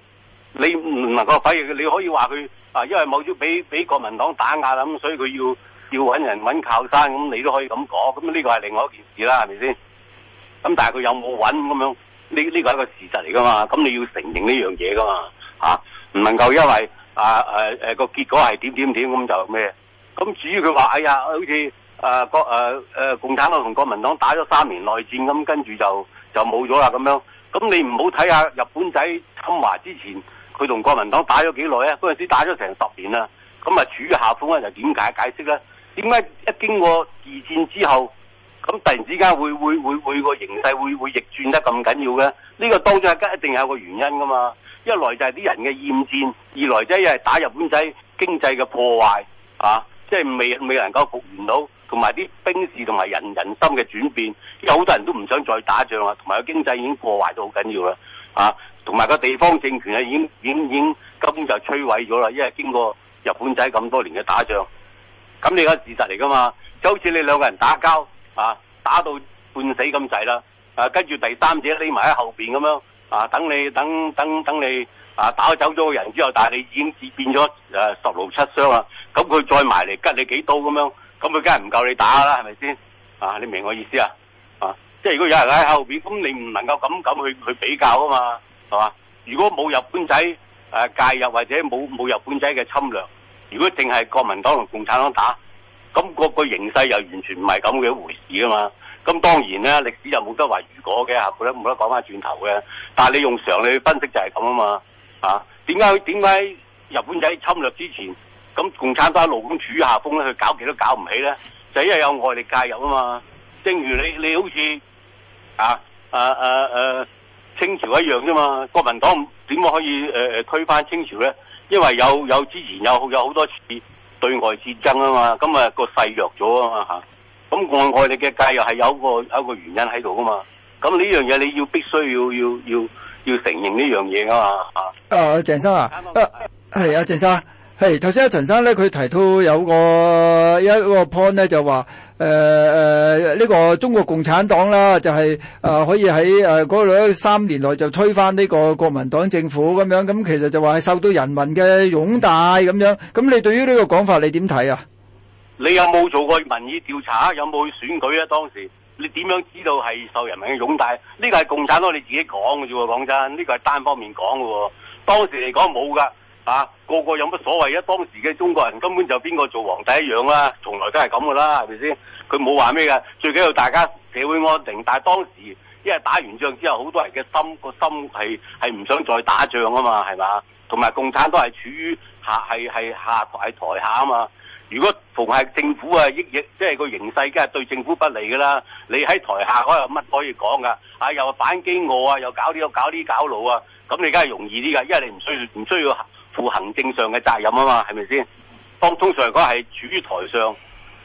你唔能夠反而你可以話佢啊，因為某啲俾俾國民黨打壓啦，咁所以佢要要搵人搵靠山，咁你都可以咁講，咁呢個係另外一件事啦，係咪先？咁但係佢有冇搵咁樣？呢呢個係一個事實嚟噶嘛，咁你要承認呢樣嘢噶嘛，吓、啊、唔能夠因為啊誒誒個結果係點點點咁就咩？咁至於佢話哎呀，好似誒國誒誒共產黨同國民黨打咗三年內戰咁，跟住就就冇咗啦咁樣。咁你唔好睇下日本仔侵華之前，佢同國民黨打咗幾耐啊？嗰陣時打咗成十年啦，咁啊處於下風咧，就點解解釋咧？點解一經過二戰之後？咁突然之間會會會會個形勢會會逆轉得咁緊要嘅？呢個當中一定有一個原因噶嘛。一來就係啲人嘅厭戰，二來就係打日本仔經濟嘅破壞啊，即係未未能夠復原到，同埋啲兵士同埋人人心嘅轉變，有好多人都唔想再打仗啦。同埋個經濟已經破壞到好緊要啦啊，同埋個地方政權啊已經已經已經根本就摧毀咗啦，因為經過日本仔咁多年嘅打仗，咁你個事實嚟噶嘛？就好似你兩個人打交。啊！打到半死咁滯啦！啊，跟住第三者匿埋喺後邊咁樣啊，等你等等等你啊，打走咗個人之後，但係你已經變咗誒十路七傷啊！咁佢再埋嚟吉你幾刀咁樣，咁佢梗係唔夠你打啦，係咪先？啊，你明我意思啊？啊，即係如果有人喺後邊，咁你唔能夠咁咁去去比較啊嘛，係嘛？如果冇日本仔誒介入或者冇冇日本仔嘅侵略，如果淨係國民黨同共產黨打。咁、那個個形勢又完全唔係咁嘅一回事啊嘛！咁當然呢，歷史又冇得話如果嘅嚇，佢都冇得講翻轉頭嘅。但係你用常理分析就係咁啊嘛！啊，點解點解日本仔侵略之前咁共產黨勞工處於下風咧？佢搞極都搞唔起咧？就因為有外力介入啊嘛！正如你你好似啊，啊，啊，啊清朝一樣啫嘛！國民黨點可以、啊、推翻清朝咧？因為有有之前有有好多次。對外戰爭啊嘛，咁、那、啊個勢弱咗啊嘛嚇，咁外外嘅介入係有個有個原因喺度噶嘛，咁呢樣嘢你要必須要要要要承認呢樣嘢啊嘛、呃、啊，啊、嗯、啊，啊生啊，係啊鄭生。係頭先阿陳生咧，佢提到有個一個 point 咧，就話誒誒，呢、呃呃這個中國共產黨啦，就係、是、誒、呃、可以喺誒嗰兩三年內就推翻呢個國民黨政府咁樣。咁其實就話係受到人民嘅擁戴咁樣。咁你對於呢個講法，你點睇啊？你有冇做過民意調查？有冇去選舉啊？當時你點樣知道係受人民嘅擁戴？呢、這個係共產黨你自己講嘅啫，講真，呢、這個係單方面講嘅。當時嚟講冇噶。啊！個個有乜所謂啊？當時嘅中國人根本就邊個做皇帝一樣啦，啊，從來都係咁噶啦，係咪先？佢冇話咩嘅。最緊要大家社會安定，但係當時因為打完仗之後，好多人嘅心個心係係唔想再打仗啊嘛，係嘛？同埋共產黨係處於下係係下台係台下啊嘛。如果逢係政府啊，亦亦即係個形勢，梗係對政府不利噶啦。你喺台下嗰有乜可以講噶？啊，又反饑餓啊，又搞呢、呢個、又搞啲搞路啊，咁你梗係容易啲噶，因為你唔需唔需要。唔需要負行政上嘅責任啊嘛，係咪先？當通常嚟講係處於台上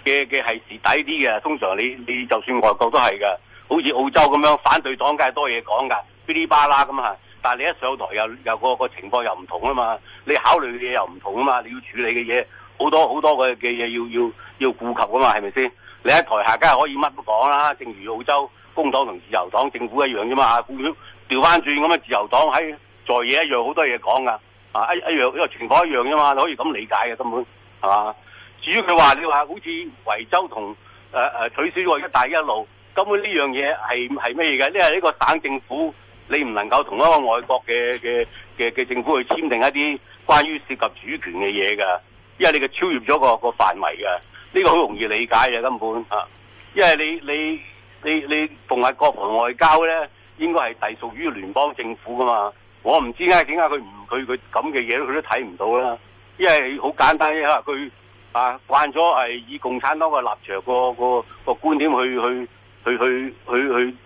嘅嘅係蝕底啲嘅。通常你你就算外國都係嘅，好似澳洲咁樣，反對黨梗係多嘢講㗎，噼哩啪啦咁吓。但係你一上台又又個個情況又唔同啊嘛，你考慮嘅嘢又唔同啊嘛，你要處理嘅嘢好多好多嘅嘅嘢要要要顧及啊嘛，係咪先？你喺台下梗係可以乜都講啦。正如澳洲工黨同自由黨政府一樣啫嘛，調調返轉咁啊，自由黨喺在野一樣好多嘢講㗎。啊，一一樣，因為情況一樣啫嘛，你可以咁理解嘅根本，係嘛？至於佢話你話好似維州同誒誒取消咗一帶一路，根本呢樣嘢係係咩嘅？呢係呢個省政府，你唔能夠同一個外國嘅嘅嘅嘅政府去簽訂一啲關於涉及主權嘅嘢㗎，因為你嘅超越咗個個範圍㗎。呢個好容易理解嘅根本嚇、啊，因為你你你你同埋國防外交咧，應該係隸屬於聯邦政府㗎嘛。我唔知啊，點解佢唔佢佢咁嘅嘢佢都睇唔到啦，因為好簡單啫。佢啊慣咗係以共產黨嘅立場個個個觀點去去去去去去，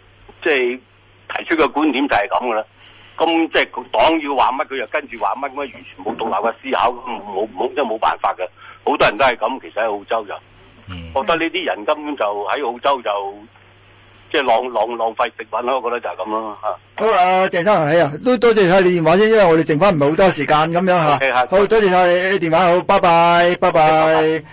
即係、就是、提出嘅觀點就係咁噶啦。咁即係黨要話乜，佢就跟住話乜，咁完全冇獨立嘅思考，冇冇即係冇辦法嘅。好多人都係咁，其實喺澳洲就我覺得呢啲人根本就喺澳洲就。即係浪浪浪費食品咯，我覺得就係咁咯吓。好、呃、鄭啊，鄭生係啊，都多謝晒你電話先，因為我哋剩翻唔係好多時間咁樣吓。係、okay, 係，好多謝晒你電話，好，拜拜，okay, 拜拜。拜拜。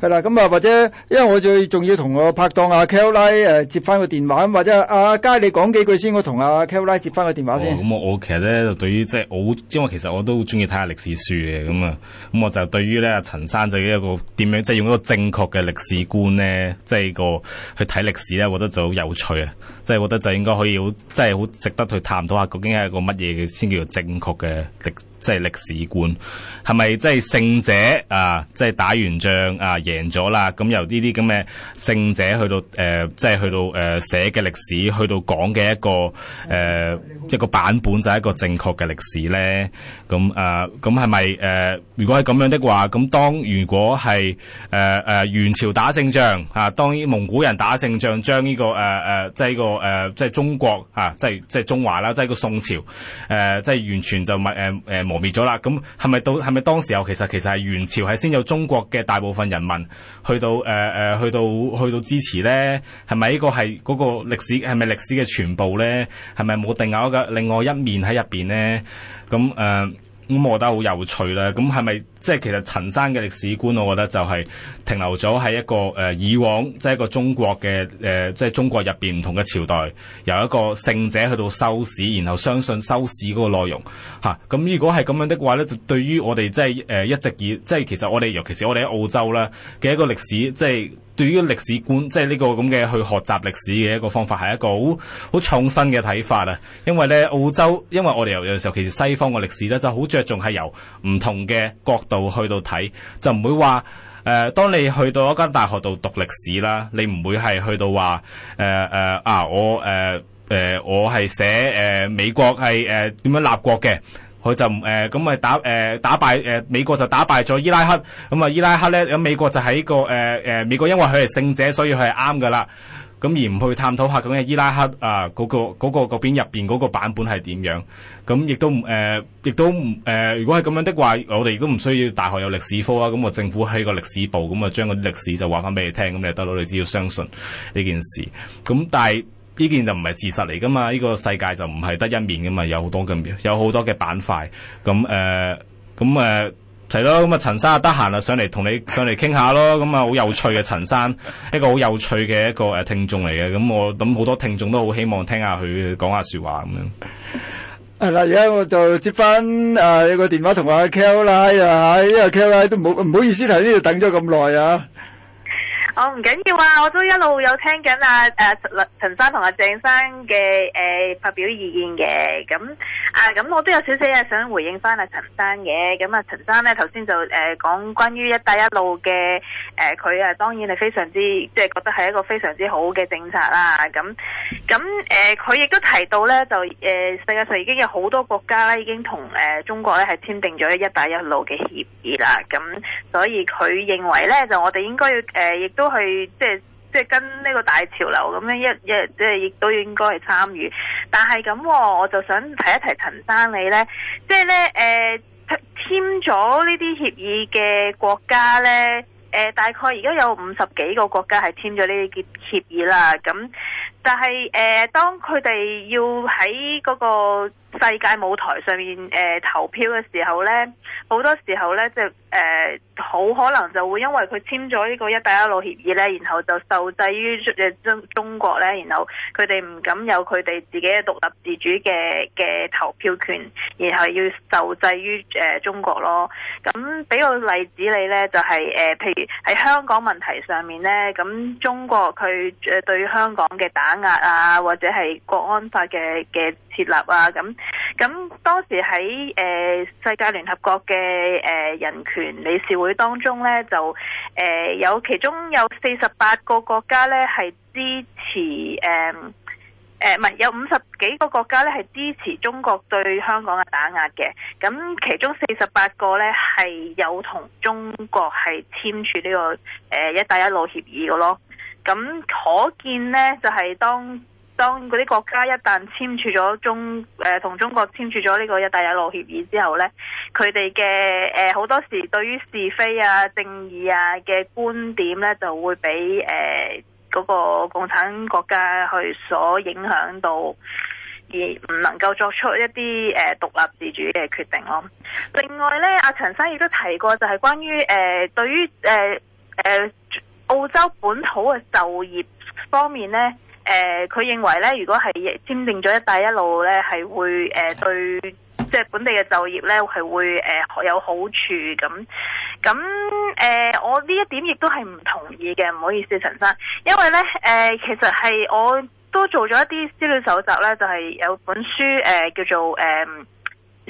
係啦，咁啊，或者，因為我最仲要同我拍檔阿 Kelly 誒接翻個電話，或者阿佳你講幾句先，我同阿 Kelly 接翻個電話先。咁、哦嗯、我其實咧就對於即係我，因為其實我都好中意睇下歷史書嘅，咁、嗯、啊、咁、嗯、我就對於咧陳生就咧一個點樣即係、就是、用一個正確嘅歷史觀咧，即、就、係、是、個去睇歷史咧，我覺得就好有趣啊！即係我覺得就應該可以好，即係好值得去探討下，究竟係一個乜嘢嘅，先叫做正確嘅歷即係歷史觀，係咪？即系勝者啊！即係打完仗啊，贏咗啦。咁由呢啲咁嘅勝者去到誒即係去到誒寫嘅歷史，去到講嘅一個誒、啊、一個版本，就係一個正確嘅歷史咧。咁誒咁係咪誒如果係咁樣的話，咁當如果係誒誒元朝打勝仗啊，當蒙古人打勝仗，將呢個誒誒即係呢個。啊啊就是這個誒、呃，即係中國啊，即係即係中華啦，即係個宋朝，誒、呃，即係完全就係誒誒磨滅咗啦。咁係咪到係咪當時候其實其實係元朝係先有中國嘅大部分人民去到誒誒、呃、去到去到支持咧？係咪呢個係嗰個歷史係咪歷史嘅全部咧？係咪冇定解嘅另外一面喺入邊咧？咁誒咁我覺得好有趣啦。咁係咪？即係其實陳生嘅歷史觀，我覺得就係停留咗喺一個誒以往，即係一個中國嘅誒，即係中國入邊唔同嘅朝代，由一個勝者去到修史，然後相信修史嗰個內容嚇。咁、啊、如果係咁樣的話咧，就對於我哋即係誒一直以，即、就、係、是、其實我哋尤其是我哋喺澳洲啦嘅一個歷史，即、就、係、是、對於歷史觀，即係呢個咁嘅去學習歷史嘅一個方法，係一個好好創新嘅睇法啊！因為咧澳洲，因為我哋有時候其實西方嘅歷史咧就好着重係由唔同嘅國。到去到睇就唔會話，誒、呃，當你去到一間大學度讀歷史啦，你唔會係去到話，誒、呃、誒啊，我誒誒、呃、我係寫誒美國係誒點樣立國嘅，佢就誒咁咪打誒、呃、打敗誒、呃、美國就打敗咗伊拉克，咁、呃、啊伊拉克咧咁美國就喺個誒誒、呃、美國因為佢係勝者，所以佢係啱噶啦。咁而唔去探討下咁嘅伊拉克啊，嗰、嗰個嗰嗰、嗰個、邊入面嗰個版本係點樣？咁亦都唔亦、誒、都唔、誒、如果係咁樣的話，我哋亦都唔需要大學有歷史科啊。咁、嗰、我、個、政府喺個歷史部咁啊，將啲歷史就話翻俾你聽，咁你得到你只要相信呢件事。咁但係呢件就唔係事實嚟噶嘛？呢、呢個世界就唔係得一面噶嘛，有好多嘅，有好多嘅板塊。咁誒，咁、誒、誒。係咯，咁啊，陳生啊，得閒啊，上嚟同你上嚟傾下咯，咁、嗯、啊，好、嗯、有趣嘅陳生，一個好有趣嘅一個聽眾嚟嘅，咁、嗯、我諗好、嗯、多聽眾都好希望聽下佢講下說話咁樣。係啦，而家我就接翻誒一個電話同阿 Kelie 啊，呢個 Kelie、啊、都唔好意思喺呢度等咗咁耐啊。我、oh, 唔緊要啊，啊，啊，啊，啊，啊！我都一路有聽緊啊。誒陳生同阿鄭生嘅誒發表意見嘅咁啊咁，我都有少少嘢想回應翻阿陳生嘅咁啊陳生咧頭、啊啊、先呢就誒講、啊、關於一帶一路嘅誒，佢啊，他啊當然係非常之即係、就是、覺得係一個非常之好嘅政策啦咁咁誒，佢、啊、亦、啊啊、都提到咧就誒、啊、世界上已經有好多國家咧，已經同誒、啊、中國咧係簽訂咗一帶一路嘅協議啦咁，所以佢認為咧就我哋應該要誒亦。啊都去即係即係跟呢個大潮流咁樣一一即係亦都應該係參與，但係咁，我就想提一提陳生你呢，即、就、係、是、呢，誒簽咗呢啲協議嘅國家呢，誒、呃、大概而家有五十幾個國家係簽咗呢啲協議啦，咁、嗯、但係誒、呃、當佢哋要喺嗰、那個。世界舞台上面，呃、投票嘅時候呢，好多時候呢，即係、呃、好可能就會因為佢簽咗呢、這個一帶一路協議呢，然後就受制於中中國呢。然後佢哋唔敢有佢哋自己嘅獨立自主嘅嘅投票權，然後要受制於、呃、中國咯。咁俾個例子你呢，就係、是呃、譬如喺香港問題上面呢，咁中國佢對香港嘅打壓啊，或者係國安法嘅嘅的設立啊，咁咁當時喺誒、呃、世界聯合國嘅誒人權理事會當中咧，就誒、呃、有其中有四十八個國家咧係支持誒誒唔係有五十幾個國家咧係支持中國對香港嘅打壓嘅，咁其中四十八個咧係有同中國係簽署呢、呢個誒、呃、一帶一路協議嘅咯，咁可見咧就係、係、當當嗰啲國家一旦簽署咗中誒同、呃、中國簽署咗呢個《一帶一路》協議之後呢，佢哋嘅誒好多時對於是非啊、正義啊嘅觀點呢，就會俾誒嗰個共產國家去所影響到，而唔能夠作出一啲誒、呃、獨立自主嘅決定咯。另外呢，阿陳生亦都提過，就係關於誒、呃、對於誒誒、呃呃、澳洲本土嘅就業方面呢。誒、呃，佢認為咧，如果係簽訂咗一帶一路咧，係會、呃、對即係、就是、本地嘅就業咧，係會、呃、有好處咁。咁誒、呃，我呢一點亦都係唔同意嘅，唔好意思，陳生，因為咧、呃、其實係我都做咗一啲資料搜集咧，就係、是、有本書誒、呃、叫做誒。呃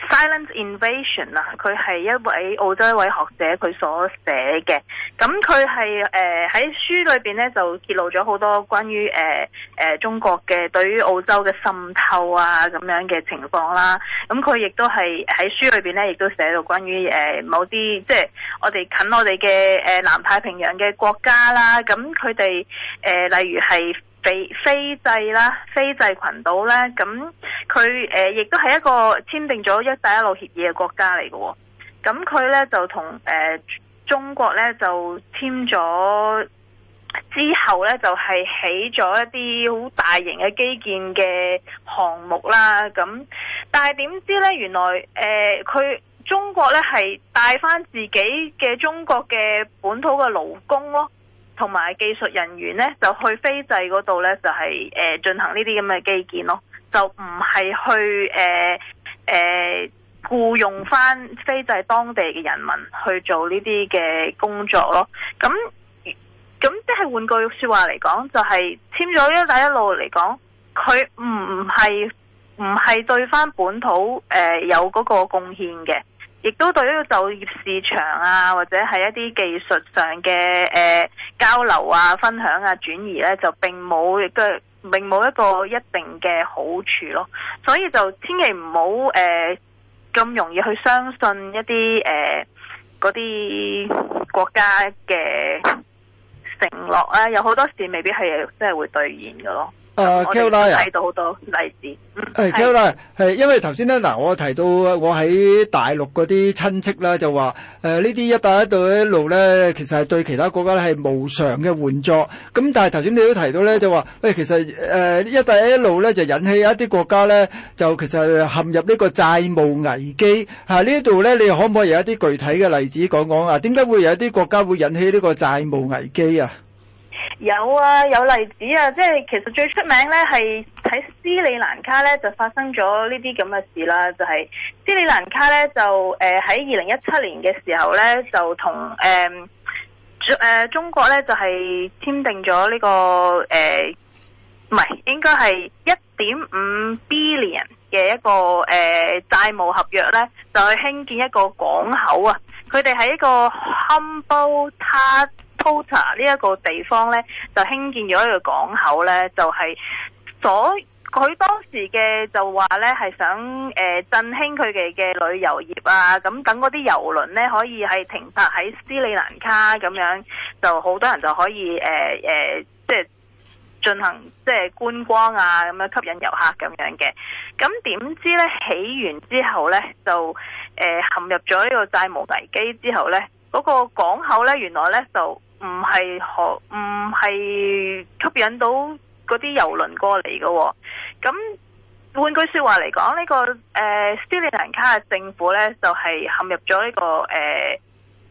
Silent Invasion 啊，佢係一位澳洲一位學者佢所寫嘅，咁佢係誒喺書裏邊咧就揭露咗好多關於誒誒中國嘅對於澳洲嘅滲透啊咁樣嘅情況啦，咁佢亦都係喺書裏邊咧亦都寫到關於誒某啲即係我哋近我哋嘅誒南太平洋嘅國家啦，咁佢哋誒例如係。斐濟啦，斐濟群島咧，咁佢誒亦都係一個簽訂咗一帶一路協議嘅國家嚟嘅，哦，咁佢咧就同誒、呃、中國咧就簽咗之後咧就係起咗一啲好大型嘅基建嘅項目啦，咁但係點知咧原來誒佢、呃、中國咧係帶翻自己嘅中國嘅本土嘅勞工咯。同埋技術人員呢，就去非制嗰度呢，就係、是、誒、呃、進行呢啲咁嘅基建咯，就唔係去誒誒、呃呃、僱用翻非制當地嘅人民去做呢啲嘅工作咯。咁咁即係換句説話嚟講，就係、是、簽咗一帶一路嚟講，佢唔係唔係對翻本土誒、呃、有嗰個貢獻嘅。亦都對於個就業市場啊，或者係一啲技術上嘅誒、呃、交流啊、分享啊、轉移呢、啊，就並冇，亦都並冇一個一定嘅好處咯。所以就千祈唔好誒咁容易去相信一啲誒嗰啲國家嘅承諾啊，有好多時未必係真係會兌現嘅咯。啊，Koila 呀，睇到好多例子。係 Koila，係因為頭先咧嗱，我提到我喺大陸嗰啲親戚咧就話，誒呢啲一帶一路咧，其實係對其他國家咧係無償嘅援助。咁但係頭先你都提到咧，就話，喂其實誒一帶一路咧就引起一啲國家咧就其實陷入呢個債務危機吓。呢度咧你可唔可以有一啲具體嘅例子講講啊？點解會有一啲國家會引起呢個債務危機啊？有啊，有例子啊，即係其實最出名咧，係喺斯里蘭卡咧就發生咗呢啲咁嘅事啦，就係斯里蘭卡咧就誒喺二零一七年嘅時候咧就同誒誒中國咧就係簽訂咗呢個誒唔係應該係一點五 billion 嘅一個誒債務合約咧，就去興建一個港口啊，佢哋喺一個 Hambantota。科呢一個地方呢，就興建咗一個港口呢就係左佢當時嘅就話呢，係想誒、呃、振興佢哋嘅旅遊業啊，咁等嗰啲遊輪呢，可以係停泊喺斯里蘭卡咁樣，就好多人就可以誒誒，即、呃、係、呃、進行即係、呃、觀光啊，咁樣吸引遊客咁樣嘅。咁點知呢？起完之後呢，就誒、呃、陷入咗呢個債務危機之後呢，嗰、那個港口呢，原來呢就～唔係學，唔係吸引到嗰啲郵輪過嚟嘅，哦。咁換句説話嚟講，呢，這個誒、呃、斯里蘭卡嘅政府呢，就係，是，陷入咗呢，這個誒呢、呃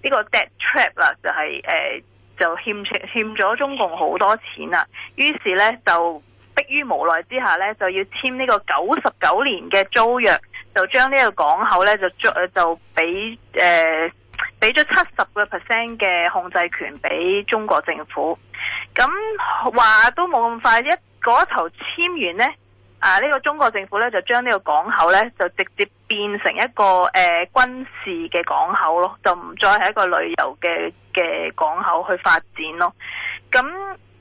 這個 dead trap 啦，就係，是，誒、呃、就欠欠咗中共好多錢啦。於是呢，就迫於無奈之下呢，就要簽呢個九十九年嘅租約，就將呢個港口呢，就就俾誒俾咗七十個 percent 嘅控制權俾中國政府，咁話都冇咁快，一嗰一頭簽完呢，啊呢個中國政府呢，就將呢個港口呢，就直接變成一個誒、呃、軍事嘅港口咯，就唔再係一個旅遊嘅嘅港口去發展咯，咁。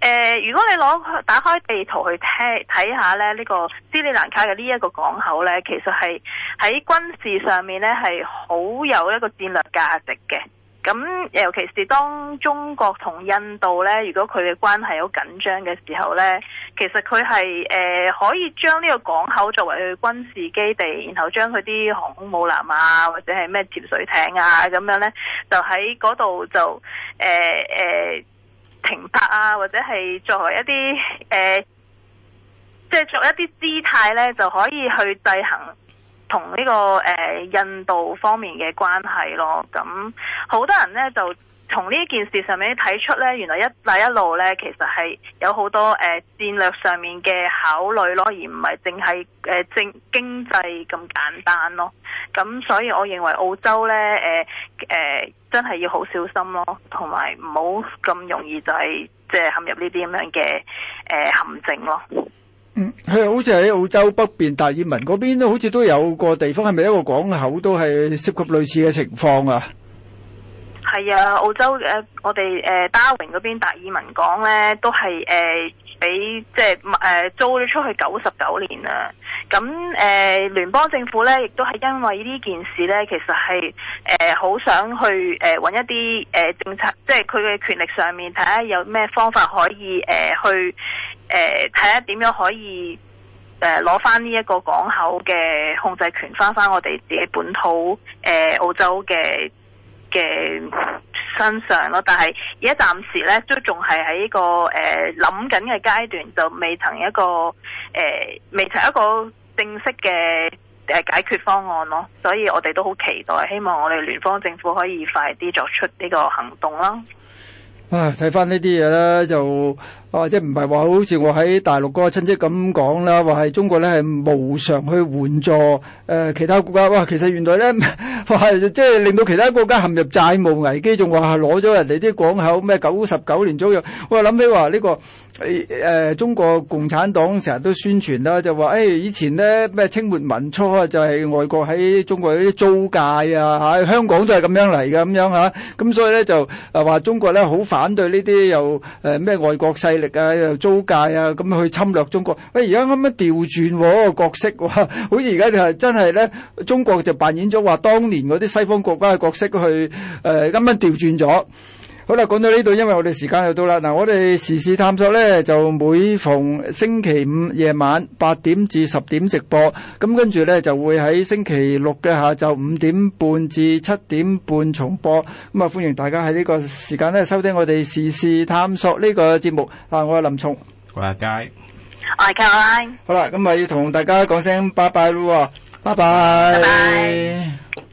誒、呃，如果你攞打開地圖去聽睇下咧，呢個斯里蘭卡嘅呢一個港口咧，其實係喺軍事上面咧，係好有一個戰略價值嘅。咁尤其是當中國同印度咧，如果佢嘅關係好緊張嘅時候咧，其實佢係誒可以將呢個港口作為佢軍事基地，然後將佢啲航空母艦啊，或者係咩潛水艇啊咁樣咧，就喺嗰度就誒誒。呃呃停泊啊，或者係作為一啲誒，即、呃、係、就是、作為一啲姿態咧，就可以去制衡同呢、這個誒、呃、印度方面嘅關係咯。咁好多人咧就。從呢件事上面睇出呢，原來一帶一路呢，其實係有好多誒、呃、戰略上面嘅考慮咯，而唔係淨係誒政經濟咁簡單咯。咁所以我認為澳洲呢，誒、呃、誒、呃、真係要好小心咯，同埋唔好咁容易就係即係陷入呢啲咁樣嘅誒、呃、陷阱咯。嗯，係好似喺澳洲北邊大爾文嗰邊都好似都有個地方，係咪一個港口都係涉及類似嘅情況啊？係啊，澳洲嘅我哋誒 Darwin 嗰邊達爾文港咧，都係誒俾即係誒租咗出去九十九年啦。咁誒、呃、聯邦政府咧，亦都係因為呢件事咧，其實係誒好想去誒搵、呃、一啲誒、呃、政策，即係佢嘅權力上面，睇下有咩方法可以誒、呃、去誒睇下點樣可以誒攞返呢一個港口嘅控制權返返我哋自己本土誒、呃、澳洲嘅。嘅身上咯，但係而家暫時咧都仲係喺呢個誒諗緊嘅階段，就未曾一個誒、呃、未曾一個正式嘅誒解決方案咯。所以我哋都好期待，希望我哋聯邦政府可以快啲作出呢個行動啦。唉、啊，睇翻呢啲嘢咧就～哦，即係唔係話好似我喺大陸嗰個親戚咁講啦，話係中國咧係無償去援助誒其他國家。哇，其實原來咧話即係令到其他國家陷入債務危機，仲話係攞咗人哋啲港口咩九十九年左右。我又諗起話呢個誒，中國共產黨成日都宣傳啦，就話誒以前咧咩清末民初啊就係外國喺中國有啲租界啊，吓香港都係咁樣嚟嘅咁樣吓。咁所以咧就誒話中國咧好反對呢啲又誒咩外國勢。力啊，又租界啊，咁去侵略中國。喂，而家啱啱調轉個角色，好似而家就係真係咧，中國就扮演咗話當年嗰啲西方國家嘅角色去誒，啱啱調轉咗。好啦，講到呢度，因為我哋時間又到啦。嗱，我哋時事探索呢，就每逢星期五夜晚八點至十點直播，咁跟住呢，就會喺星期六嘅下晝五點半至七點半重播。咁啊，歡迎大家喺呢個時間呢，收聽我哋時事探索呢個節目。啊，我係林聰，我係阿佳，我係嘉。好啦，咁啊要同大家講聲拜拜啦，喎拜拜。拜拜拜拜。